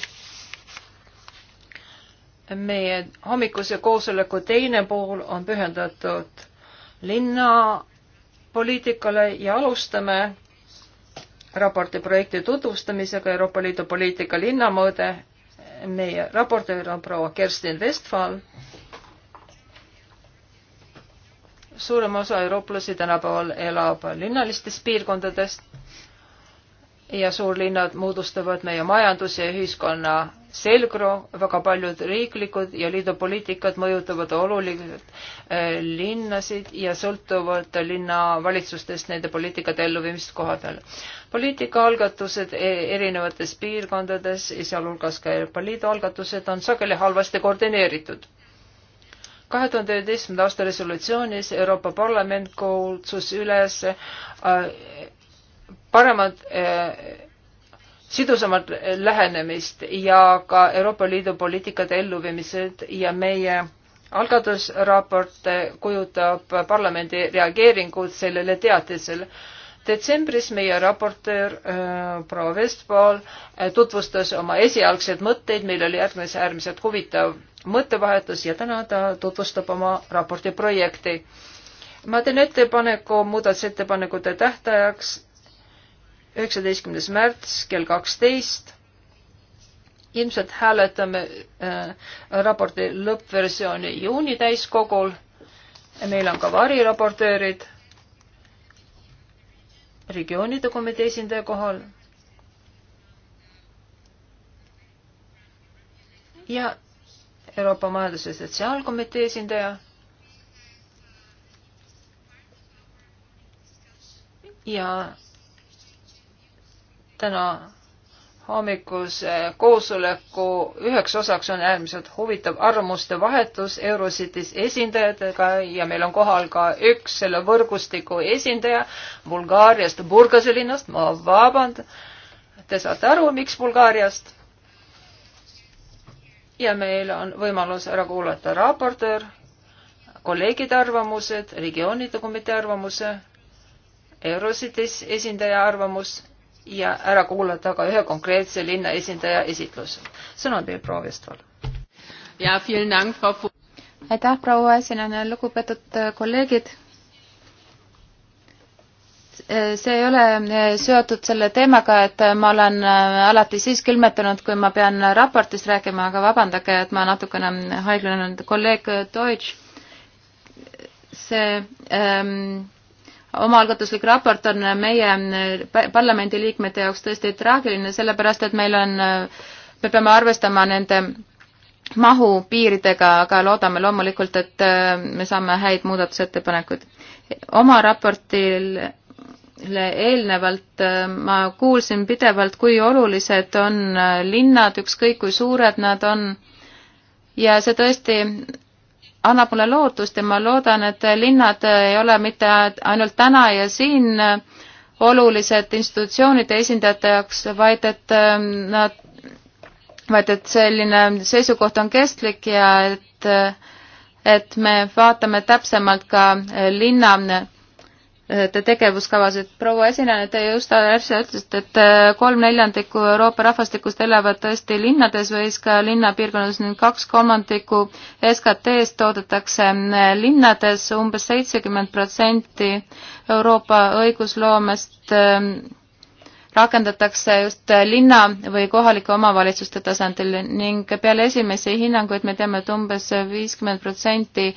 meie hommikuse koosoleku teine pool on pühendatud linnapoliitikale ja alustame raporti projekti tutvustamisega Euroopa Liidu poliitika linnamõõde. meie raportöör on proua Kerstin Westfal. suurem osa eurooplasi tänapäeval elab linnalistest piirkondadest ja suurlinnad moodustavad meie majanduse ja ühiskonna selgru, väga paljud riiklikud ja liidu poliitikad mõjutavad oluliselt äh, linnasid ja sõltuvad linnavalitsustest nende poliitikate elluviimist koha peal. poliitikaalgatused e-, erinevates piirkondades, sealhulgas ka Euroopa Liidu algatused, on sageli halvasti koordineeritud kahe tuhande üheteistkümnenda aasta resolutsioonis Euroopa Parlament kutsus üles äh, paremat eh, sidusamat eh, lähenemist ja ka Euroopa Liidu poliitikate elluviimised ja meie algatusraport eh, kujutab parlamendi reageeringut sellele teatisele. detsembris meie raportöör äh, proua Vestpool äh, tutvustas oma esialgseid mõtteid, meil oli järgmise äärmiselt huvitav mõttevahetus ja täna ta tutvustab oma raporti projekti. ma teen ettepaneku muudatusettepanekute tähtajaks üheksateistkümnes märts kell kaksteist. ilmselt hääletame äh, raporti lõppversiooni juuni täiskogul. meil on ka variraportöörid regioonide komitee esindaja kohal. ja Euroopa Majandus- ja Sotsiaalkomitee esindaja. ja täna hommikuse koosoleku üheks osaks on äärmiselt huvitav arvamuste vahetus Eurocities esindajatega ja meil on kohal ka üks selle võrgustiku esindaja Bulgaariast, Burgase linnast, ma vabandan. Te saate aru, miks Bulgaariast? ja meil on võimalus ära kuulata raportöör, kolleegide arvamused, regioonide komitee arvamuse, Eurocities esindaja arvamus ja ära kuulata ka ühe konkreetse linna esindaja esitlus. sõna on teil proua Vestval. aitäh, proua esinejana, lugupeetud kolleegid see ei ole seotud selle teemaga, et ma olen alati siis külmetanud, kui ma pean raportist rääkima, aga vabandage, et ma natukene haiglenud. kolleeg Deutsch, see ähm, omaalgatuslik raport on meie eh, parlamendiliikmete jaoks tõesti traagiline, sellepärast et meil on, eh, me peame arvestama nende mahu piiridega, aga loodame loomulikult, et eh, me saame häid muudatusettepanekuid. oma raportil eelnevalt ma kuulsin pidevalt, kui olulised on linnad, ükskõik kui suured nad on, ja see tõesti annab mulle lootust ja ma loodan, et linnad ei ole mitte ainult täna ja siin olulised institutsioonide esindajate jaoks, vaid et ähm, nad, vaid et selline seisukoht on kestlik ja et, et me vaatame täpsemalt ka linna tegevuskavas, et proua esinejana te just äsja ütlesite, et äh, kolm neljandikku Euroopa rahvastikust elavad tõesti linnades või siis ka linnapiirkondades, nüüd kaks kolmandikku SKT-st toodetakse äh, linnades, umbes seitsekümmend protsenti Euroopa õigusloomest ähm, rakendatakse just äh, linna või kohalike omavalitsuste tasandil ning peale esimesi hinnanguid me teame et, et umbes viiskümmend protsenti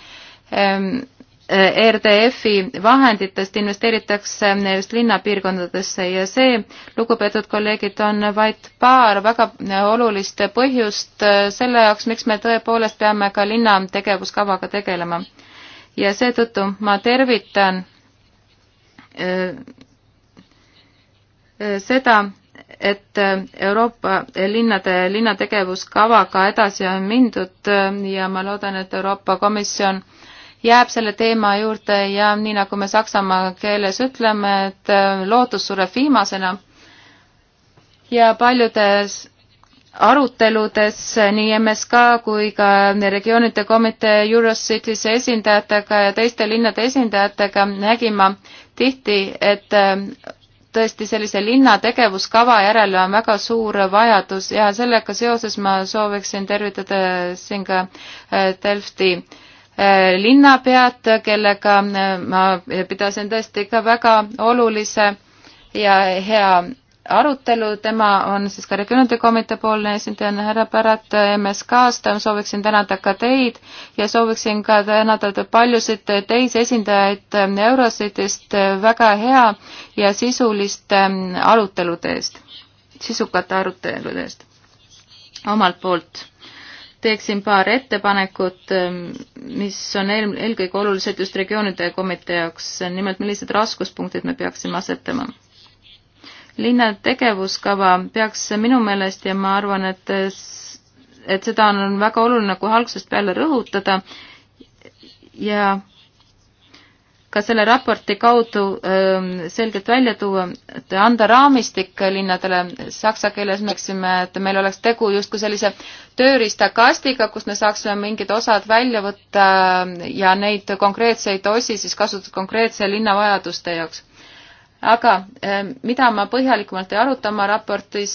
ähm, RDF-i vahenditest investeeritakse just linnapiirkondadesse ja see, lugupeetud kolleegid, on vaid paar väga olulist põhjust selle jaoks, miks me tõepoolest peame ka linna tegevuskavaga tegelema. ja seetõttu ma tervitan äh, äh, seda, et Euroopa linnade linnategevuskavaga edasi on mindud äh, ja ma loodan, et Euroopa Komisjon jääb selle teema juurde ja nii nagu me saksamaa keeles ütleme, et äh, lootus sureb viimasena ja paljudes aruteludes nii MSK kui ka regioonide komitee Eurocities esindajatega ja teiste linnade esindajatega nägin ma tihti, et äh, tõesti sellise linna tegevuskava järele on väga suur vajadus ja sellega seoses ma sooviksin tervitada siin ka äh, Delfti Äh, linnapead, kellega äh, ma pidasin tõesti ka väga olulise ja hea arutelu, tema on siis ka regionaalkomitee poolne esindajana härra Pärat äh, MSK-st, sooviksin tänada ka teid ja sooviksin ka tänada paljusid teisi esindajaid Eurocitist väga hea ja sisuliste ähm, arutelude eest, sisukate arutelude eest omalt poolt teeksin paar ettepanekut, ähm, mis on eel, eelkõige olulised just regioonide komitee jaoks, nimelt millised raskuspunktid me peaksime asetama. linna tegevuskava peaks minu meelest ja ma arvan, et, et seda on väga oluline kohe algusest peale rõhutada ja ka selle raporti kaudu ähm, selgelt välja tuua, et anda raamistik linnadele saksa keeles, mõtleksime, et meil oleks tegu justkui sellise tööriistakastiga, kust me saaksime mingid osad välja võtta ähm, ja neid konkreetseid osi siis kasutada konkreetse linna vajaduste jaoks. aga ähm, mida ma põhjalikumalt ei aruta oma raportis,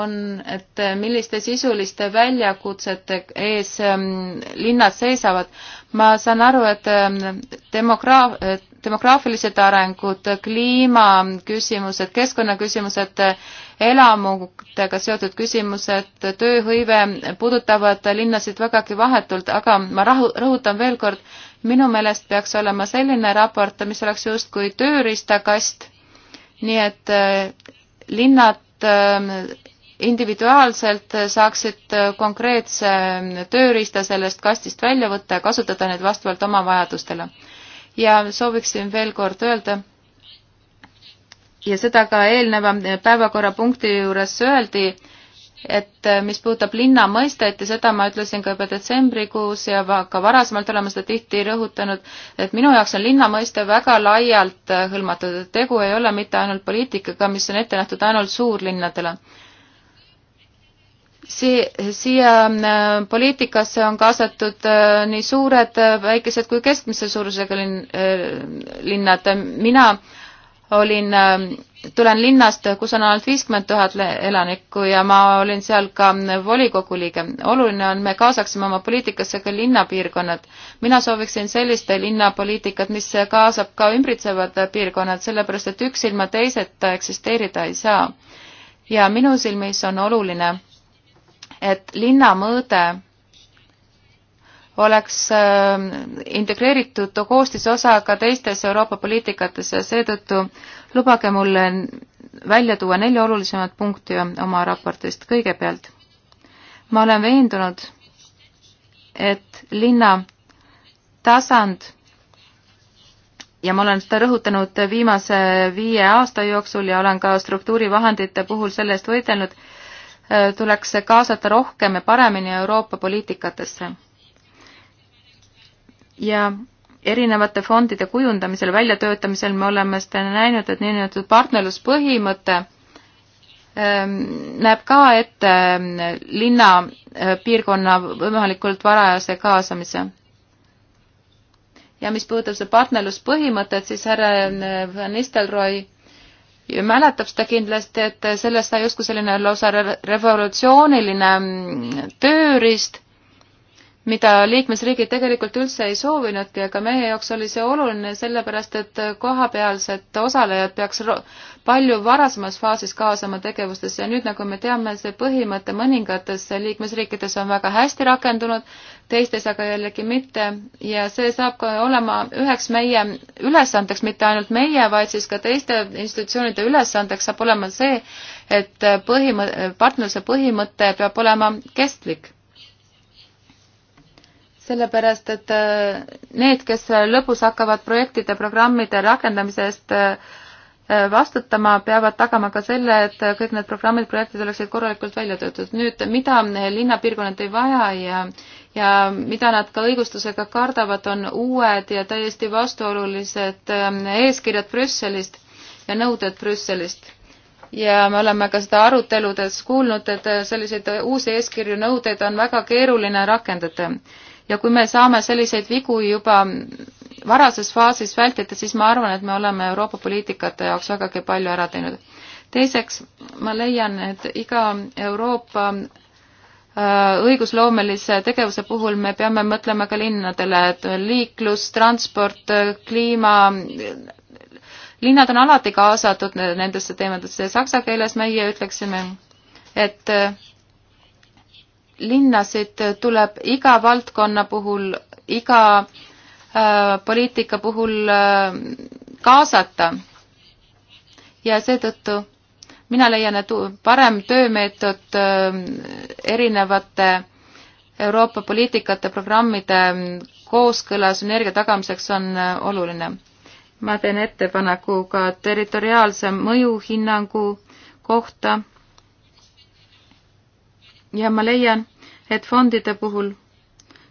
on, et milliste sisuliste väljakutsetega ees linnad seisavad ma saan aru, et ähm, demograaf-, demograafilised arengud, kliimaküsimused, keskkonnaküsimused, elamutega seotud küsimused, tööhõive puudutavad linnasid vägagi vahetult, aga ma rahu-, rõhutan veel kord, minu meelest peaks olema selline raport, mis oleks justkui tööriistakast, nii et äh, linnad ähm, individuaalselt saaksid konkreetse tööriista sellest kastist välja võtta ja kasutada neid vastavalt oma vajadustele. ja sooviksin veel kord öelda, ja seda ka eelneva päevakorrapunkti juures öeldi, et mis puudutab linna mõistet ja seda ma ütlesin ka juba detsembrikuus ja ka varasemalt oleme seda tihti rõhutanud, et minu jaoks on linna mõiste väga laialt hõlmatud, et tegu ei ole mitte ainult poliitikaga, mis on ette nähtud ainult suurlinnadele sii-, siia äh, poliitikasse on kaasatud äh, nii suured, äh, väikesed kui keskmise suurusega linn, linnad. mina olin, tulen linnast, kus on ainult viiskümmend tuhat elanikku ja ma olin seal ka volikogu liige. oluline on, me kaasaksime oma poliitikasse ka linnapiirkonnad. mina sooviksin sellist linnapoliitikat, mis kaasab ka ümbritsevad piirkonnad, sellepärast et üks ilma teiseta eksisteerida ei saa. ja minu silmis on oluline et linna mõõde oleks äh, integreeritud koostisosa ka teistes Euroopa poliitikates ja seetõttu lubage mul välja tuua neli olulisemat punkti oma raportist. kõigepealt, ma olen veendunud, et linna tasand ja ma olen seda rõhutanud viimase viie aasta jooksul ja olen ka struktuurivahendite puhul selle eest võidelnud, Äh, tuleks kaasata rohkem ja paremini Euroopa poliitikatesse. ja erinevate fondide kujundamisel, väljatöötamisel me oleme seda näinud, et niinimetatud partnerluspõhimõte ähm, näeb ka ette ähm, linna äh, piirkonna võimalikult varajase kaasamise. ja mis puudutab seda partnerluspõhimõtet, siis härra äh, Van Nistelrooy mäletab seda kindlasti, et sellest sai justkui selline lausa revolutsiooniline tööriist, mida liikmesriigid tegelikult üldse ei soovinudki, aga meie jaoks oli see oluline sellepärast, et kohapealsed osalejad peaks palju varasemas faasis kaasama tegevustesse ja nüüd, nagu me teame, see põhimõte mõningates liikmesriikides on väga hästi rakendunud, teistes aga jällegi mitte ja see saab ka olema üheks meie ülesandeks, mitte ainult meie, vaid siis ka teiste institutsioonide ülesandeks saab olema see, et põhimõ-, partnerluse põhimõte peab olema kestlik. sellepärast, et äh, need, kes lõpus hakkavad projektide, programmide rakendamise eest äh, vastutama, peavad tagama ka selle, et kõik need programmid, projektid oleksid korralikult välja töötatud. nüüd, mida linnapiirkonnad ei vaja ja ja mida nad ka õigustusega kardavad, on uued ja täiesti vastuolulised ähm, eeskirjad Brüsselist ja nõuded Brüsselist. ja me oleme ka seda aruteludes kuulnud, et äh, selliseid uusi eeskirju, nõudeid on väga keeruline rakendada. ja kui me saame selliseid vigu juba varases faasis vältida, siis ma arvan, et me oleme Euroopa poliitikate jaoks vägagi palju ära teinud. teiseks, ma leian, et iga Euroopa Äh, õigusloomelise tegevuse puhul me peame mõtlema ka linnadele, et liiklus, transport, äh, kliima, linnad on alati kaasatud nendesse teemadesse ja saksa keeles meie ütleksime, et äh, linnasid tuleb iga valdkonna puhul, iga äh, poliitika puhul äh, kaasata ja seetõttu mina leian, et parem töömeetod ähm, erinevate Euroopa poliitikate, programmide kooskõla sünergia tagamiseks on äh, oluline. ma teen ettepaneku ka territoriaalse mõjuhinnangu kohta ja ma leian, et fondide puhul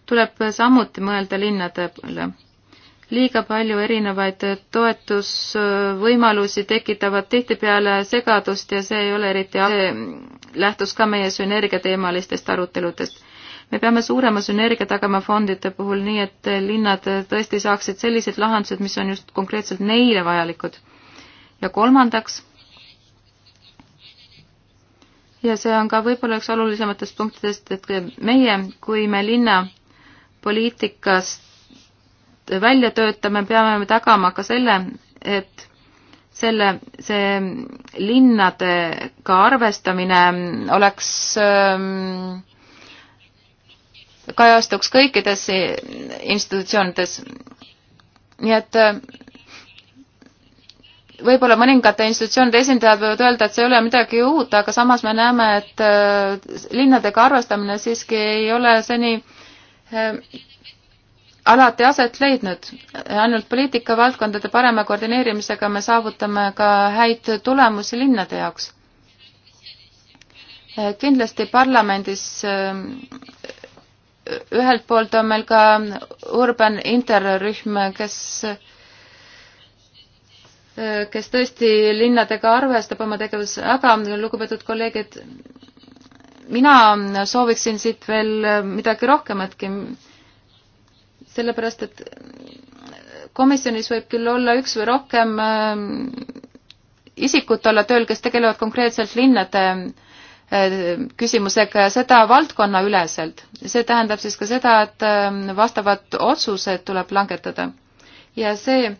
tuleb samuti mõelda linnadele liiga palju erinevaid toetusvõimalusi tekitavad tihtipeale segadust ja see ei ole eriti, lähtus ka meie sünergiateemalistest aruteludest me peame suurema sünergia tagama fondide puhul, nii et linnad tõesti saaksid sellised lahendused, mis on just konkreetselt neile vajalikud. ja kolmandaks, ja see on ka võib-olla üks olulisematest punktidest, et meie, kui me linnapoliitikast välja töötame, peame me tagama ka selle, et selle, see linnadega arvestamine oleks ähm, kajastuks kõikides institutsioonides. nii et äh, võib-olla mõningate institutsioonide esindajad võivad öelda, et see ei ole midagi uut, aga samas me näeme, et äh, linnadega arvestamine siiski ei ole seni äh, alati aset leidnud. ainult poliitikavaldkondade parema koordineerimisega me saavutame ka häid tulemusi linnade jaoks. kindlasti parlamendis äh, ühelt poolt on meil ka Urban Interrühm, kes äh, kes tõesti linnadega arvestab oma tegevuses, aga lugupeetud kolleegid, mina sooviksin siit veel äh, midagi rohkematki sellepärast et komisjonis võib küll olla üks või rohkem äh, isikut olla tööl, kes tegelevad konkreetselt linnade äh, küsimusega ja seda valdkonnaüleselt. see tähendab siis ka seda, et äh, vastavad otsused tuleb langetada. ja see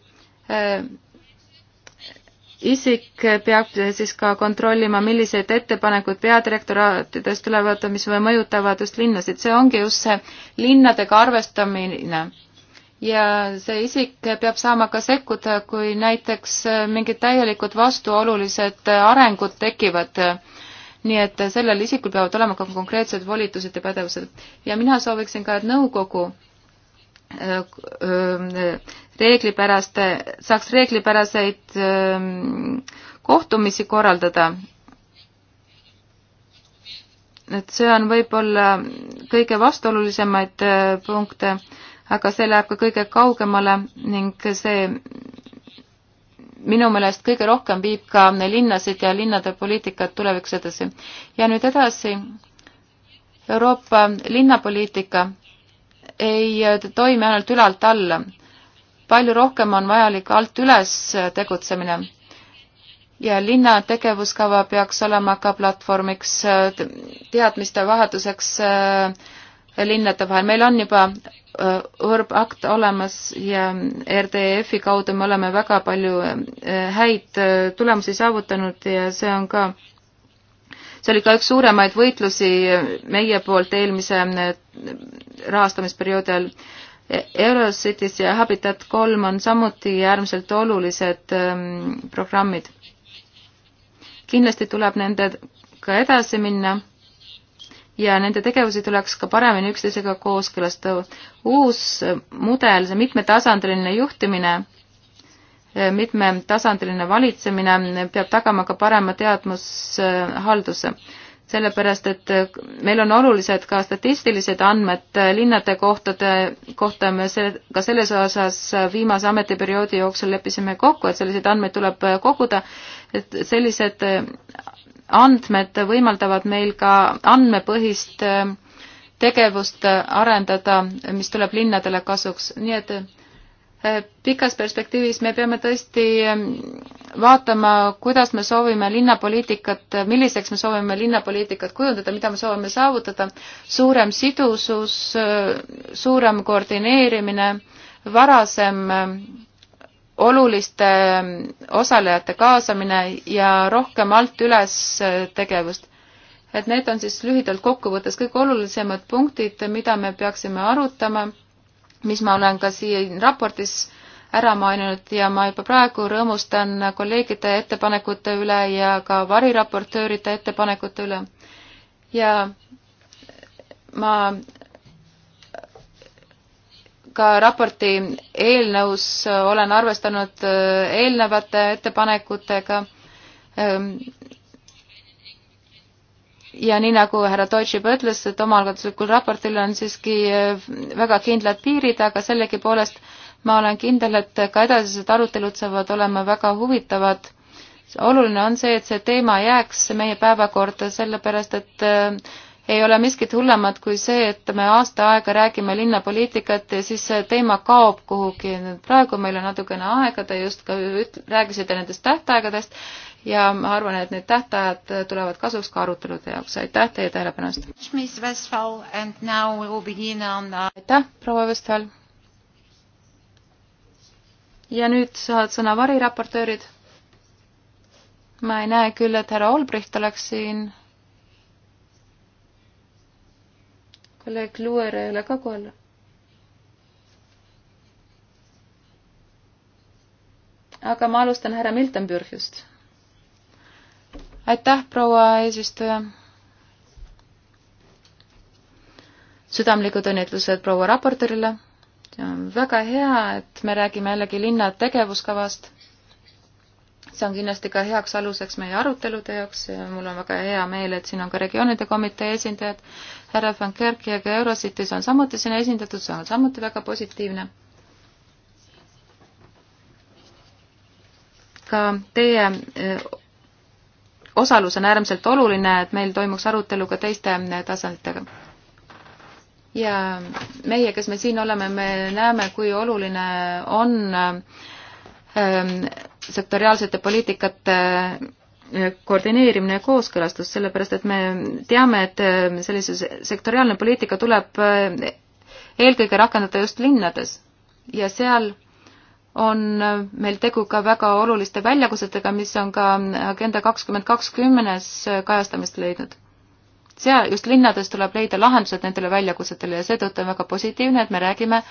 isik peab siis ka kontrollima, millised ettepanekud peadirektoraatidest tulevad, mis mõjutavad just linnasid. see ongi just see linnadega arvestamine. ja see isik peab saama ka sekkuda, kui näiteks mingid täielikud vastuolulised arengud tekivad. nii et sellel isikul peavad olema ka konkreetsed volitused ja pädevused. ja mina sooviksin ka, et nõukogu reeglipäraste, saaks reeglipäraseid ähm, kohtumisi korraldada. et see on võib-olla kõige vastuolulisemaid äh, punkte, aga see läheb ka kõige kaugemale ning see minu meelest kõige rohkem viib ka linnasid ja linnade poliitikat tulevikus edasi. ja nüüd edasi, Euroopa linnapoliitika ei toimi ainult ülalt alla. palju rohkem on vajalik alt üles tegutsemine. ja linna tegevuskava peaks olema ka platvormiks teadmiste vahetuseks äh, linnade vahel. meil on juba äh, Urb-akt olemas ja RDF-i kaudu me oleme väga palju äh, häid tulemusi saavutanud ja see on ka äh, see oli ka üks suuremaid võitlusi meie poolt eelmise äh, rahastamisperioodi ajal. E-, Eurocities ja Habitat kolm on samuti äärmiselt olulised ähm, programmid. kindlasti tuleb nendega edasi minna ja nende tegevusi tuleks ka paremini üksteisega kooskõlastada. uus äh, mudel, see mitmetasandiline juhtimine mitmetasandiline valitsemine peab tagama ka parema teadmushalduse. sellepärast, et meil on olulised ka statistilised andmed linnade kohtade kohta, me selle, ka selles osas viimase ametiperioodi jooksul leppisime kokku, et selliseid andmeid tuleb koguda, et sellised andmed võimaldavad meil ka andmepõhist tegevust arendada, mis tuleb linnadele kasuks, nii et Äh, pikas perspektiivis me peame tõesti ähm, vaatama, kuidas me soovime linnapoliitikat, äh, milliseks me soovime linnapoliitikat kujundada, mida me soovime saavutada, suurem sidusus, äh, suurem koordineerimine, varasem oluliste osalejate kaasamine ja rohkem alt üles tegevust. et need on siis lühidalt kokkuvõttes kõik olulisemad punktid, mida me peaksime arutama mis ma olen ka siin raportis ära maininud ja ma juba praegu rõõmustan kolleegide ettepanekute üle ja ka variraportööride ettepanekute üle. ja ma ka raporti eelnõus olen arvestanud äh, eelnevate ettepanekutega ähm, ja nii nagu härra Deutsch juba ütles, et omaalgatuslikul raportil on siiski äh, väga kindlad piirid, aga sellegipoolest ma olen kindel, et ka edasised arutelud saavad olema väga huvitavad. oluline on see, et see teema jääks meie päevakorda, sellepärast et äh, ei ole miskit hullemat kui see, et me aasta aega räägime linnapoliitikat ja siis see teema kaob kuhugi. praegu meil on natukene aega, te just ka üt-, rääkisite nendest tähtaegadest ja ma arvan, et need tähtajad tulevad kasuks ka arutelude jaoks. aitäh teie tähelepanu eest! aitäh, proua Vestfal! ja nüüd saavad sõna variraportöörid. ma ei näe küll, et härra Olbricht oleks siin. kolleeg Luer ei ole ka kohal aga ma alustan härra Miltenbürgist aitäh, proua eesistuja. südamlikud õnnitlused proua raportöörile. see on väga hea, et me räägime jällegi linna tegevuskavast. see on kindlasti ka heaks aluseks meie arutelude jaoks ja mul on väga hea meel, et siin on ka regioonide komitee esindajad, härra Van Kerk ja ka Eurocities on samuti siin esindatud, see on samuti väga positiivne ka teie osalus on äärmiselt oluline, et meil toimuks arutelu ka teiste eh, tasanditega. ja meie, kes me siin oleme, me näeme, kui oluline on ehm, sektoriaalsete poliitikate eh, koordineerimine ja kooskõlastus, sellepärast et me teame, et eh, sellise sektoriaalne poliitika tuleb eelkõige rakendada just linnades ja seal on meil tegu ka väga oluliste väljakutsetega, mis on ka Agenda kakskümmend kakskümnes kajastamist leidnud. seal just linnades tuleb leida lahendused nendele väljakutsetele ja seetõttu on väga positiivne, et me räägime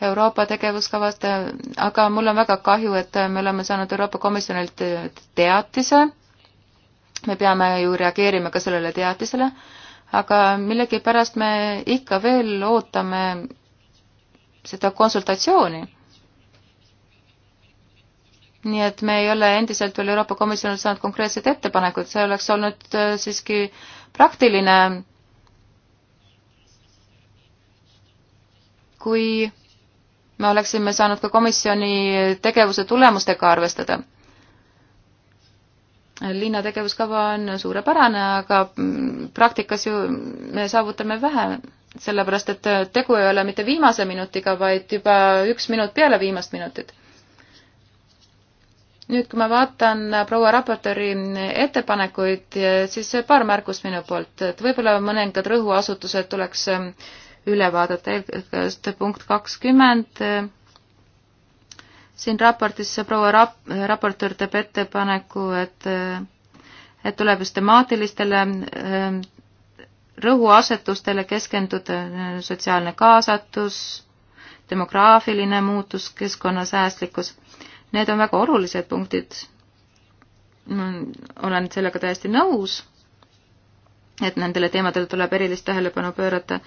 Euroopa tegevuskavast, aga mul on väga kahju, et me oleme saanud Euroopa Komisjonilt teatise, me peame ju reageerima ka sellele teatisele, aga millegipärast me ikka veel ootame seda konsultatsiooni nii et me ei ole endiselt veel Euroopa Komisjonilt saanud konkreetseid ettepanekuid, see oleks olnud äh, siiski praktiline, kui me oleksime saanud ka komisjoni tegevuse tulemustega arvestada. linna tegevuskava on suurepärane, aga mm, praktikas ju me saavutame vähe, sellepärast et tegu ei ole mitte viimase minutiga, vaid juba üks minut peale viimast minutit nüüd, kui ma vaatan äh, proua raportööri äh, ettepanekuid, äh, siis paar märkust minu poolt, et võib-olla mõningad rõhuasutused tuleks ähm, üle vaadata, eelkõige punkt kakskümmend, siin raportis proua rap-, raportöör teeb ettepaneku, et et tuleb just temaatilistele rõhuasetustele keskenduda, sotsiaalne kaasatus, demograafiline muutus, keskkonnasäästlikkus Need on väga olulised punktid. olen sellega täiesti nõus, et nendele teemadele tuleb erilist tähelepanu pöörata,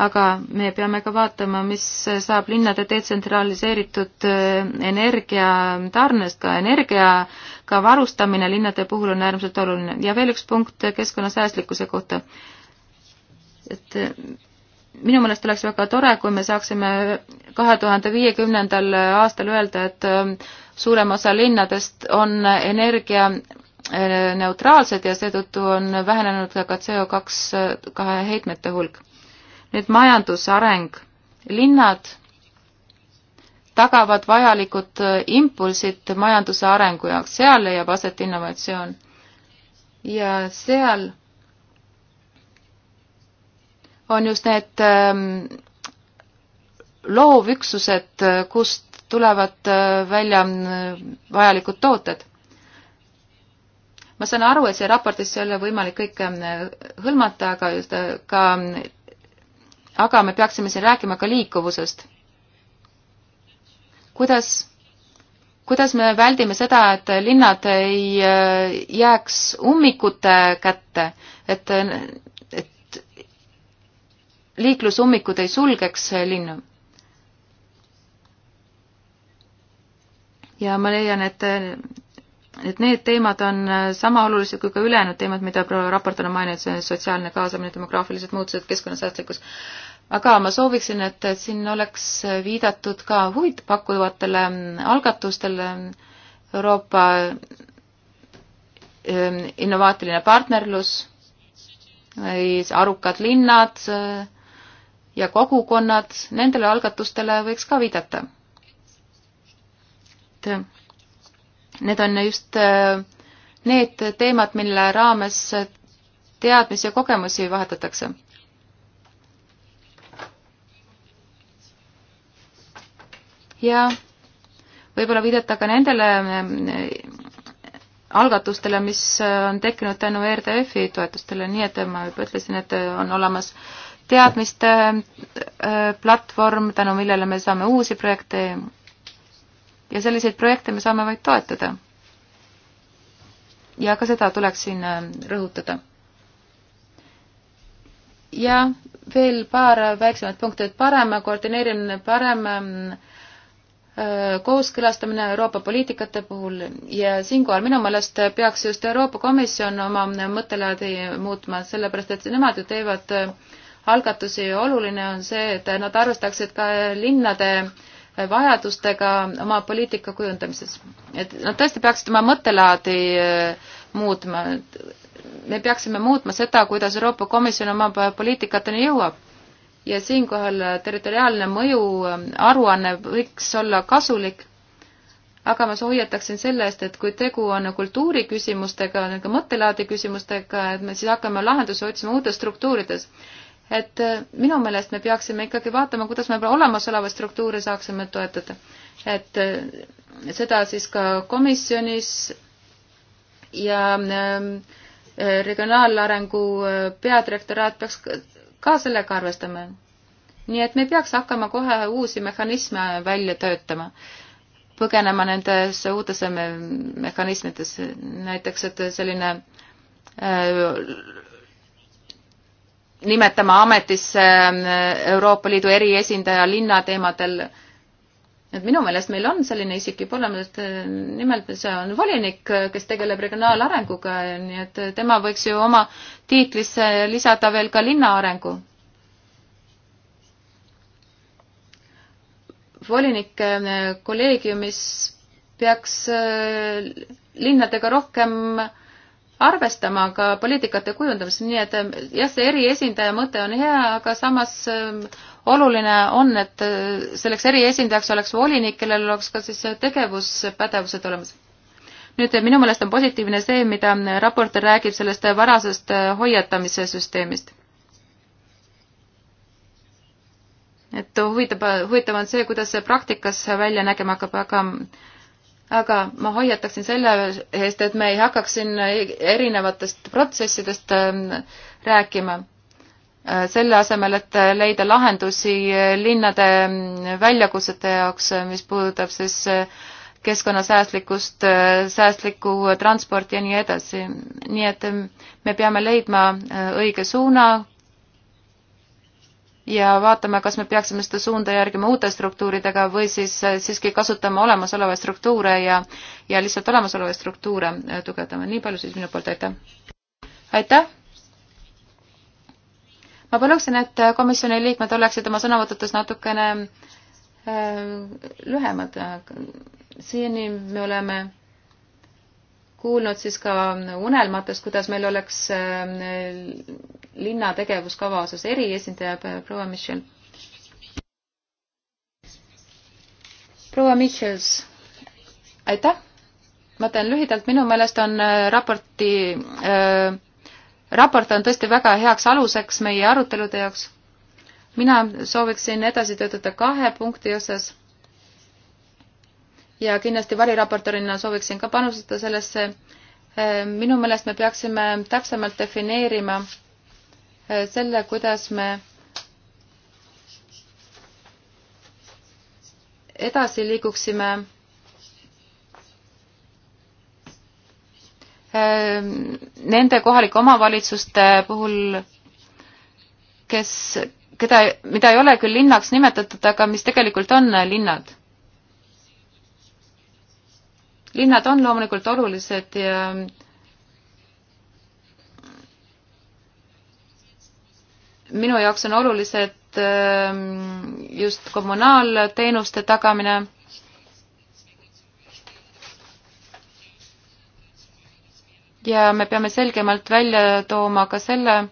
aga me peame ka vaatama, mis saab linnade detsentraliseeritud äh, energiatarnest, ka energiaga varustamine linnade puhul on äärmiselt oluline. ja veel üks punkt keskkonnasäästlikkuse kohta. et äh, minu meelest oleks väga tore, kui me saaksime kahe tuhande viiekümnendal aastal öelda, et äh, suurem osa linnadest on energia äh, neutraalsed ja seetõttu on vähenenud ka CO2 kahe heitmete hulk. nüüd majanduse areng. linnad tagavad vajalikud äh, impulsid majanduse arengu jaoks, seal leiab aset innovatsioon. ja seal on just need ähm, loovüksused, äh, kust tulevad äh, välja äh, vajalikud tooted. ma saan aru, et siia raportisse ei ole võimalik kõike äh, hõlmata, aga just ka, aga me peaksime siin rääkima ka liikuvusest. kuidas kuidas me väldime seda, et linnad ei jääks ummikute kätte, et, et liiklusummikud ei sulgeks linnu? ja ma leian, et et need teemad on sama olulised kui ka ülejäänud teemad, mida raport on maininud, see sotsiaalne kaasamine, demograafilised muutused, keskkonnasäästlikkus. aga ma sooviksin, et siin oleks viidatud ka huvit pakkuvatele algatustele Euroopa ehm, innovaatiline partnerlus või arukad linnad ehm, ja kogukonnad, nendele algatustele võiks ka viidata et need on just äh, need teemad, mille raames teadmisi ja kogemusi vahetatakse. ja võib-olla viidata ka nendele äh, algatustele, mis äh, on tekkinud tänu ERDF-i toetustele, nii et ma juba ütlesin, et on olemas teadmiste platvorm, tänu millele me saame uusi projekte ja selliseid projekte me saame vaid toetada. ja ka seda tuleks siin äh, rõhutada. ja veel paar väiksemat punkti, et parem koordineerimine, parem äh, kooskõlastamine Euroopa poliitikate puhul ja siinkohal minu meelest peaks just Euroopa Komisjon oma mõttelaadi muutma, sellepärast et nemad ju teevad äh, algatusi ja oluline on see, et nad arvestaksid ka linnade äh, vajadustega oma poliitika kujundamises. et nad tõesti peaksid oma mõttelaadi eh, muutma, me peaksime muutma seda, kuidas Euroopa Komisjon oma poliitikateni jõuab. ja siinkohal territoriaalne mõju eh, aruanne võiks olla kasulik, aga ma hoiataksin selle eest, et kui tegu on kultuuri küsimustega, nende mõttelaadi küsimustega, et me siis hakkame lahendusi otsima uutes struktuurides et äh, minu meelest me peaksime ikkagi vaatama, kuidas me olemasolevaid struktuure saaksime toetada. et äh, seda siis ka komisjonis ja ähm, äh, regionaalarengu peadirektoraat peaks ka sellega arvestama. nii et me ei peaks hakkama kohe uusi mehhanisme välja töötama, põgenema nendesse uutesse mehhanismidesse, näiteks et selline nimetama ametisse ähm, Euroopa Liidu eriesindaja linnateemadel. et minu meelest meil on selline isik juba olemas, äh, nimelt see on volinik, äh, kes tegeleb regionaalarenguga, nii et äh, tema võiks ju oma tiitlisse lisada veel ka linnaarengu. volinike kolleegiumis peaks linnadega rohkem äh, arvestama ka poliitikate kujundamisel, nii et ähm, jah, see eriesindaja mõte on hea, aga samas ähm, oluline on, et äh, selleks eriesindajaks oleks volinik, kellel oleks ka siis äh, tegevuspädevused olemas. nüüd äh, minu meelest on positiivne see, mida raportöör räägib sellest varasest hoiatamise süsteemist. et huvitav, huvitav on see, kuidas see praktikas välja nägema hakkab, aga aga ma hoiataksin selle eest, et me ei hakkaks siin erinevatest protsessidest ähm, rääkima. Äh, selle asemel, et leida lahendusi äh, linnade ähm, väljakutsete jaoks, äh, mis puudutab siis keskkonnasäästlikkust, säästlikku transporti ja nii edasi. nii et ähm, me peame leidma õige suuna, ja vaatame, kas me peaksime seda suunda järgima uute struktuuridega või siis äh, siiski kasutama olemasolevaid struktuure ja, ja lihtsalt olemasolevaid struktuure äh, tugevdama. nii palju siis minu poolt, aitäh! aitäh! ma paluksin, et äh, komisjoni liikmed oleksid oma sõnavõtutes natukene äh, lühemad. siiani me oleme kuulnud siis ka unelmatest, kuidas meil oleks äh, linna tegevuskava osas eriesindaja proua Michel. proua Michels, aitäh! ma teen lühidalt, minu meelest on äh, raporti äh,, raport on tõesti väga heaks aluseks meie arutelude jaoks. mina sooviksin edasi töötada kahe punkti osas ja kindlasti variraportorina sooviksin ka panustada sellesse. Eh, minu meelest me peaksime täpsemalt defineerima eh, selle, kuidas me edasi liiguksime eh, nende kohalike omavalitsuste puhul, kes, keda, mida ei ole küll linnaks nimetatud, aga mis tegelikult on linnad linnad on loomulikult olulised ja minu jaoks on olulised ähm, just kommunaalteenuste tagamine. ja me peame selgemalt välja tooma ka selle,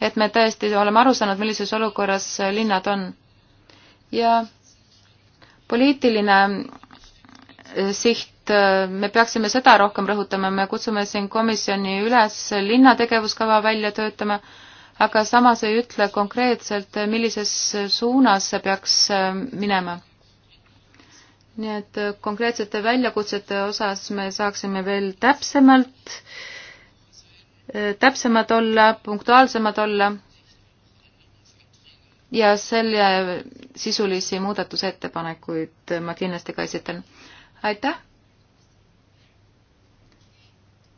et me tõesti oleme aru saanud, millises olukorras linnad on. ja poliitiline siht, me peaksime seda rohkem rõhutama, me kutsume siin komisjoni üles linna tegevuskava välja töötama, aga samas ei ütle konkreetselt, millises suunas see peaks äh, minema. nii et äh, konkreetsete väljakutsete osas me saaksime veel täpsemalt, äh, täpsemad olla, punktuaalsemad olla ja selle sisulisi muudatusettepanekuid ma kindlasti ka esitan aitäh.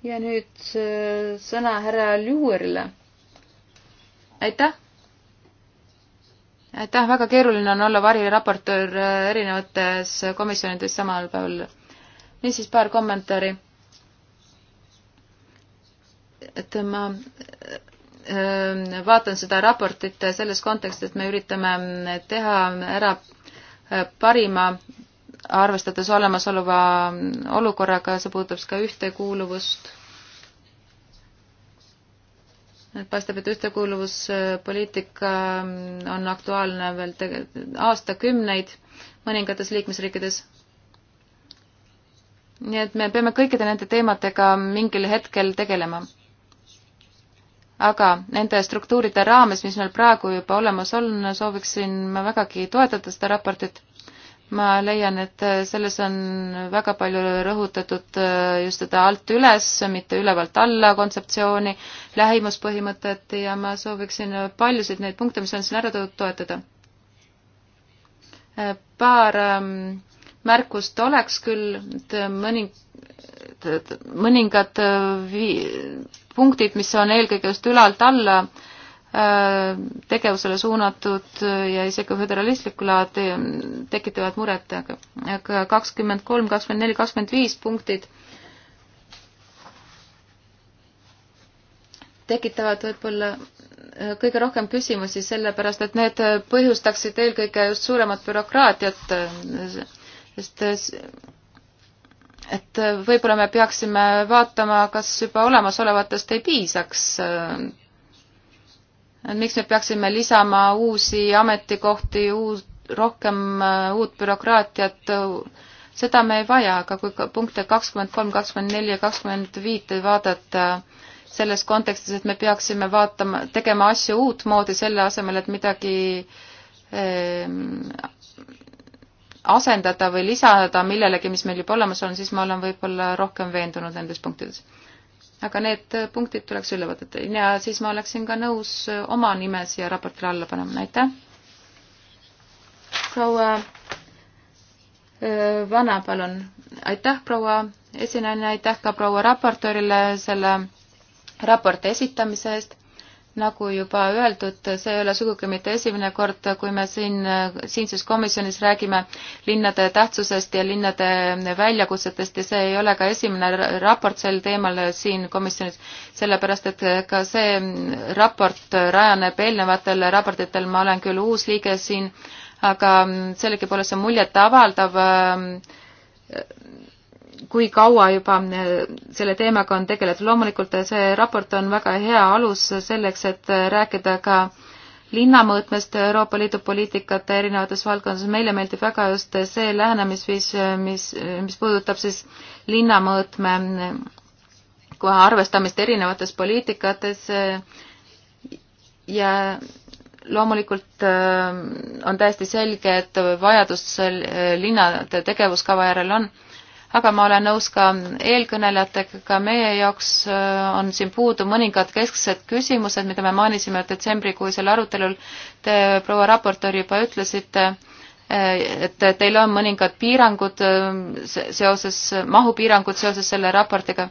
ja nüüd äh, sõna härra Ljuurile. aitäh aitäh, väga keeruline on olla variraportöör äh, erinevates komisjonides samal päeval. niisiis paar kommentaari. et ma äh, vaatan seda raportit selles kontekstis, et me üritame teha ära parima arvestades olemasoleva olukorraga, see puudutab siis ka ühtekuuluvust. et paistab, et ühtekuuluvuspoliitika on aktuaalne veel tegelikult aastakümneid mõningates liikmesriikides. nii et me peame kõikide nende teemadega mingil hetkel tegelema. aga nende struktuuride raames, mis meil praegu juba olemas on, sooviksin ma vägagi toetada seda raportit ma leian, et äh, selles on väga palju rõhutatud äh, just seda alt üles, mitte ülevalt alla kontseptsiooni, lähimuspõhimõtet ja ma sooviksin äh, paljusid neid punkte, mis on siin ära toodud, toetada. paar ähm, märkust oleks küll, et mõning-, mõningad vii-, punktid, mis on eelkõige just ülalt alla äh, tegevusele suunatud ja isegi föderalistlikku laadi tekitavad muret, aga, aga kakskümmend kolm, kakskümmend neli, kakskümmend viis punktid tekitavad võib-olla äh, kõige rohkem küsimusi, sellepärast et need põhjustaksid eelkõige just suuremat bürokraatiat, äh, sest et võib-olla me peaksime vaatama, kas juba olemasolevatest ei piisaks äh, miks me peaksime lisama uusi ametikohti, uut, rohkem äh, uut bürokraatiat, äh, seda me ei vaja, aga kui punkte kakskümmend kolm, kakskümmend neli ja kakskümmend viite vaadata selles kontekstis, et me peaksime vaatama, tegema asju uutmoodi, selle asemel, et midagi ehm, asendada või lisada millelegi, mis meil juba olemas on, siis ma olen võib-olla rohkem veendunud nendes punktides aga need punktid tuleks üle võtta ja siis ma oleksin ka nõus oma nime siia raportile alla panema, aitäh. proua Vana, palun. aitäh, proua esinaine, aitäh ka proua raportöörile selle raporti esitamise eest nagu juba öeldud, see ei ole sugugi mitte esimene kord, kui me siin, siinses komisjonis räägime linnade tähtsusest ja linnade väljakutsetest ja see ei ole ka esimene raport sel teemal siin komisjonis, sellepärast et ka see raport rajaneb eelnevatel raportitel, ma olen küll uus liige siin, aga sellegipoolest see on muljetavaldav kui kaua juba äh, selle teemaga on tegeletud. loomulikult äh, see raport on väga hea alus selleks, et äh, rääkida ka linnamõõtmest Euroopa Liidu poliitikate erinevates valdkondades. meile meeldib väga just see lähenemisviis, mis, mis puudutab siis linnamõõtme kohe arvestamist erinevates poliitikates ja loomulikult on täiesti selge, et vajadus linnade tegevuskava järel on aga ma olen nõus ka eelkõnelejatega, ka meie jaoks äh, on siin puudu mõningad kesksed küsimused, mida me mainisime detsembrikuisel arutelul. Te, proua raportöör, juba ütlesite, äh, et teil on mõningad piirangud äh, seoses, mahupiirangud seoses selle raportiga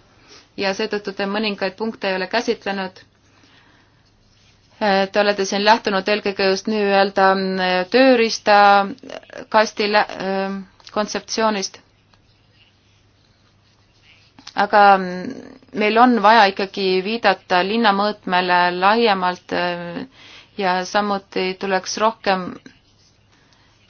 ja seetõttu te mõningaid punkte ei ole käsitlenud Te olete siin lähtunud eelkõige just nii-öelda tööriistakasti kontseptsioonist aga mm, meil on vaja ikkagi viidata linna mõõtmele laiemalt eh, ja samuti tuleks rohkem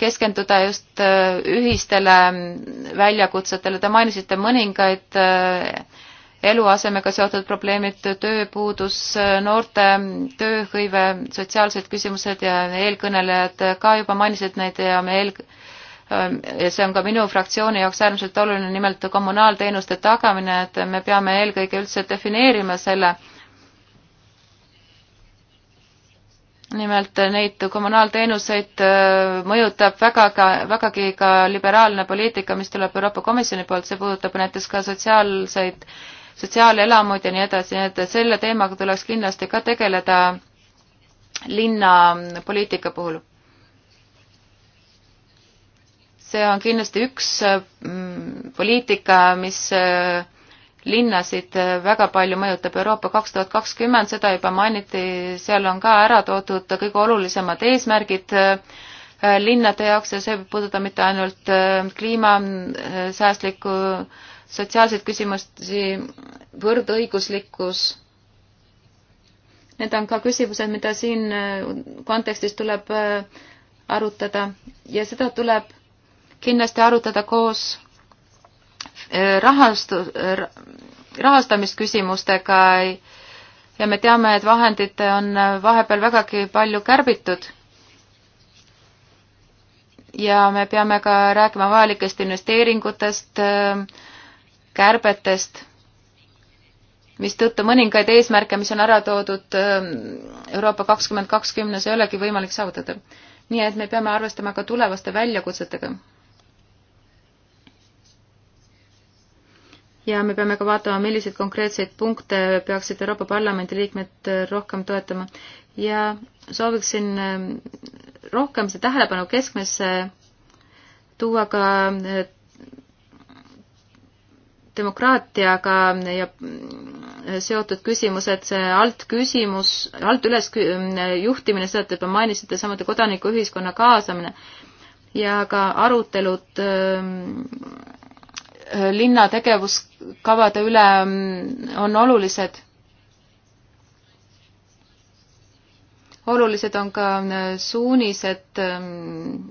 keskenduda just eh, ühistele mm, väljakutsetele. Te mainisite mõningaid eh, eluasemega seotud probleemid, tööpuudus, noorte mm, tööhõive, sotsiaalsed küsimused ja eelkõnelejad ka juba mainisid neid ja me eel-, Ähm, ja see on ka minu fraktsiooni jaoks äärmiselt oluline, nimelt kommunaalteenuste tagamine, et me peame eelkõige üldse defineerima selle, nimelt äh, neid kommunaalteenuseid äh, mõjutab väga ka, vägagi ka liberaalne poliitika, mis tuleb Euroopa Komisjoni poolt, see puudutab näiteks ka sotsiaalseid, sotsiaalelamud ja nii edasi, nii et selle teemaga tuleks kindlasti ka tegeleda linna poliitika puhul see on kindlasti üks mm, poliitika, mis äh, linnasid äh, väga palju mõjutab Euroopa kaks tuhat kakskümmend, seda juba mainiti, seal on ka ära toodud kõige olulisemad eesmärgid äh, linnade jaoks ja see ei puuduta mitte ainult kliimasäästlikku sotsiaalseid küsimusi, võrdõiguslikkus. Need on ka küsimused, mida siin kontekstis tuleb arutada ja seda tuleb kindlasti arutada koos äh, rahastu-, rahastamisküsimustega ja me teame, et vahendid on vahepeal vägagi palju kärbitud. ja me peame ka rääkima vajalikest investeeringutest, äh, kärbetest, mistõttu mõningaid eesmärke, mis on ära toodud äh, Euroopa kakskümmend kakskümnes, ei olegi võimalik saavutada. nii et me peame arvestama ka tulevaste väljakutsetega ja me peame ka vaatama, milliseid konkreetseid punkte peaksid Euroopa Parlamendi liikmed rohkem toetama. ja sooviksin äh, rohkem see tähelepanu keskmesse tuua ka äh, demokraatiaga ja äh, seotud küsimused, see alt küsimus, alt üles juhtimine, seda te juba mainisite, samuti kodanikuühiskonna kaasamine ja ka arutelud linna tegevuskavade üle mm, on olulised. olulised on ka mm, suunised mm,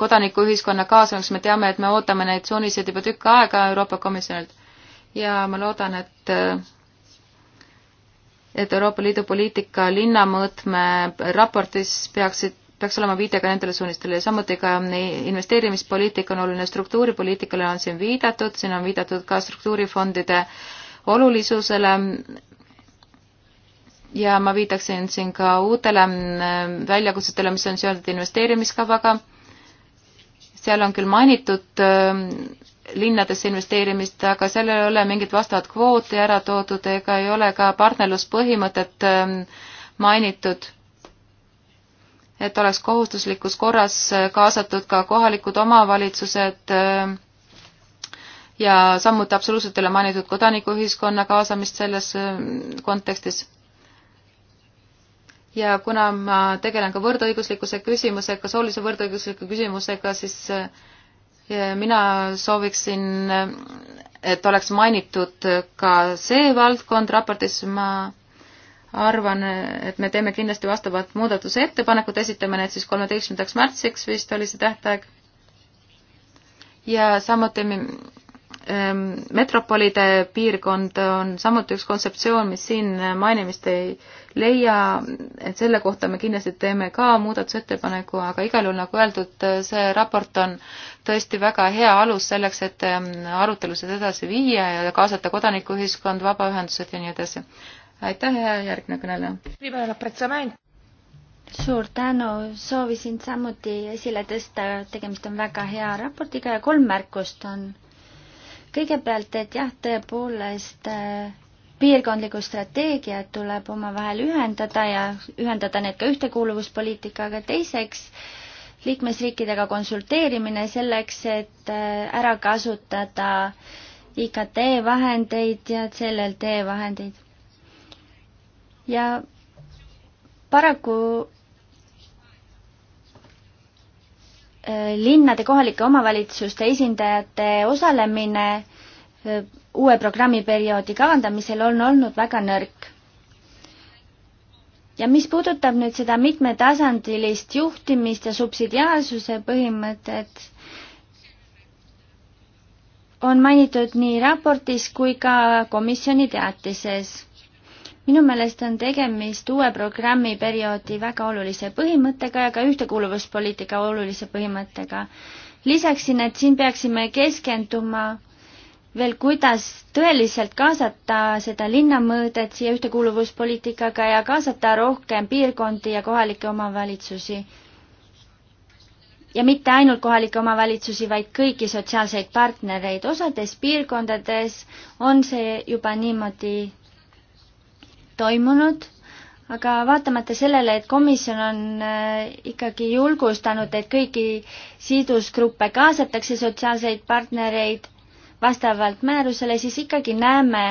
kodanikuühiskonna kaasamiseks, me teame, et me ootame neid suuniseid juba tükk aega Euroopa Komisjonilt ja ma loodan, et et Euroopa Liidu poliitika linnamõõtme raportis peaksid peaks olema viide ka nendele suunistele ja samuti ka mm, investeerimispoliitika on oluline, struktuuripoliitikale on siin viidatud, siin on viidatud ka struktuurifondide olulisusele ja ma viitaksin siin ka uutele mm, väljakutsetele, mis on seotud investeerimiskavaga. seal on küll mainitud mm, linnadesse investeerimist, aga seal ei ole mingit vastavat kvooti ära toodud ega ei ole ka partnerluspõhimõtet mainitud et oleks kohustuslikus korras äh, kaasatud ka kohalikud omavalitsused äh, ja samuti absoluutselt ei ole mainitud kodanikuühiskonna kaasamist selles äh, kontekstis ja kuna ma tegelen ka võrdõiguslikkuse küsimusega, soolise võrdõiguslikkuse küsimusega, siis mina sooviksin, et oleks mainitud ka see valdkond raportis, ma arvan, et me teeme kindlasti vastavad muudatusettepanekud, esitame need siis kolmeteistkümnendaks märtsiks vist oli see tähtaeg. ja samuti mm, ehm, metropolide piirkond on samuti üks kontseptsioon, mis siin mainimist ei leia, et selle kohta me kindlasti teeme ka muudatusettepaneku, aga igal juhul, nagu öeldud, see raport on tõesti väga hea alus selleks, et ehm, arutelusid edasi viia ja kaasata kodanikuühiskond, vabaühendused ja nii edasi aitäh ja järgmine kõneleja. suur tänu, soovisin samuti esile tõsta, tegemist on väga hea raportiga ja kolm märkust on. kõigepealt, et jah, tõepoolest äh, piirkondlikud strateegiad tuleb omavahel ühendada ja ühendada need ka ühtekuuluvuspoliitikaga, teiseks liikmesriikidega konsulteerimine selleks, et äh, ära kasutada IKT vahendeid ja CLLD vahendeid ja paraku äh, linnade kohalike omavalitsuste esindajate osalemine äh, uue programmiperioodi kavandamisel on olnud väga nõrk. ja mis puudutab nüüd seda mitmetasandilist juhtimist ja subsidiaarsuse põhimõtet, on mainitud nii raportis kui ka komisjoni teatises minu meelest on tegemist uue programmiperioodi väga olulise põhimõttega ja ka ühtekuuluvuspoliitika olulise põhimõttega. lisaksin, et siin peaksime keskenduma veel, kuidas tõeliselt kaasata seda linnamõõdet siia ühtekuuluvuspoliitikaga ja kaasata rohkem piirkondi ja kohalikke omavalitsusi. ja mitte ainult kohalikke omavalitsusi, vaid kõiki sotsiaalseid partnereid. osades piirkondades on see juba niimoodi toimunud, aga vaatamata sellele, et komisjon on äh, ikkagi julgustanud, et kõiki sidusgruppe kaasatakse, sotsiaalseid partnereid vastavalt määrusele, siis ikkagi näeme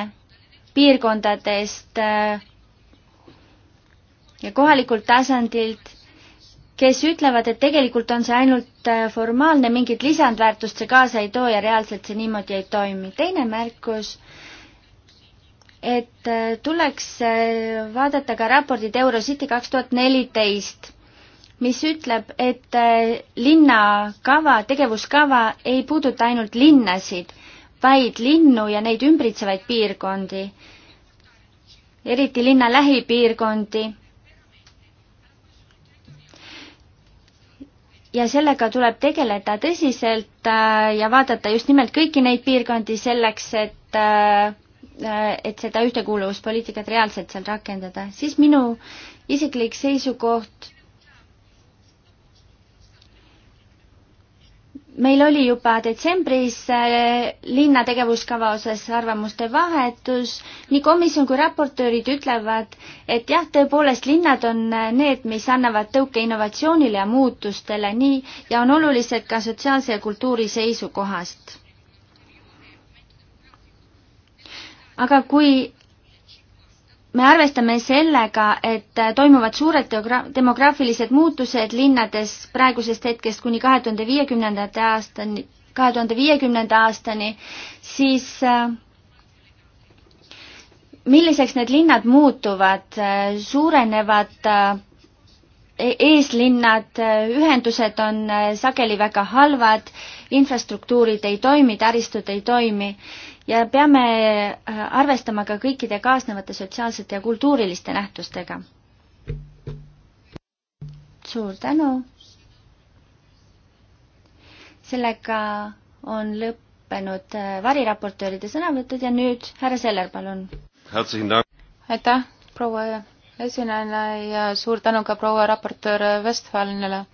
piirkondadest äh, ja kohalikult tasandilt, kes ütlevad, et tegelikult on see ainult äh, formaalne, mingit lisandväärtust see kaasa ei too ja reaalselt see niimoodi ei toimi. teine märkus äh, et äh, tuleks äh, vaadata ka raportit Eurocity kaks tuhat neliteist, mis ütleb, et äh, linnakava, tegevuskava ei puuduta ainult linnasid, vaid linnu ja neid ümbritsevaid piirkondi, eriti linna lähipiirkondi. ja sellega tuleb tegeleda tõsiselt ja vaadata just nimelt kõiki neid piirkondi selleks, et Äh, et seda ühtekuuluvuspoliitikat reaalselt seal rakendada, siis minu isiklik seisukoht meil oli juba detsembris äh, linna tegevuskava osas arvamuste vahetus, nii komisjon kui raportöörid ütlevad, et jah, tõepoolest linnad on äh, need, mis annavad tõuke innovatsioonile ja muutustele nii ja on olulised ka sotsiaalse ja kultuuri seisukohast. aga kui me arvestame sellega, et toimuvad suured demograafilised muutused linnades praegusest hetkest kuni kahe tuhande viiekümnendate aastani, kahe tuhande viiekümnenda aastani, siis äh, milliseks need linnad muutuvad, suurenevad äh, e-, eeslinnad, äh, ühendused on sageli väga halvad, infrastruktuurid ei toimi, taristud ei toimi ja peame äh, arvestama ka kõikide kaasnevate sotsiaalsete ja kultuuriliste nähtustega. suur tänu. sellega on lõppenud äh, variraportööride sõnavõtud ja nüüd härra Seller, palun. aitäh, proua esinejale ja suur tänu ka proua raportöör Westfalenile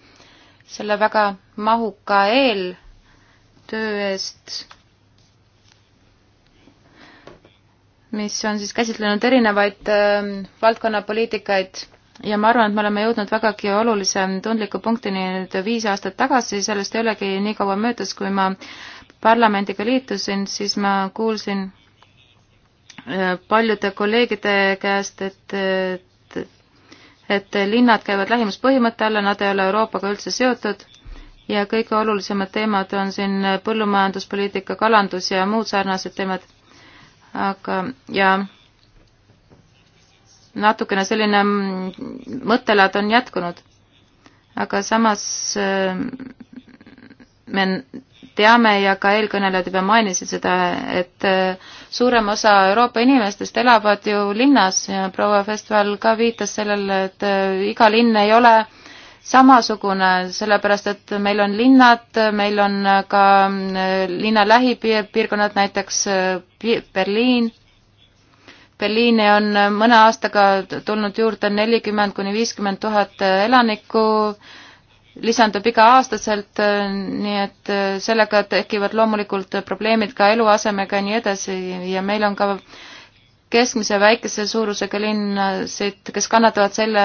selle väga mahuka eeltöö eest mis on siis käsitlenud erinevaid ähm, valdkonnapoliitikaid ja ma arvan, et me oleme jõudnud vägagi olulise tundliku punktini nüüd viis aastat tagasi, sellest ei olegi nii kaua möödas, kui ma parlamendiga liitusin, siis ma kuulsin äh, paljude kolleegide käest, et, et äh, et linnad käivad lähimuspõhimõtte alla, nad ei ole Euroopaga üldse seotud ja kõige olulisemad teemad on siin põllumajanduspoliitika, kalandus ja muud sarnased teemad aga, ja natukene selline mm, mõttelaad on jätkunud. aga samas mm, me teame ja ka eelkõnelejad juba mainisid seda, et mm, suurem osa Euroopa inimestest elavad ju linnas ja proua Festival ka viitas sellele, et iga linn ei ole äh, samasugune, sellepärast et meil on linnad, meil on ka äh, linna lähipiirkonnad, näiteks äh, Berliin. Berliini on äh, mõne aastaga tulnud juurde nelikümmend kuni viiskümmend tuhat elanikku, lisandub iga-aastaselt, nii et sellega tekivad loomulikult probleemid ka eluasemega ja nii edasi ja meil on ka äh, keskmise väikese suurusega linnasid, kes kannatavad selle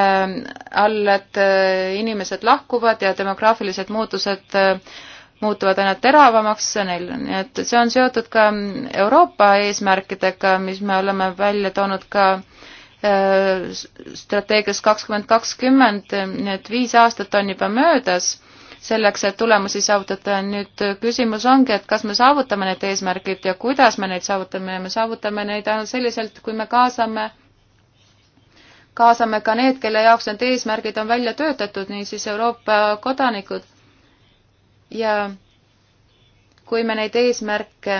all, et äh, inimesed lahkuvad ja demograafilised muutused äh, muutuvad aina teravamaks neil, nii et see on seotud ka Euroopa eesmärkidega, mis me oleme välja toonud ka äh, strateegias kakskümmend kakskümmend, nii et viis aastat on juba möödas selleks, et tulemusi saavutada. nüüd küsimus ongi, et kas me saavutame need eesmärgid ja kuidas me neid saavutame ja me saavutame neid ainult selliselt, kui me kaasame kaasame ka need, kelle jaoks need eesmärgid on välja töötatud, niisiis Euroopa kodanikud. ja kui me neid eesmärke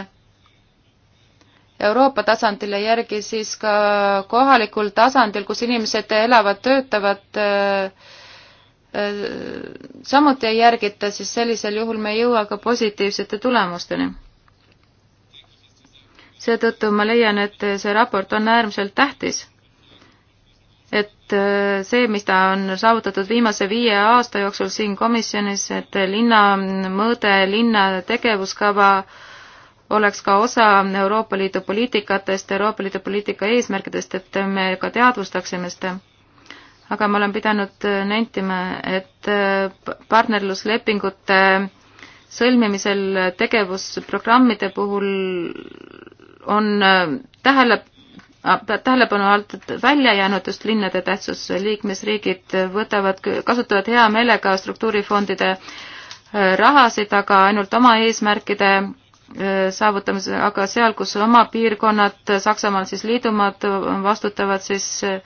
Euroopa tasandile järgi, siis ka kohalikul tasandil, kus inimesed elavad, töötavad äh,, Äh, samuti ei järgita, siis sellisel juhul me ei jõua ka positiivsete tulemusteni. seetõttu ma leian, et see raport on äärmiselt tähtis. et äh, see, mis ta on saavutatud viimase viie aasta jooksul siin komisjonis, et linna mõõde, linna tegevuskava oleks ka osa Euroopa Liidu poliitikatest, Euroopa Liidu poliitika eesmärkidest, et me ka teadvustaksime seda aga ma olen pidanud äh, nentima, et äh, partnerluslepingute sõlmimisel äh, tegevusprogrammide puhul on tähele, tähelepanu alt välja jäänud just linnade tähtsus, liikmesriigid võtavad, kasutavad hea meelega struktuurifondide rahasid, aga ainult oma eesmärkide saavutamise, aga seal, kus oma piirkonnad, Saksamaal siis liidumaad vastutavad, siis äh,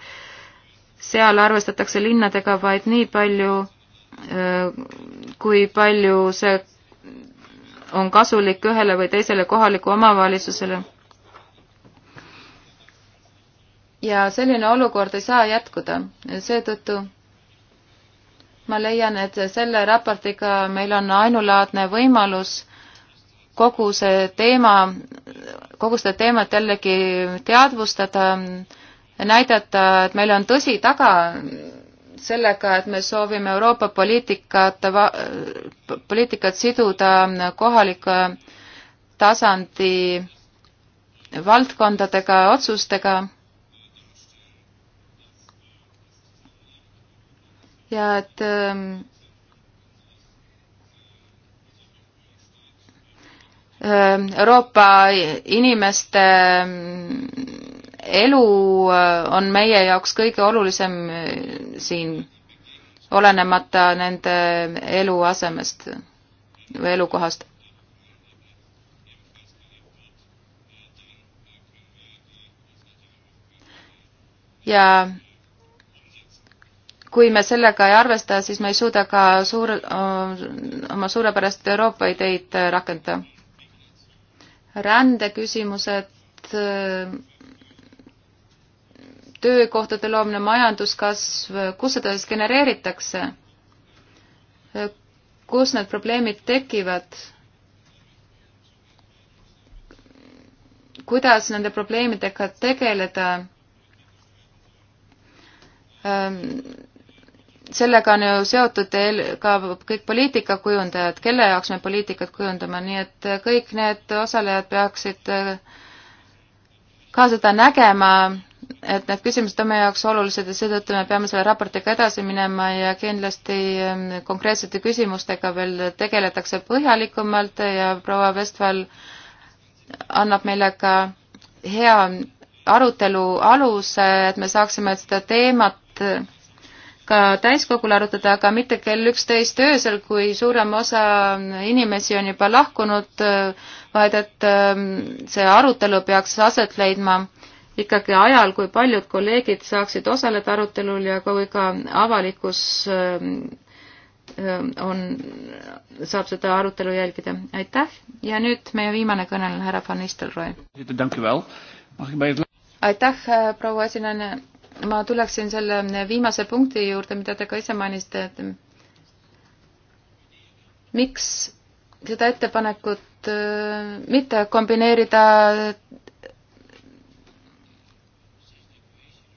seal arvestatakse linnadega vaid nii palju, äh, kui palju see on kasulik ühele või teisele kohaliku omavalitsusele. ja selline olukord ei saa jätkuda, seetõttu ma leian, et selle raportiga meil on ainulaadne võimalus kogu see teema, kogu seda teemat jällegi teadvustada äh, näidata, et meil on tõsi taga sellega, et me soovime Euroopa poliitikat, poliitikat siduda kohaliku tasandi valdkondadega, otsustega. ja et ähm, ähm, Euroopa inimeste ähm, elu äh, on meie jaoks kõige olulisem äh, siin, olenemata nende eluasemest või elukohast. ja kui me sellega ei arvesta, siis me ei suuda ka suur, äh, oma suurepärast Euroopa ideid rakendada. rändeküsimused töökohtade loomine, majanduskasv, kus seda siis genereeritakse? kus need probleemid tekivad? kuidas nende probleemidega tegeleda? Ähm, sellega on ju seotud ka kõik poliitikakujundajad, kelle jaoks me poliitikat kujundame, nii et kõik need osalejad peaksid äh, ka seda nägema et need küsimused on meie jaoks olulised ja seetõttu me peame selle raportiga edasi minema ja kindlasti ähm, konkreetsete küsimustega veel tegeletakse põhjalikumalt ja proua Vestval annab meile ka hea arutelu aluse, et me saaksime seda teemat ka täiskogul arutada, aga mitte kell üksteist öösel, kui suurem osa inimesi on juba lahkunud, vaid et ähm, see arutelu peaks aset leidma ikkagi ajal, kui paljud kolleegid saaksid osaleda arutelul ja kui ka avalikkus ähm, ähm, on, saab seda arutelu jälgida. aitäh ja nüüd meie viimane kõneleja, härra Van Nistelrooy. aitäh, äh, proua esinejana. ma tuleksin selle viimase punkti juurde, mida te ka ise mainisite, et miks seda ettepanekut äh, mitte kombineerida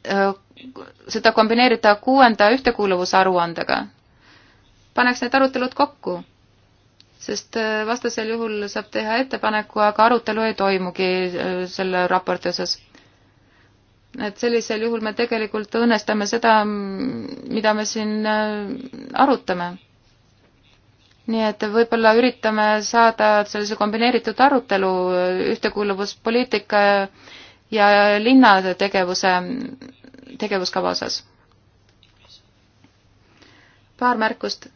Äh, seda kombineerida kuuenda ühtekuuluvusaruandega, paneks need arutelud kokku, sest äh, vastasel juhul saab teha ettepaneku, aga arutelu ei toimugi äh, selle raporti osas. et sellisel juhul me tegelikult õõnestame seda, mida me siin arutame. nii et võib-olla üritame saada sellise kombineeritud arutelu ühtekuuluvuspoliitika ja ja linnade tegevuse, tegevuskava osas. paar märkust.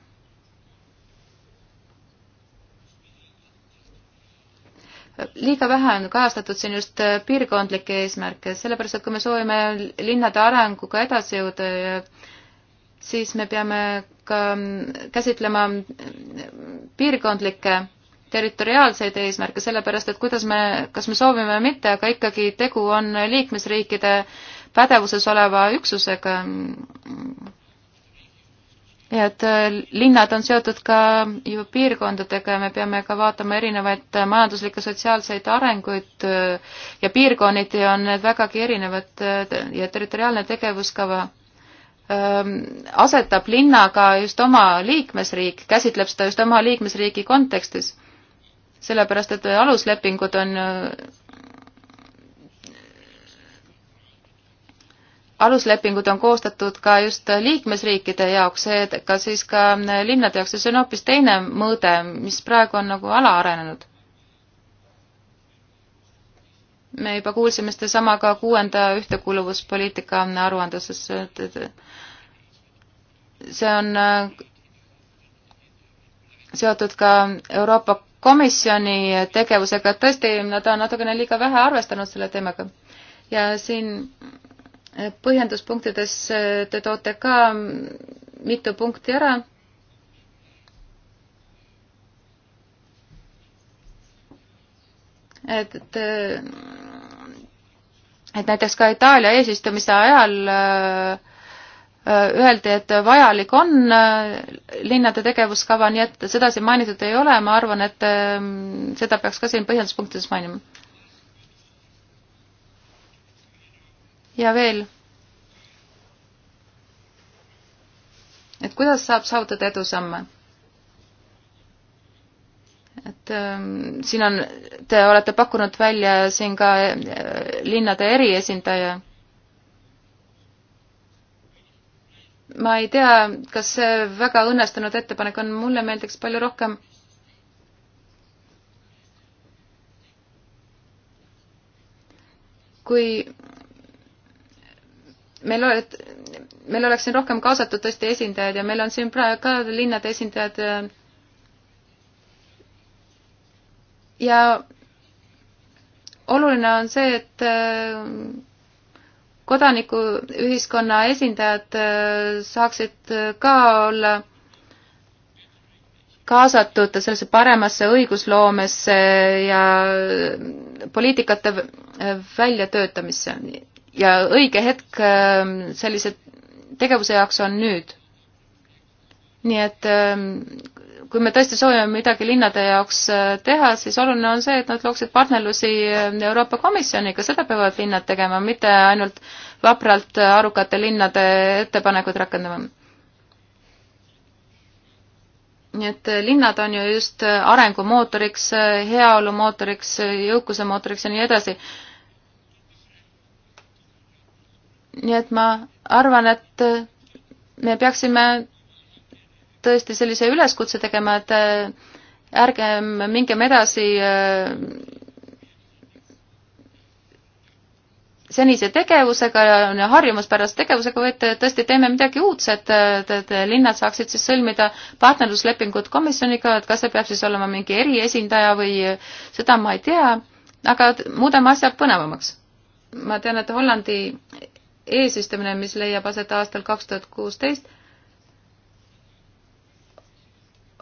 liiga vähe on kajastatud siin just piirkondlikke eesmärke, sellepärast et kui me soovime linnade arenguga edasi jõuda, siis me peame ka käsitlema piirkondlikke territoriaalseid eesmärke, sellepärast et kuidas me, kas me soovime või mitte, aga ikkagi tegu on liikmesriikide pädevuses oleva üksusega. ja et äh, linnad on seotud ka ju piirkondadega ja me peame ka vaatama erinevaid majanduslikke, sotsiaalseid arenguid äh, ja piirkonniti on need vägagi erinevad äh, ja territoriaalne tegevuskava ähm, asetab linnaga just oma liikmesriik, käsitleb seda just oma liikmesriigi kontekstis sellepärast et aluslepingud on aluslepingud on koostatud ka just liikmesriikide jaoks, seega siis ka linnade jaoks ja see on hoopis teine mõõde, mis praegu on nagu alaarenenud. me juba kuulsime sedasama ka kuuenda ühtekuuluvuspoliitika aruandluses, et see on seotud ka Euroopa komisjoni tegevusega, et tõesti nad on natukene liiga vähe arvestanud selle teemaga. ja siin põhjenduspunktides te toote ka mitu punkti ära. et, et et näiteks ka Itaalia eesistumise ajal äh, Äh, öeldi, et vajalik on äh, linnade tegevuskava, nii et seda siin mainitud ei ole, ma arvan, et ähm, seda peaks ka siin põhjenduspunktides mainima. ja veel. et kuidas saab saavutada edusamme? et ähm, siin on, te olete pakkunud välja siin ka äh, linnade eriesindaja ma ei tea, kas see väga õnnestunud ettepanek on, mulle meeldiks palju rohkem kui meil ole-, meil oleks siin rohkem kaasatud tõesti esindajaid ja meil on siin praegu ka linnade esindajad ja oluline on see, et kodanikuühiskonna esindajad äh, saaksid äh, ka olla kaasatud sellesse paremasse õigusloomesse ja äh, poliitikate väljatöötamisse. ja õige hetk sellise tegevuse jaoks on nüüd. nii et ähm, kui me tõesti soovime midagi linnade jaoks äh, teha, siis oluline on see, et nad looksid partnerlusi äh, Euroopa Komisjoniga, seda peavad linnad tegema, mitte ainult vapralt äh, arukate linnade ettepanekuid rakendama. nii et linnad on ju just arengumootoriks, heaolu mootoriks, jõukuse mootoriks ja nii edasi. nii et ma arvan, et me peaksime tõesti sellise üleskutse tegema, et äh, ärgem mingem edasi äh, senise tegevusega ja harjumuspärase tegevusega, vaid äh, tõesti teeme midagi uudset, et, et linnad saaksid siis sõlmida partnerluslepingut komisjoniga, et kas see peab siis olema mingi eriesindaja või seda ma ei tea, aga muudame asja põnevamaks. ma tean, et Hollandi eesistumine, mis leiab aset aastal kaks tuhat kuusteist,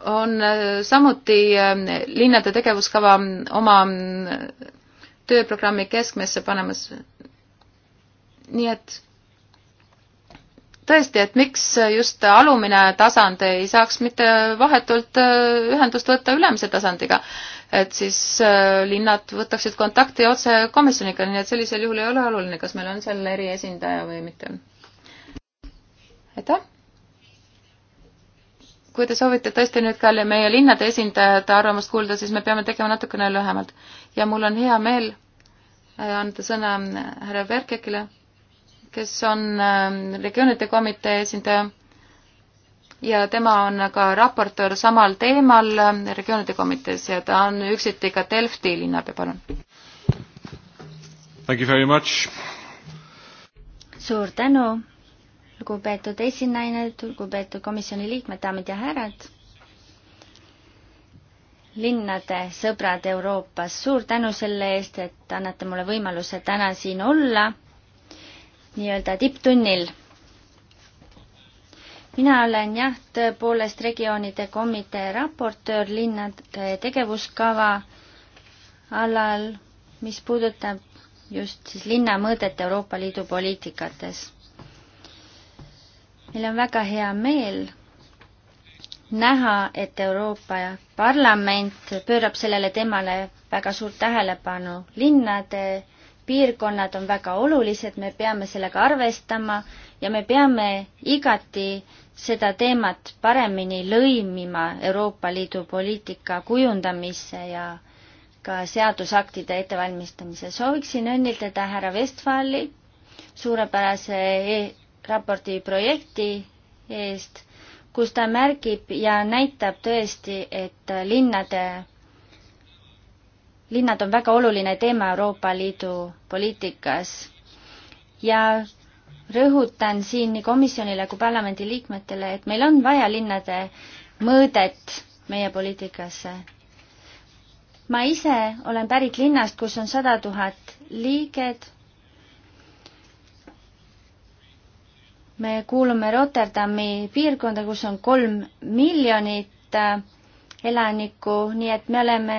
on äh, samuti äh, linnade tegevuskava oma äh, tööprogrammi keskmesse panemas. nii et tõesti, et miks just alumine tasand ei saaks mitte vahetult ühendust võtta ülemise tasandiga, et siis linnad võtaksid kontakti otse komisjoniga, nii et sellisel juhul ei ole oluline, kas meil on seal eriesindaja või mitte. aitäh! kui te soovite tõesti nüüd ka meie linnade esindajate arvamust kuulda, siis me peame tegema natukene lühemalt. ja mul on hea meel äh, anda sõna äh, härra Verkekile, kes on äh, regioonide komitee esindaja ja tema on ka raportöör samal teemal regioonide komitees ja ta on üksiti ka Delfti linnapea, palun. Thank you very much. suur tänu lugupeetud esinaine, lugupeetud komisjoni liikmed, daamid ja härrad, linnade sõbrad Euroopas, suur tänu selle eest, et annate mulle võimaluse täna siin olla, nii-öelda tipptunnil mina olen jah, tõepoolest regioonide komitee raportöör linnade tegevuskava alal, mis puudutab just siis linnamõõdet Euroopa Liidu poliitikates meil on väga hea meel näha, et Euroopa Parlament pöörab sellele teemale väga suurt tähelepanu. linnade piirkonnad on väga olulised, me peame sellega arvestama ja me peame igati seda teemat paremini lõimima Euroopa Liidu poliitika kujundamisse ja ka seadusaktide ettevalmistamise. sooviksin õnnitleda härra Westfali suurepärase e raporti projekti eest, kus ta märgib ja näitab tõesti, et linnade, linnad on väga oluline teema Euroopa Liidu poliitikas ja rõhutan siin nii komisjonile kui parlamendi liikmetele, et meil on vaja linnade mõõdet meie poliitikasse. ma ise olen pärit linnast, kus on sada tuhat liiget me kuulume Rotterdami piirkonda, kus on kolm miljonit äh, elanikku, nii et me oleme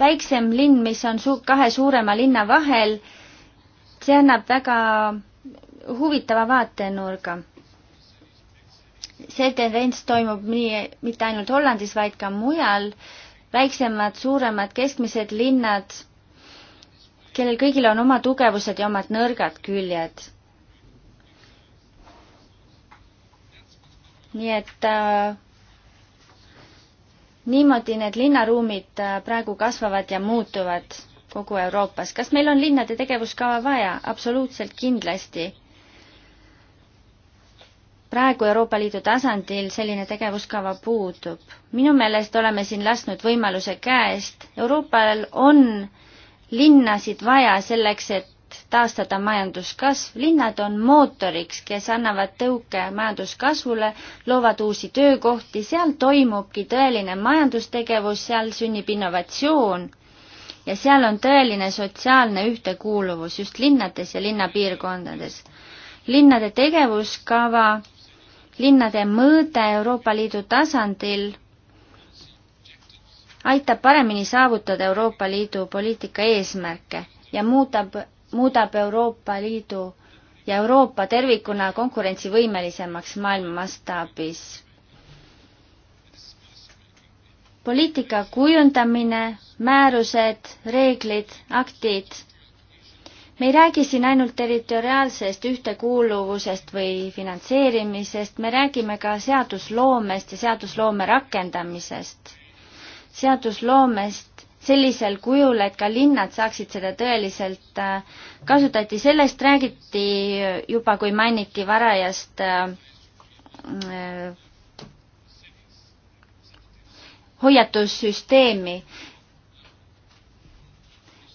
väiksem linn, mis on su-, kahe suurema linna vahel, see annab väga huvitava vaatenurga. see tendents toimub nii, mitte ainult Hollandis, vaid ka mujal, väiksemad, suuremad, keskmised linnad, kellel kõigil on oma tugevused ja omad nõrgad küljed nii et äh, niimoodi need linnaruumid äh, praegu kasvavad ja muutuvad kogu Euroopas. kas meil on linnade tegevuskava vaja? absoluutselt kindlasti. praegu Euroopa Liidu tasandil selline tegevuskava puudub. minu meelest oleme siin lasknud võimaluse käest. Euroopal on linnasid vaja selleks, et et taastada majanduskasv, linnad on mootoriks, kes annavad tõuke majanduskasvule, loovad uusi töökohti, seal toimubki tõeline majandustegevus, seal sünnib innovatsioon ja seal on tõeline sotsiaalne ühtekuuluvus just linnades ja linnapiirkondades. linnade tegevuskava, linnade mõõde Euroopa Liidu tasandil aitab paremini saavutada Euroopa Liidu poliitika eesmärke ja muudab muudab Euroopa Liidu ja Euroopa tervikuna konkurentsivõimelisemaks maailma mastaabis. poliitika kujundamine, määrused, reeglid, aktid. me ei räägi siin ainult territoriaalsest ühtekuuluvusest või finantseerimisest, me räägime ka seadusloomest ja seadusloome rakendamisest. seadusloomest, sellisel kujul, et ka linnad saaksid seda tõeliselt äh, kasutati, sellest räägiti juba, kui mainiti varajast äh, äh, hoiatussüsteemi.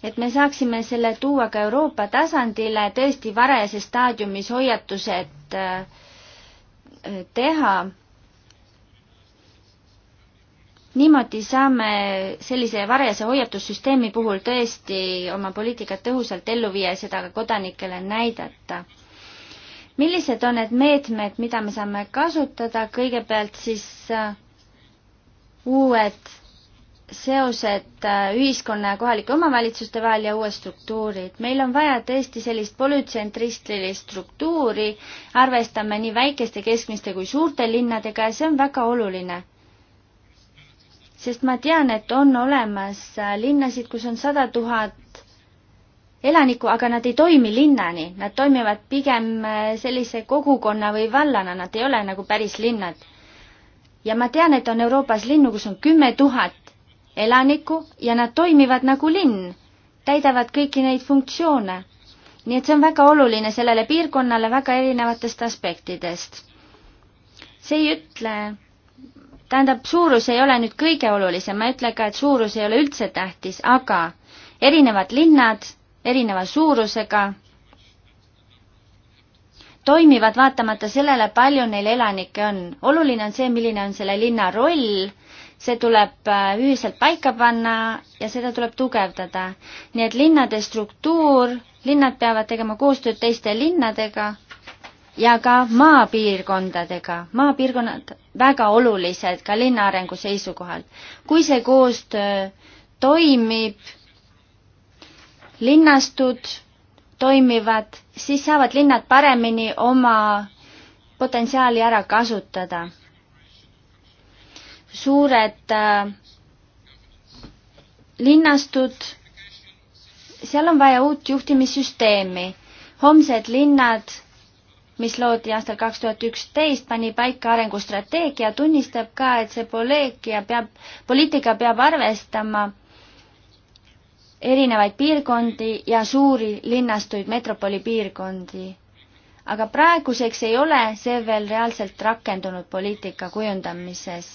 et me saaksime selle tuua ka Euroopa tasandile tõesti varajases staadiumis hoiatused teha niimoodi saame sellise varjase hoiatussüsteemi puhul tõesti oma poliitikat tõhusalt ellu viia ja seda ka kodanikele näidata. millised on need meetmed, mida me saame kasutada, kõigepealt siis äh, uued seosed äh, ühiskonna ja kohalike omavalitsuste vahel ja uued struktuurid. meil on vaja tõesti sellist polütsentristilist struktuuri, arvestame nii väikeste, keskmiste kui suurte linnadega ja see on väga oluline sest ma tean, et on olemas äh, linnasid, kus on sada tuhat elanikku, aga nad ei toimi linnani, nad toimivad pigem äh, sellise kogukonna või vallana, nad ei ole nagu päris linnad. ja ma tean, et on Euroopas linnu, kus on kümme tuhat elanikku ja nad toimivad nagu linn, täidavad kõiki neid funktsioone. nii et see on väga oluline sellele piirkonnale väga erinevatest aspektidest. see ei ütle tähendab, suurus ei ole nüüd kõige olulisem, ma ei ütle ka, et suurus ei ole üldse tähtis, aga erinevad linnad erineva suurusega toimivad vaatamata sellele, palju neil elanikke on. oluline on see, milline on selle linna roll, see tuleb äh, ühiselt paika panna ja seda tuleb tugevdada. nii et linnade struktuur, linnad peavad tegema koostööd teiste linnadega ja ka maapiirkondadega. maapiirkonnad väga olulised ka linna arengu seisukohalt. kui see koostöö toimib, linnastud toimivad, siis saavad linnad paremini oma potentsiaali ära kasutada. suured äh, linnastud, seal on vaja uut juhtimissüsteemi. homsed linnad mis loodi aastal kaks tuhat üksteist, pani paika arengustrateegia, tunnistab ka, et see poleegia peab, poliitika peab arvestama erinevaid piirkondi ja suuri linnastuid, metropoli piirkondi. aga praeguseks ei ole see veel reaalselt rakendunud poliitika kujundamises.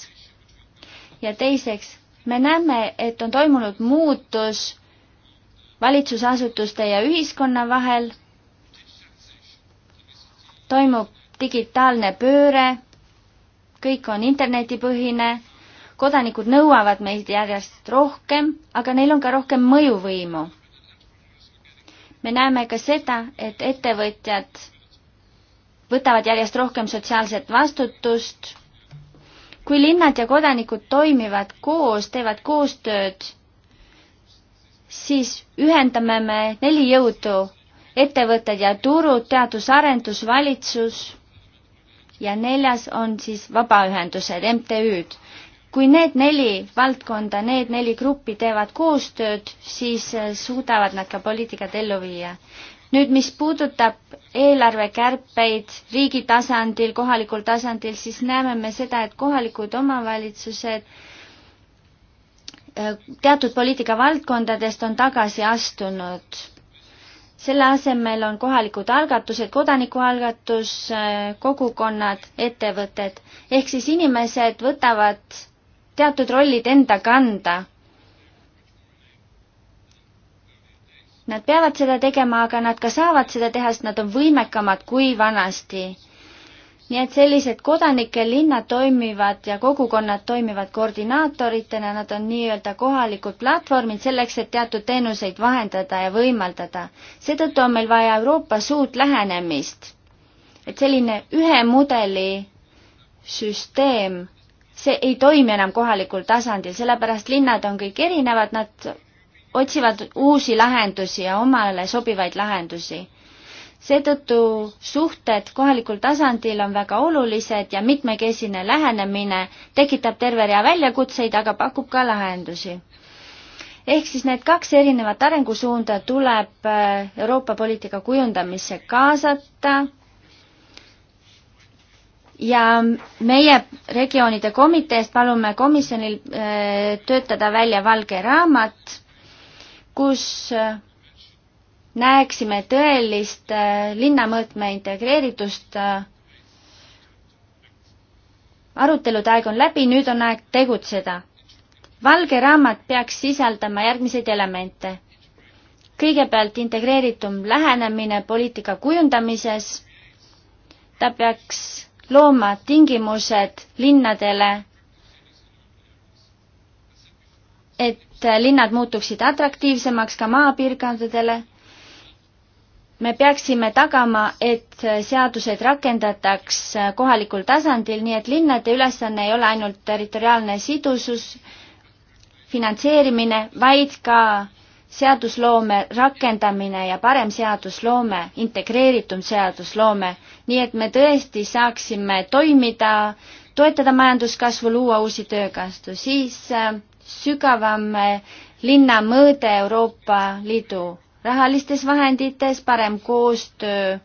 ja teiseks, me näeme, et on toimunud muutus valitsusasutuste ja ühiskonna vahel toimub digitaalne pööre, kõik on internetipõhine, kodanikud nõuavad meid järjest rohkem, aga neil on ka rohkem mõjuvõimu. me näeme ka seda, et ettevõtjad võtavad järjest rohkem sotsiaalset vastutust. kui linnad ja kodanikud toimivad koos, teevad koostööd, siis ühendame me neli jõudu ettevõtted ja turud, teadus-arendus, valitsus ja neljas on siis vabaühendused, MTÜ-d. kui need neli valdkonda, need neli gruppi teevad koostööd, siis äh, suudavad nad ka poliitikat ellu viia. nüüd, mis puudutab eelarvekärpeid riigi tasandil, kohalikul tasandil, siis näeme me seda, et kohalikud omavalitsused äh, teatud poliitikavaldkondadest on tagasi astunud selle asemel on kohalikud algatused, kodanikualgatus, kogukonnad, ettevõtted, ehk siis inimesed võtavad teatud rollid enda kanda. Nad peavad seda tegema, aga nad ka saavad seda teha, sest nad on võimekamad kui vanasti nii et sellised kodanike linnad toimivad ja kogukonnad toimivad koordinaatoritena, nad on nii-öelda kohalikud platvormid selleks, et teatud teenuseid vahendada ja võimaldada. seetõttu on meil vaja Euroopas uut lähenemist. et selline ühe mudeli süsteem, see ei toimi enam kohalikul tasandil, sellepärast linnad on kõik erinevad, nad otsivad uusi lahendusi ja omale sobivaid lahendusi seetõttu suhted kohalikul tasandil on väga olulised ja mitmekesine lähenemine tekitab terve rea väljakutseid, aga pakub ka lahendusi. ehk siis need kaks erinevat arengusuunda tuleb äh, Euroopa poliitika kujundamisse kaasata ja meie regioonide komiteest palume komisjonil äh, töötada välja valge raamat, kus äh, näeksime tõelist äh, linnamõõtme integreeritust. Äh, arutelude aeg on läbi, nüüd on aeg tegutseda. valge raamat peaks sisaldama järgmiseid elemente. kõigepealt integreeritum lähenemine poliitika kujundamises. ta peaks looma tingimused linnadele, et linnad muutuksid atraktiivsemaks ka maapiirkondadele me peaksime tagama, et seadused rakendataks kohalikul tasandil, nii et linnade ülesanne ei ole ainult territoriaalne sidusus, finantseerimine, vaid ka seadusloome rakendamine ja parem seadusloome, integreeritum seadusloome, nii et me tõesti saaksime toimida, toetada majanduskasvu, luua uusi töökastu, siis äh, sügavam äh, linnamõõde Euroopa Liidu rahalistes vahendites, parem koostöö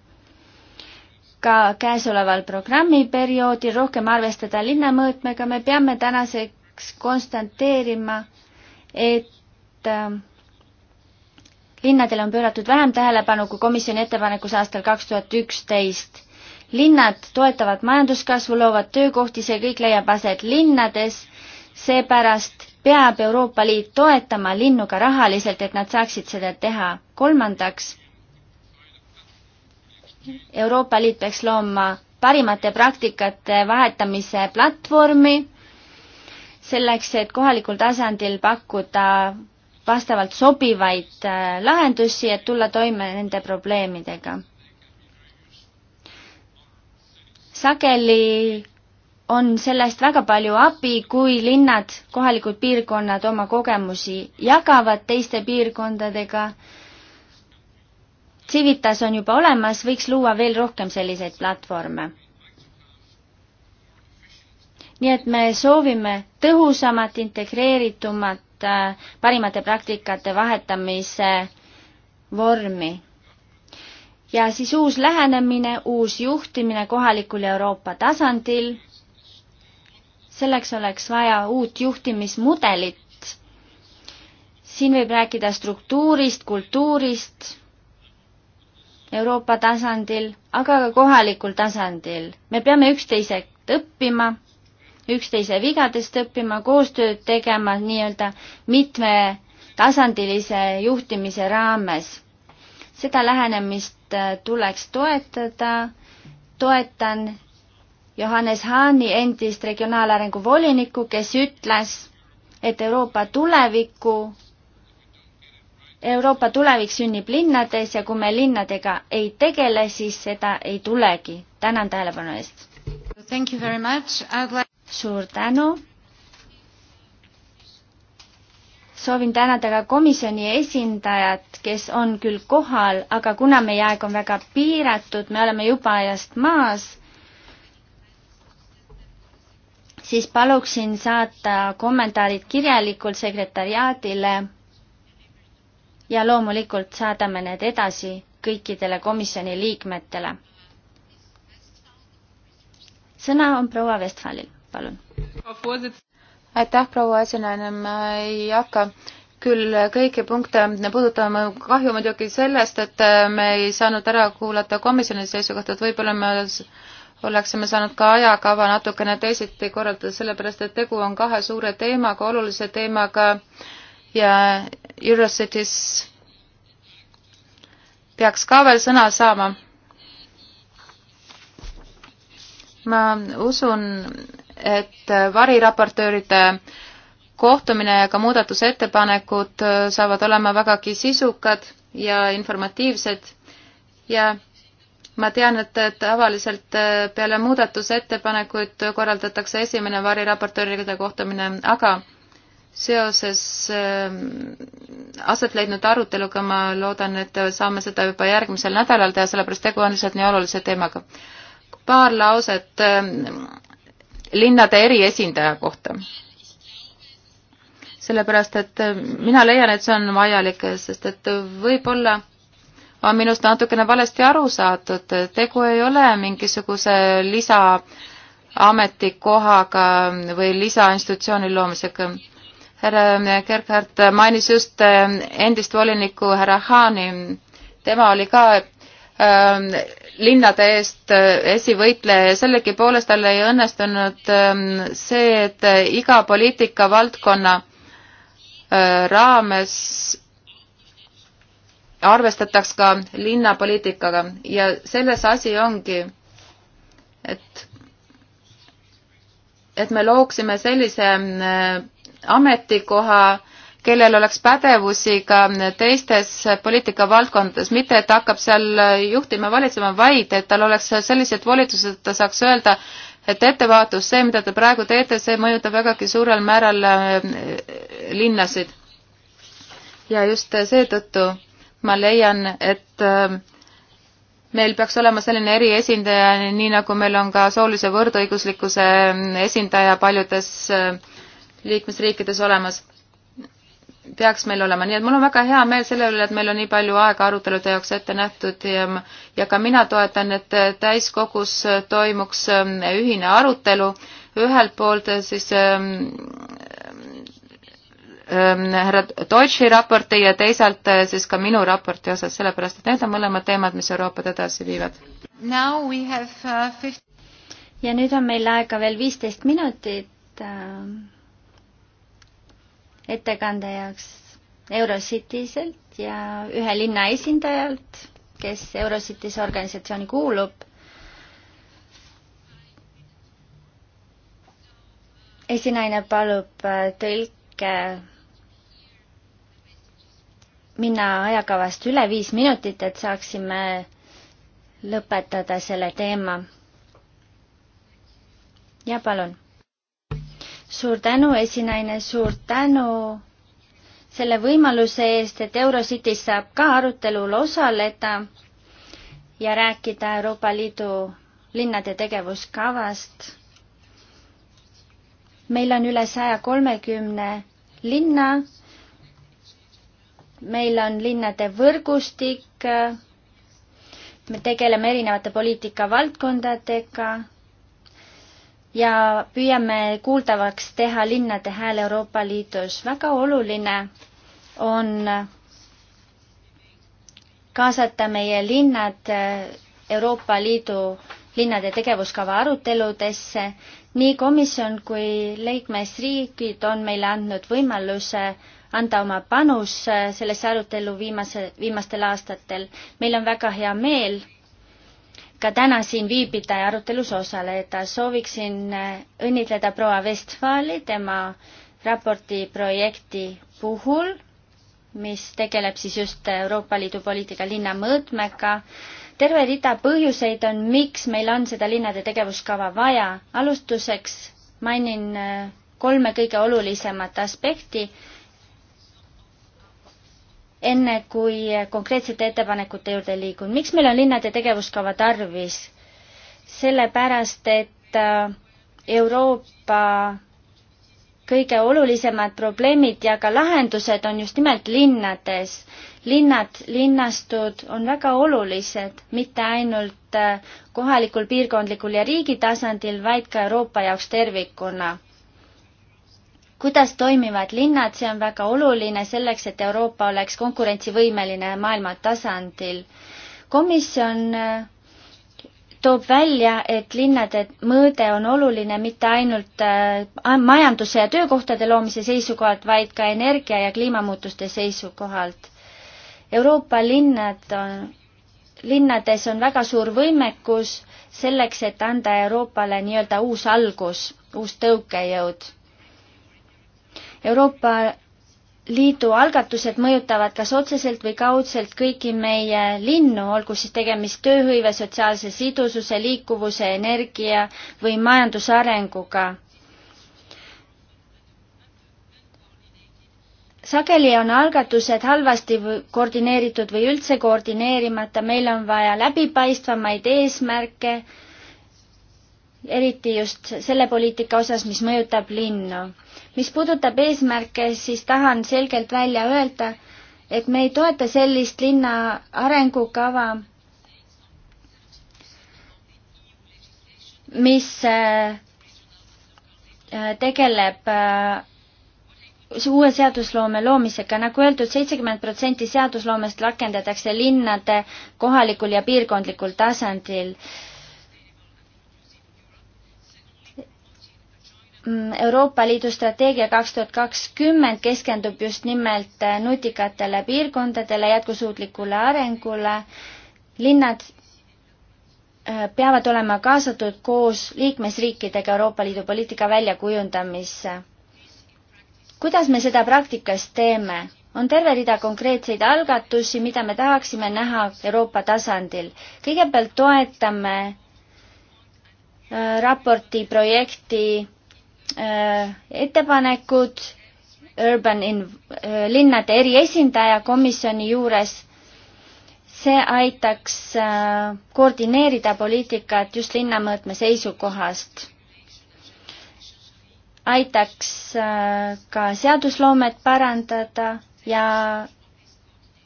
ka käesoleval programmiperioodil, rohkem arvestada linnamõõtmega, me peame tänaseks konstanteerima, et äh, linnadele on pööratud vähem tähelepanu kui komisjoni ettepanekus aastal kaks tuhat üksteist linnad toetavad majanduskasvu, loovad töökohti, see kõik leiab aset linnades, seepärast peab Euroopa Liit toetama linnu ka rahaliselt, et nad saaksid seda teha. kolmandaks, Euroopa Liit peaks looma parimate praktikate vahetamise platvormi, selleks, et kohalikul tasandil pakkuda vastavalt sobivaid äh, lahendusi, et tulla toime nende probleemidega. sageli on sellest väga palju abi, kui linnad, kohalikud piirkonnad oma kogemusi jagavad teiste piirkondadega. Civitas on juba olemas, võiks luua veel rohkem selliseid platvorme. nii et me soovime tõhusamat, integreeritumat äh, parimate praktikate vahetamise vormi ja siis uus lähenemine, uus juhtimine kohalikul Euroopa tasandil selleks oleks vaja uut juhtimismudelit. siin võib rääkida struktuurist, kultuurist Euroopa tasandil, aga ka kohalikul tasandil. me peame üksteiselt õppima, üksteise vigadest õppima, koostööd tegema nii-öelda mitmetasandilise juhtimise raames. seda lähenemist äh, tuleks toetada, toetan Johannes Hahni, endist regionaalarengu volinikku, kes ütles, et Euroopa tuleviku, Euroopa tulevik sünnib linnades ja kui me linnadega ei tegele, siis seda ei tulegi. tänan tähelepanu eest! suur tänu! soovin tänada ka komisjoni esindajat, kes on küll kohal, aga kuna meie aeg on väga piiratud, me oleme juba ajast maas siis paluksin saata kommentaarid kirjalikult sekretariaadile ja loomulikult saadame need edasi kõikidele komisjoni liikmetele. sõna on proua Vestfalil, palun. aitäh, proua esinaine, ma ei hakka küll kõiki punkte puudutama, kahju muidugi sellest, et me ei saanud ära kuulata komisjoni seisukohta, et võib-olla me oleksime saanud ka ajakava natukene teisiti korraldada, sellepärast et tegu on kahe suure teemaga, olulise teemaga ja Eurocities peaks ka veel sõna saama. ma usun, et variraportööride kohtumine ja ka muudatusettepanekud saavad olema vägagi sisukad ja informatiivsed ja ma tean, et tavaliselt äh, peale muudatusettepanekuid korraldatakse esimene variraportööride kohtumine, aga seoses ähm, aset leidnud aruteluga ma loodan, et saame seda juba järgmisel nädalal teha, sellepärast tegu on lihtsalt nii olulise teemaga. paar lauset ähm, linnade eriesindaja kohta. sellepärast, et äh, mina leian, et see on vajalik, sest et võib-olla on minust natukene valesti aru saadud, tegu ei ole mingisuguse lisaametikohaga või lisainstitutsiooni loomisega. härra Gerhard mainis just eh, endist volinikku härra Haani, tema oli ka äh, linnade eest äh, esivõitleja ja sellegipoolest tal ei õnnestunud ähm, see, et iga poliitikavaldkonna äh, raames arvestataks ka linnapoliitikaga ja selles asi ongi, et, et me looksime sellise äh, ametikoha, kellel oleks pädevusi ka teistes poliitikavaldkondades, mitte et hakkab seal äh, juhtima, valitsema, vaid et tal oleks sellised volitused, et ta saaks öelda, et ettevaatus, see, mida te praegu teete, see mõjutab vägagi suurel määral äh, linnasid. ja just seetõttu ma leian, et äh, meil peaks olema selline eriesindaja, nii nagu meil on ka soolise võrdõiguslikkuse äh, esindaja paljudes äh, liikmesriikides olemas, peaks meil olema, nii et mul on väga hea meel selle üle, et meil on nii palju aega arutelude jaoks ette nähtud ja, ja ka mina toetan, et täiskogus toimuks ühine arutelu, ühelt poolt siis ähm, härra Deutschi raporti ja teisalt siis ka minu raporti osas, sellepärast et need on mõlemad teemad, mis Euroopat edasi viivad. Uh, ja nüüd on meil aega veel viisteist minutit ähm, ettekande jaoks Eurocitiselt ja ühe linna esindajalt, kes Eurocities organisatsiooni kuulub esinaine palub äh, tõlke minna ajakavast üle viis minutit, et saaksime lõpetada selle teema. ja palun. suur tänu, esinaine, suur tänu selle võimaluse eest, et Eurocities saab ka arutelul osaleda ja rääkida Euroopa Liidu linnade tegevuskavast. meil on üle saja kolmekümne linna meil on linnade võrgustik, me tegeleme erinevate poliitikavaldkondadega ja püüame kuuldavaks teha linnade hääl Euroopa Liidus. väga oluline on kaasata meie linnad Euroopa Liidu linnade tegevuskava aruteludesse. nii komisjon kui liikmesriigid on meile andnud võimaluse anda oma panus äh, sellesse arutellu viimase, viimastel aastatel. meil on väga hea meel ka täna siin viibida ja arutelus osaleda. sooviksin äh, õnnitleda proua Vestfaali tema raporti projekti puhul, mis tegeleb siis just Euroopa Liidu poliitika linna mõõtmega terve rida põhjuseid on, miks meil on seda linnade tegevuskava vaja. alustuseks mainin äh, kolme kõige olulisemat aspekti enne kui konkreetsete ettepanekute juurde liigun, miks meil on linnade tegevuskava tarvis? sellepärast, et äh, Euroopa kõige olulisemad probleemid ja ka lahendused on just nimelt linnades. linnad, linnastud on väga olulised, mitte ainult äh, kohalikul, piirkondlikul ja riigi tasandil, vaid ka Euroopa jaoks tervikuna kuidas toimivad linnad, see on väga oluline selleks, et Euroopa oleks konkurentsivõimeline maailma tasandil. komisjon äh, toob välja, et linnade mõõde on oluline mitte ainult äh, majanduse ja töökohtade loomise seisukohalt, vaid ka energia ja kliimamuutuste seisukohalt. Euroopa linnad on, linnades on väga suur võimekus selleks, et anda Euroopale nii-öelda uus algus, uus tõukejõud Euroopa Liidu algatused mõjutavad kas otseselt või kaudselt kõiki meie linnu, olgu siis tegemist tööhõive, sotsiaalse sidususe, liikuvuse, energia või majandusarenguga. sageli on algatused halvasti koordineeritud või üldse koordineerimata, meil on vaja läbipaistvamaid eesmärke, eriti just selle poliitika osas, mis mõjutab linnu mis puudutab eesmärke, siis tahan selgelt välja öelda, et me ei toeta sellist linna arengukava, mis äh, äh, tegeleb äh, uue seadusloome loomisega, nagu öeldud, seitsekümmend protsenti seadusloomest rakendatakse linnade kohalikul ja piirkondlikul tasandil Mm, Euroopa Liidu strateegia kaks tuhat kakskümmend keskendub just nimelt äh, nutikatele piirkondadele, jätkusuutlikule arengule. linnad äh, peavad olema kaasatud koos liikmesriikidega Euroopa Liidu poliitika väljakujundamisse. kuidas me seda praktikas teeme? on terve rida konkreetseid algatusi, mida me tahaksime näha Euroopa tasandil. kõigepealt toetame äh, raporti projekti Äh, ettepanekud Urban in-, äh, linnade eriesindaja komisjoni juures. see aitaks äh, koordineerida poliitikat just linnamõõtme seisukohast. aitaks ka seadusloomet parandada ja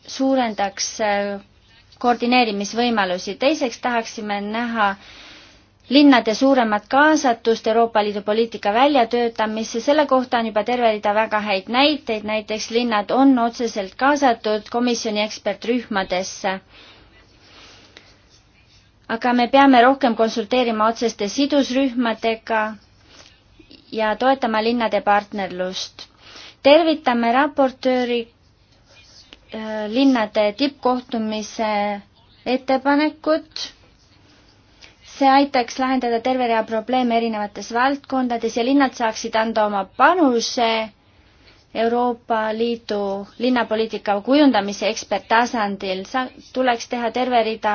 suurendaks koordineerimisvõimalusi. teiseks tahaksime näha äh, linnade suuremat kaasatust Euroopa Liidu poliitika väljatöötamisse, selle kohta on juba terve rida väga häid näiteid, näiteks linnad on otseselt kaasatud komisjoni ekspertrühmadesse. aga me peame rohkem konsulteerima otseste sidusrühmadega ja toetama linnade partnerlust. tervitame raportööri äh, linnade tippkohtumise ettepanekut see aitaks lahendada terve rea probleeme erinevates valdkondades ja linnad saaksid anda oma panuse Euroopa Liidu linnapoliitika kujundamise eksperttasandil. tuleks teha terve rida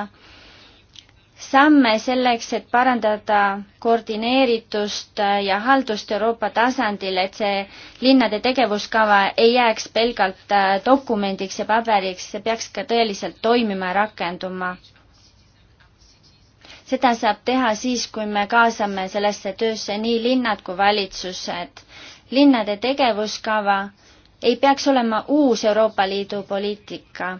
samme selleks, et parandada koordineeritust ja haldust Euroopa tasandil, et see linnade tegevuskava ei jääks pelgalt dokumendiks ja paberiks, see peaks ka tõeliselt toimima ja rakenduma seda saab teha siis, kui me kaasame sellesse töösse nii linnad kui valitsused. linnade tegevuskava ei peaks olema uus Euroopa Liidu poliitika.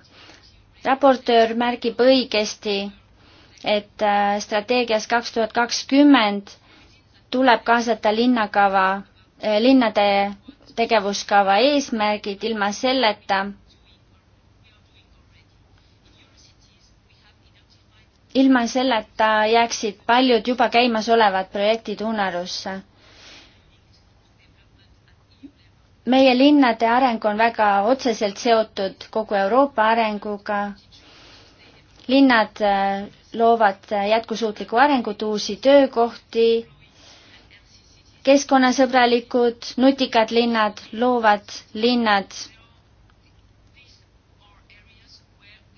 raportöör märgib õigesti, et äh, strateegias kaks tuhat kakskümmend tuleb kaasata linnakava, äh, linnade tegevuskava eesmärgid, ilma selleta ilma selleta jääksid paljud juba käimasolevad projektid unarusse. meie linnade areng on väga otseselt seotud kogu Euroopa arenguga. linnad äh, loovad äh, jätkusuutlikku arengut, uusi töökohti, keskkonnasõbralikud nutikad linnad loovad linnad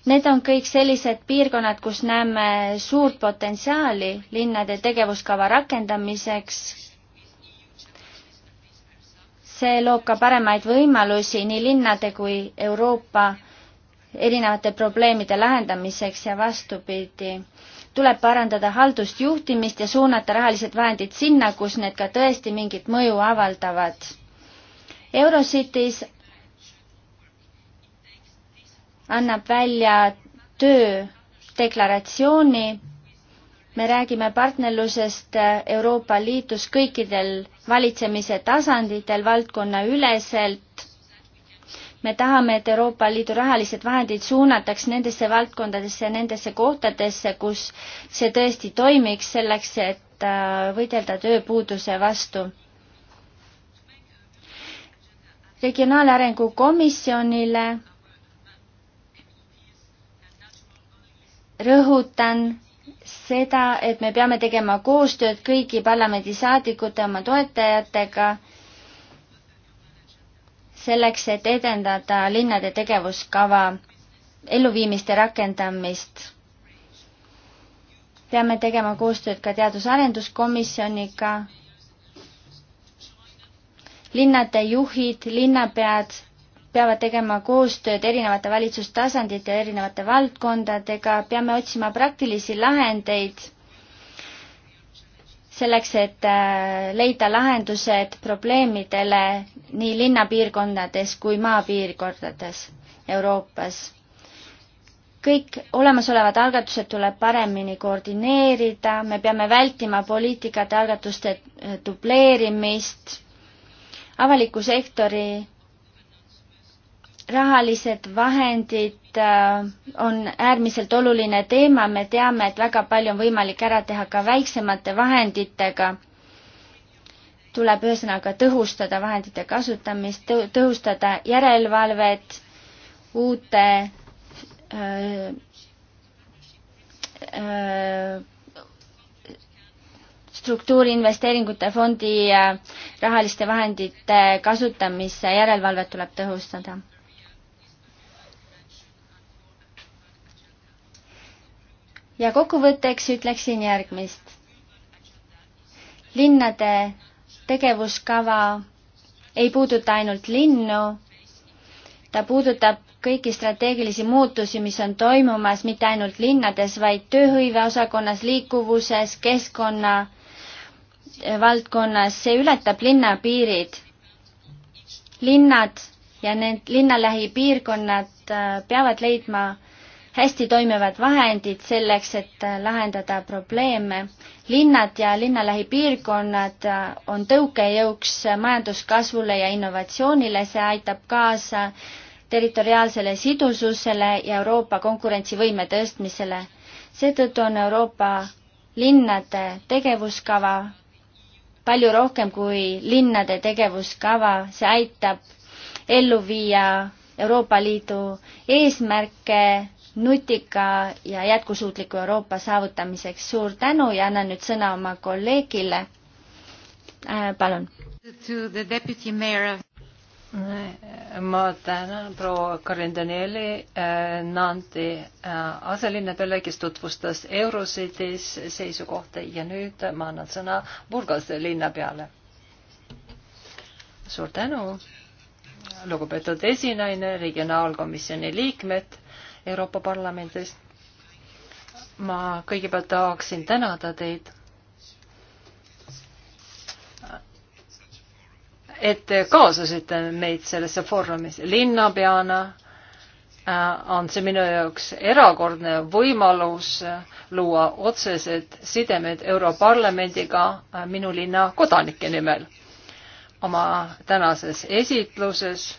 Need on kõik sellised piirkonnad, kus näeme suurt potentsiaali linnade tegevuskava rakendamiseks. see loob ka paremaid võimalusi nii linnade kui Euroopa erinevate probleemide lahendamiseks ja vastupidi. tuleb parandada haldust, juhtimist ja suunata rahalised vahendid sinna, kus need ka tõesti mingit mõju avaldavad. Eurocities annab välja töödeklaratsiooni. me räägime partnerlusest Euroopa Liidus kõikidel valitsemise tasanditel valdkonnaüleselt. me tahame, et Euroopa Liidu rahalised vahendid suunataks nendesse valdkondadesse, nendesse kohtadesse, kus see tõesti toimiks, selleks et äh, võidelda tööpuuduse vastu regionaalarengu komisjonile rõhutan seda, et me peame tegema koostööd kõigi parlamendisaadikute, oma toetajatega, selleks, et edendada linnade tegevuskava elluviimist ja rakendamist. peame tegema koostööd ka Teadus-Arenduskomisjoniga, linnade juhid, linnapead peavad tegema koostööd erinevate valitsustasandite ja erinevate valdkondadega, peame otsima praktilisi lahendeid selleks, et äh, leida lahendused probleemidele nii linnapiirkondades kui maapiirkondades Euroopas. kõik olemasolevad algatused tuleb paremini koordineerida, me peame vältima poliitikate algatuste dubleerimist, avaliku sektori rahalised vahendid äh, on äärmiselt oluline teema, me teame, et väga palju on võimalik ära teha ka väiksemate vahenditega. tuleb ühesõnaga tõhustada vahendite kasutamist, tõhustada järelevalvet uute öö, äh, öö, äh, struktuuriinvesteeringute fondi rahaliste vahendite kasutamise järelevalvet tuleb tõhustada ja kokkuvõtteks ütleksin järgmist. linnade tegevuskava ei puuduta ainult linnu, ta puudutab kõiki strateegilisi muutusi, mis on toimumas mitte ainult linnades, vaid tööhõiveosakonnas, liikuvuses, keskkonna valdkonnas, see ületab linnapiirid. linnad ja need linna lähipiirkonnad äh, peavad leidma hästi toimivad vahendid selleks, et äh, lahendada probleeme. linnad ja linna lähipiirkonnad äh, on tõukejõuks majanduskasvule ja innovatsioonile, see aitab kaasa territoriaalsele sidususele ja Euroopa konkurentsivõime tõstmisele. seetõttu on Euroopa linnade tegevuskava palju rohkem kui linnade tegevuskava, see aitab ellu viia Euroopa Liidu eesmärke nutika ja jätkusuutliku Euroopa saavutamiseks. suur tänu ja annan nüüd sõna oma kolleegile äh,. palun. ma tänan proua Karin Danieli äh, Nanti äh, aselinnapea, kes tutvustas Eurocities seisukohta ja nüüd ma annan sõna Burgase linnapeale. suur tänu, lugupeetud esinaine, regionaalkomisjoni liikmed Euroopa Parlamendist. ma kõigepealt tahaksin tänada teid, et te kaasasite meid sellesse foorumis linnapeana äh, on see minu jaoks erakordne võimalus luua otsesed sidemed Europarlamendiga äh, minu linna kodanike nimel. oma tänases esitluses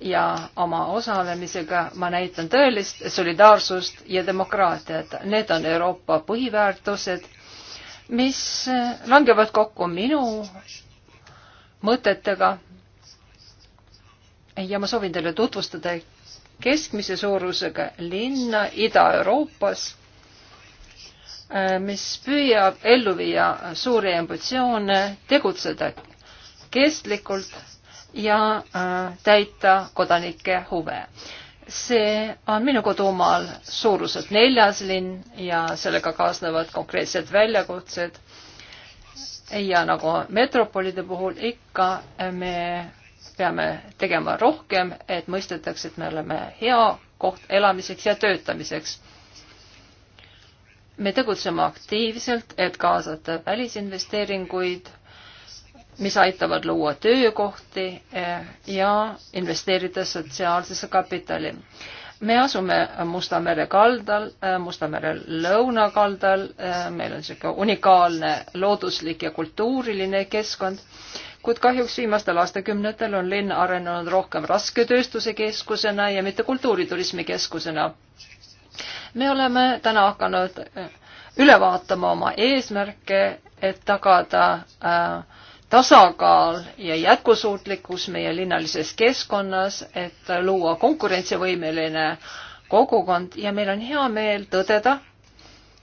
ja oma osalemisega ma näitan tõelist solidaarsust ja demokraatiat. Need on Euroopa põhiväärtused, mis langevad kokku minu mõtetega. ja ma soovin teile tutvustada keskmise suurusega linna Ida-Euroopas, mis püüab ellu viia suuri ambitsioone, tegutseda kestlikult ja äh, täita kodanike huve. see on minu kodumaal suuruselt neljas linn ja sellega kaasnevad konkreetsed väljakutsed. ja nagu metropolide puhul ikka, me peame tegema rohkem, et mõistetakse, et me oleme hea koht elamiseks ja töötamiseks. me tegutseme aktiivselt, et kaasata välisinvesteeringuid mis aitavad luua töökohti eh, ja investeerida sotsiaalsesse kapitali. me asume Musta mere kaldal, eh, Musta mere lõunakaldal, eh, meil on niisugune unikaalne looduslik ja kultuuriline keskkond, kuid kahjuks viimastel aastakümnetel on linn arenenud rohkem rasketööstuse keskusena ja mitte kultuuriturismi keskusena. me oleme täna hakanud üle vaatama oma eesmärke, et tagada äh, tasakaal ja jätkusuutlikkus meie linnalises keskkonnas, et luua konkurentsivõimeline kogukond ja meil on hea meel tõdeda,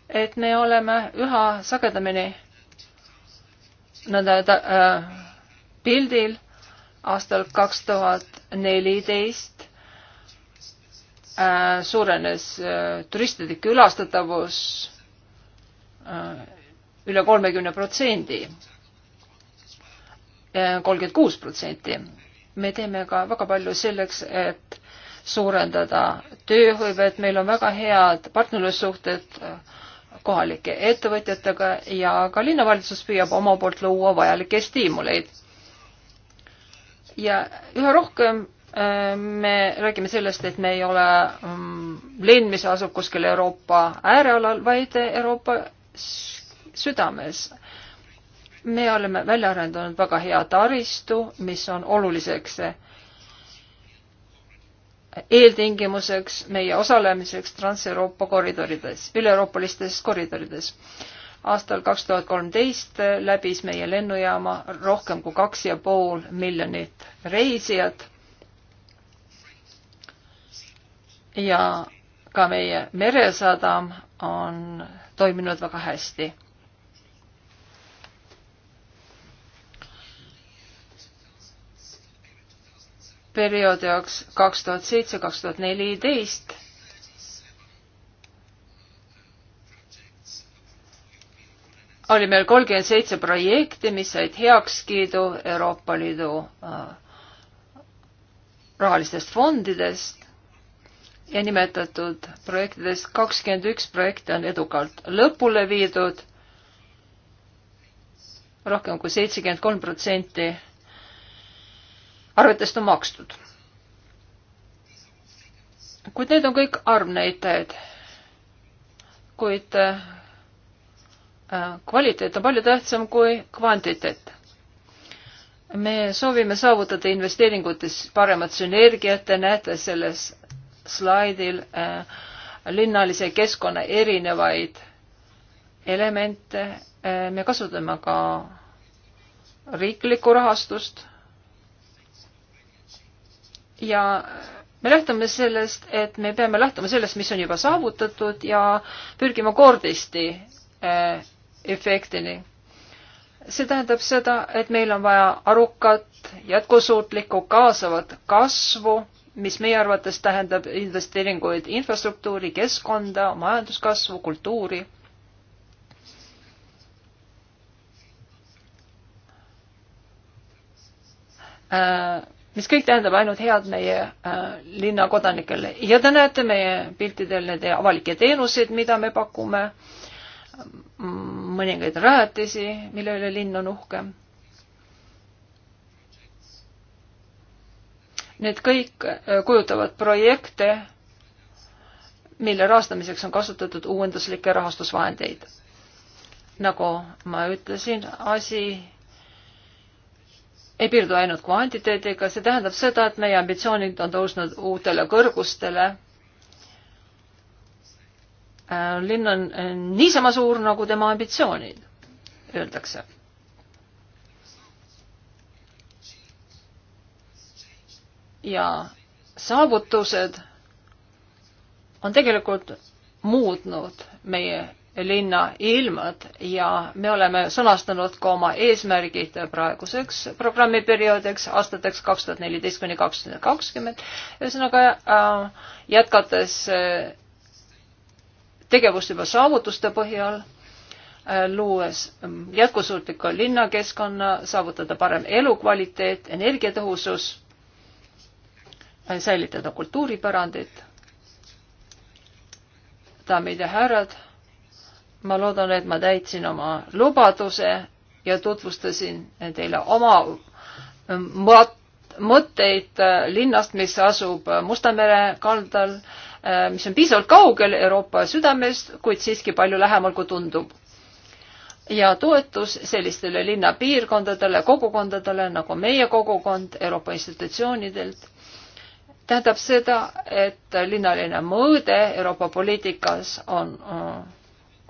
et me oleme üha sagedamini nõnda öelda äh, pildil aastal kaks tuhat neliteist äh, suurenes äh, turistide külastatavus äh, üle kolmekümne protsendi kolmkümmend kuus protsenti. me teeme ka väga palju selleks, et suurendada tööhõivet, meil on väga head partnerlussuhted kohalike ettevõtjatega ja ka linnavalitsus püüab oma poolt luua vajalikke stiimuleid. ja üha rohkem äh, me räägime sellest, et me ei ole mm, linn, mis asub kuskil Euroopa äärealal, vaid Euroopa südames me oleme välja arendanud väga hea taristu, mis on oluliseks eeltingimuseks meie osalemiseks Trans-Euroopa koridorides, üle-euroopalistes koridorides. aastal kaks tuhat kolmteist läbis meie lennujaama rohkem kui kaks ja pool miljonit reisijat. ja ka meie meresadam on toiminud väga hästi perioodi jaoks kaks tuhat seitse, kaks tuhat neliteist. oli meil kolmkümmend seitse projekti, mis said heakskiidu Euroopa Liidu äh, rahalistest fondidest ja nimetatud projektidest kakskümmend üks projekti on edukalt lõpule viidud rohkem kui seitsekümmend kolm protsenti arvetest on makstud. kuid need on kõik arvnäitajad. kuid äh, kvaliteet on palju tähtsam kui kvantiteet. me soovime saavutada investeeringutes paremat sünergiat, te näete selles slaidil äh, linnalise keskkonna erinevaid elemente äh,. me kasutame ka riiklikku rahastust ja me lähtume sellest, et me peame lähtuma sellest, mis on juba saavutatud ja pürgima kordisti äh, efektini. see tähendab seda, et meil on vaja arukat, jätkusuutlikku, kaasavat kasvu, mis meie arvates tähendab investeeringuid infrastruktuuri, keskkonda, majanduskasvu, kultuuri. äh, mis kõik tähendab ainult head meie äh, linna kodanikele ja te näete meie piltidel neid avalikke teenuseid, mida me pakume, mõningaid rajatisi, mille üle linn on uhke. Need kõik äh, kujutavad projekte, mille rahastamiseks on kasutatud uuenduslikke rahastusvahendeid. nagu ma ütlesin, asi ei piirdu ainult kvantiteediga, see tähendab seda, et meie ambitsioonid on tõusnud uutele kõrgustele. Äh, linn on äh, niisama suur nagu tema ambitsioonid, öeldakse. ja saavutused on tegelikult muutnud meie linna ilmad ja me oleme sõnastanud ka oma eesmärgid praeguseks programmiperioodiks aastateks kaks tuhat neliteist kuni kaks tuhat kakskümmend. ühesõnaga äh, jätkates äh, tegevust juba saavutuste põhjal äh,, luues mm, jätkusuutliku linnakeskkonna, saavutada parem elukvaliteet, energiatõhusus äh,, säilitada kultuuripärandit. daamid ja härrad ma loodan, et ma täitsin oma lubaduse ja tutvustasin teile oma äh, mõtteid äh, linnast, mis asub äh, Musta mere kaldal, mis on piisavalt kaugel Euroopa südamest, kuid siiski palju lähemal, kui tundub. ja toetus sellistele linnapiirkondadele, kogukondadele nagu meie kogukond Euroopa institutsioonidelt tähendab seda, et linnaline mõõde Euroopa poliitikas on, on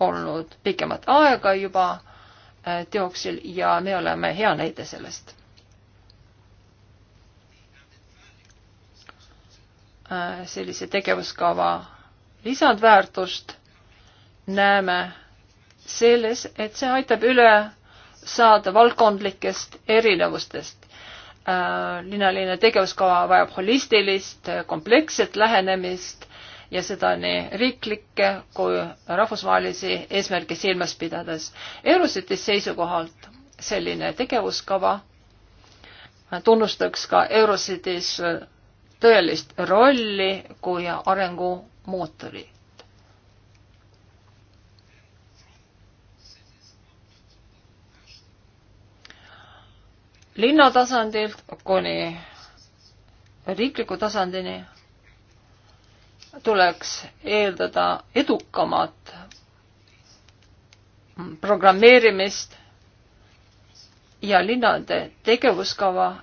olnud pikemat aega juba äh, teoksil ja me oleme hea näide sellest. Äh, sellise tegevuskava lisandväärtust näeme selles, et see aitab üle saada valdkondlikest erinevustest. linnaline äh, tegevuskava vajab holistilist, kompleksset lähenemist ja seda nii riiklikke kui rahvusvahelisi eesmärke silmas pidades. Eurositi seisukohalt selline tegevuskava tunnustaks ka Eurositis tõelist rolli kui arengu mootori. linna tasandilt kuni riikliku tasandini tuleks eeldada edukamat programmeerimist ja linnade tegevuskava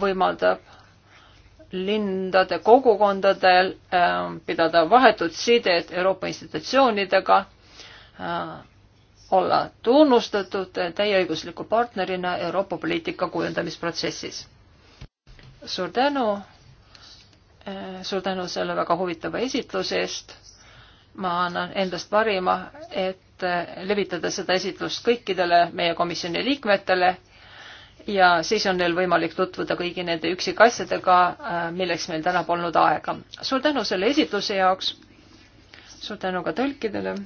võimaldab lindade kogukondadel äh, pidada vahetut sidet Euroopa institutsioonidega, äh, olla tunnustatud täieõigusliku partnerina Euroopa poliitika kujundamisprotsessis. suur tänu Äh, suur tänu selle väga huvitava esitluse eest. ma annan endast parima, et äh, levitada seda esitlust kõikidele meie komisjoni liikmetele ja siis on neil võimalik tutvuda kõigi nende üksikasjadega, äh, milleks meil täna polnud aega. suur tänu selle esitluse jaoks. suur tänu ka tõlkidele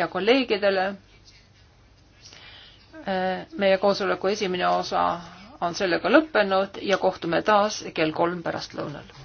ja kolleegidele. meie koosoleku esimene osa on sellega lõppenud ja kohtume taas kell kolm pärastlõunal.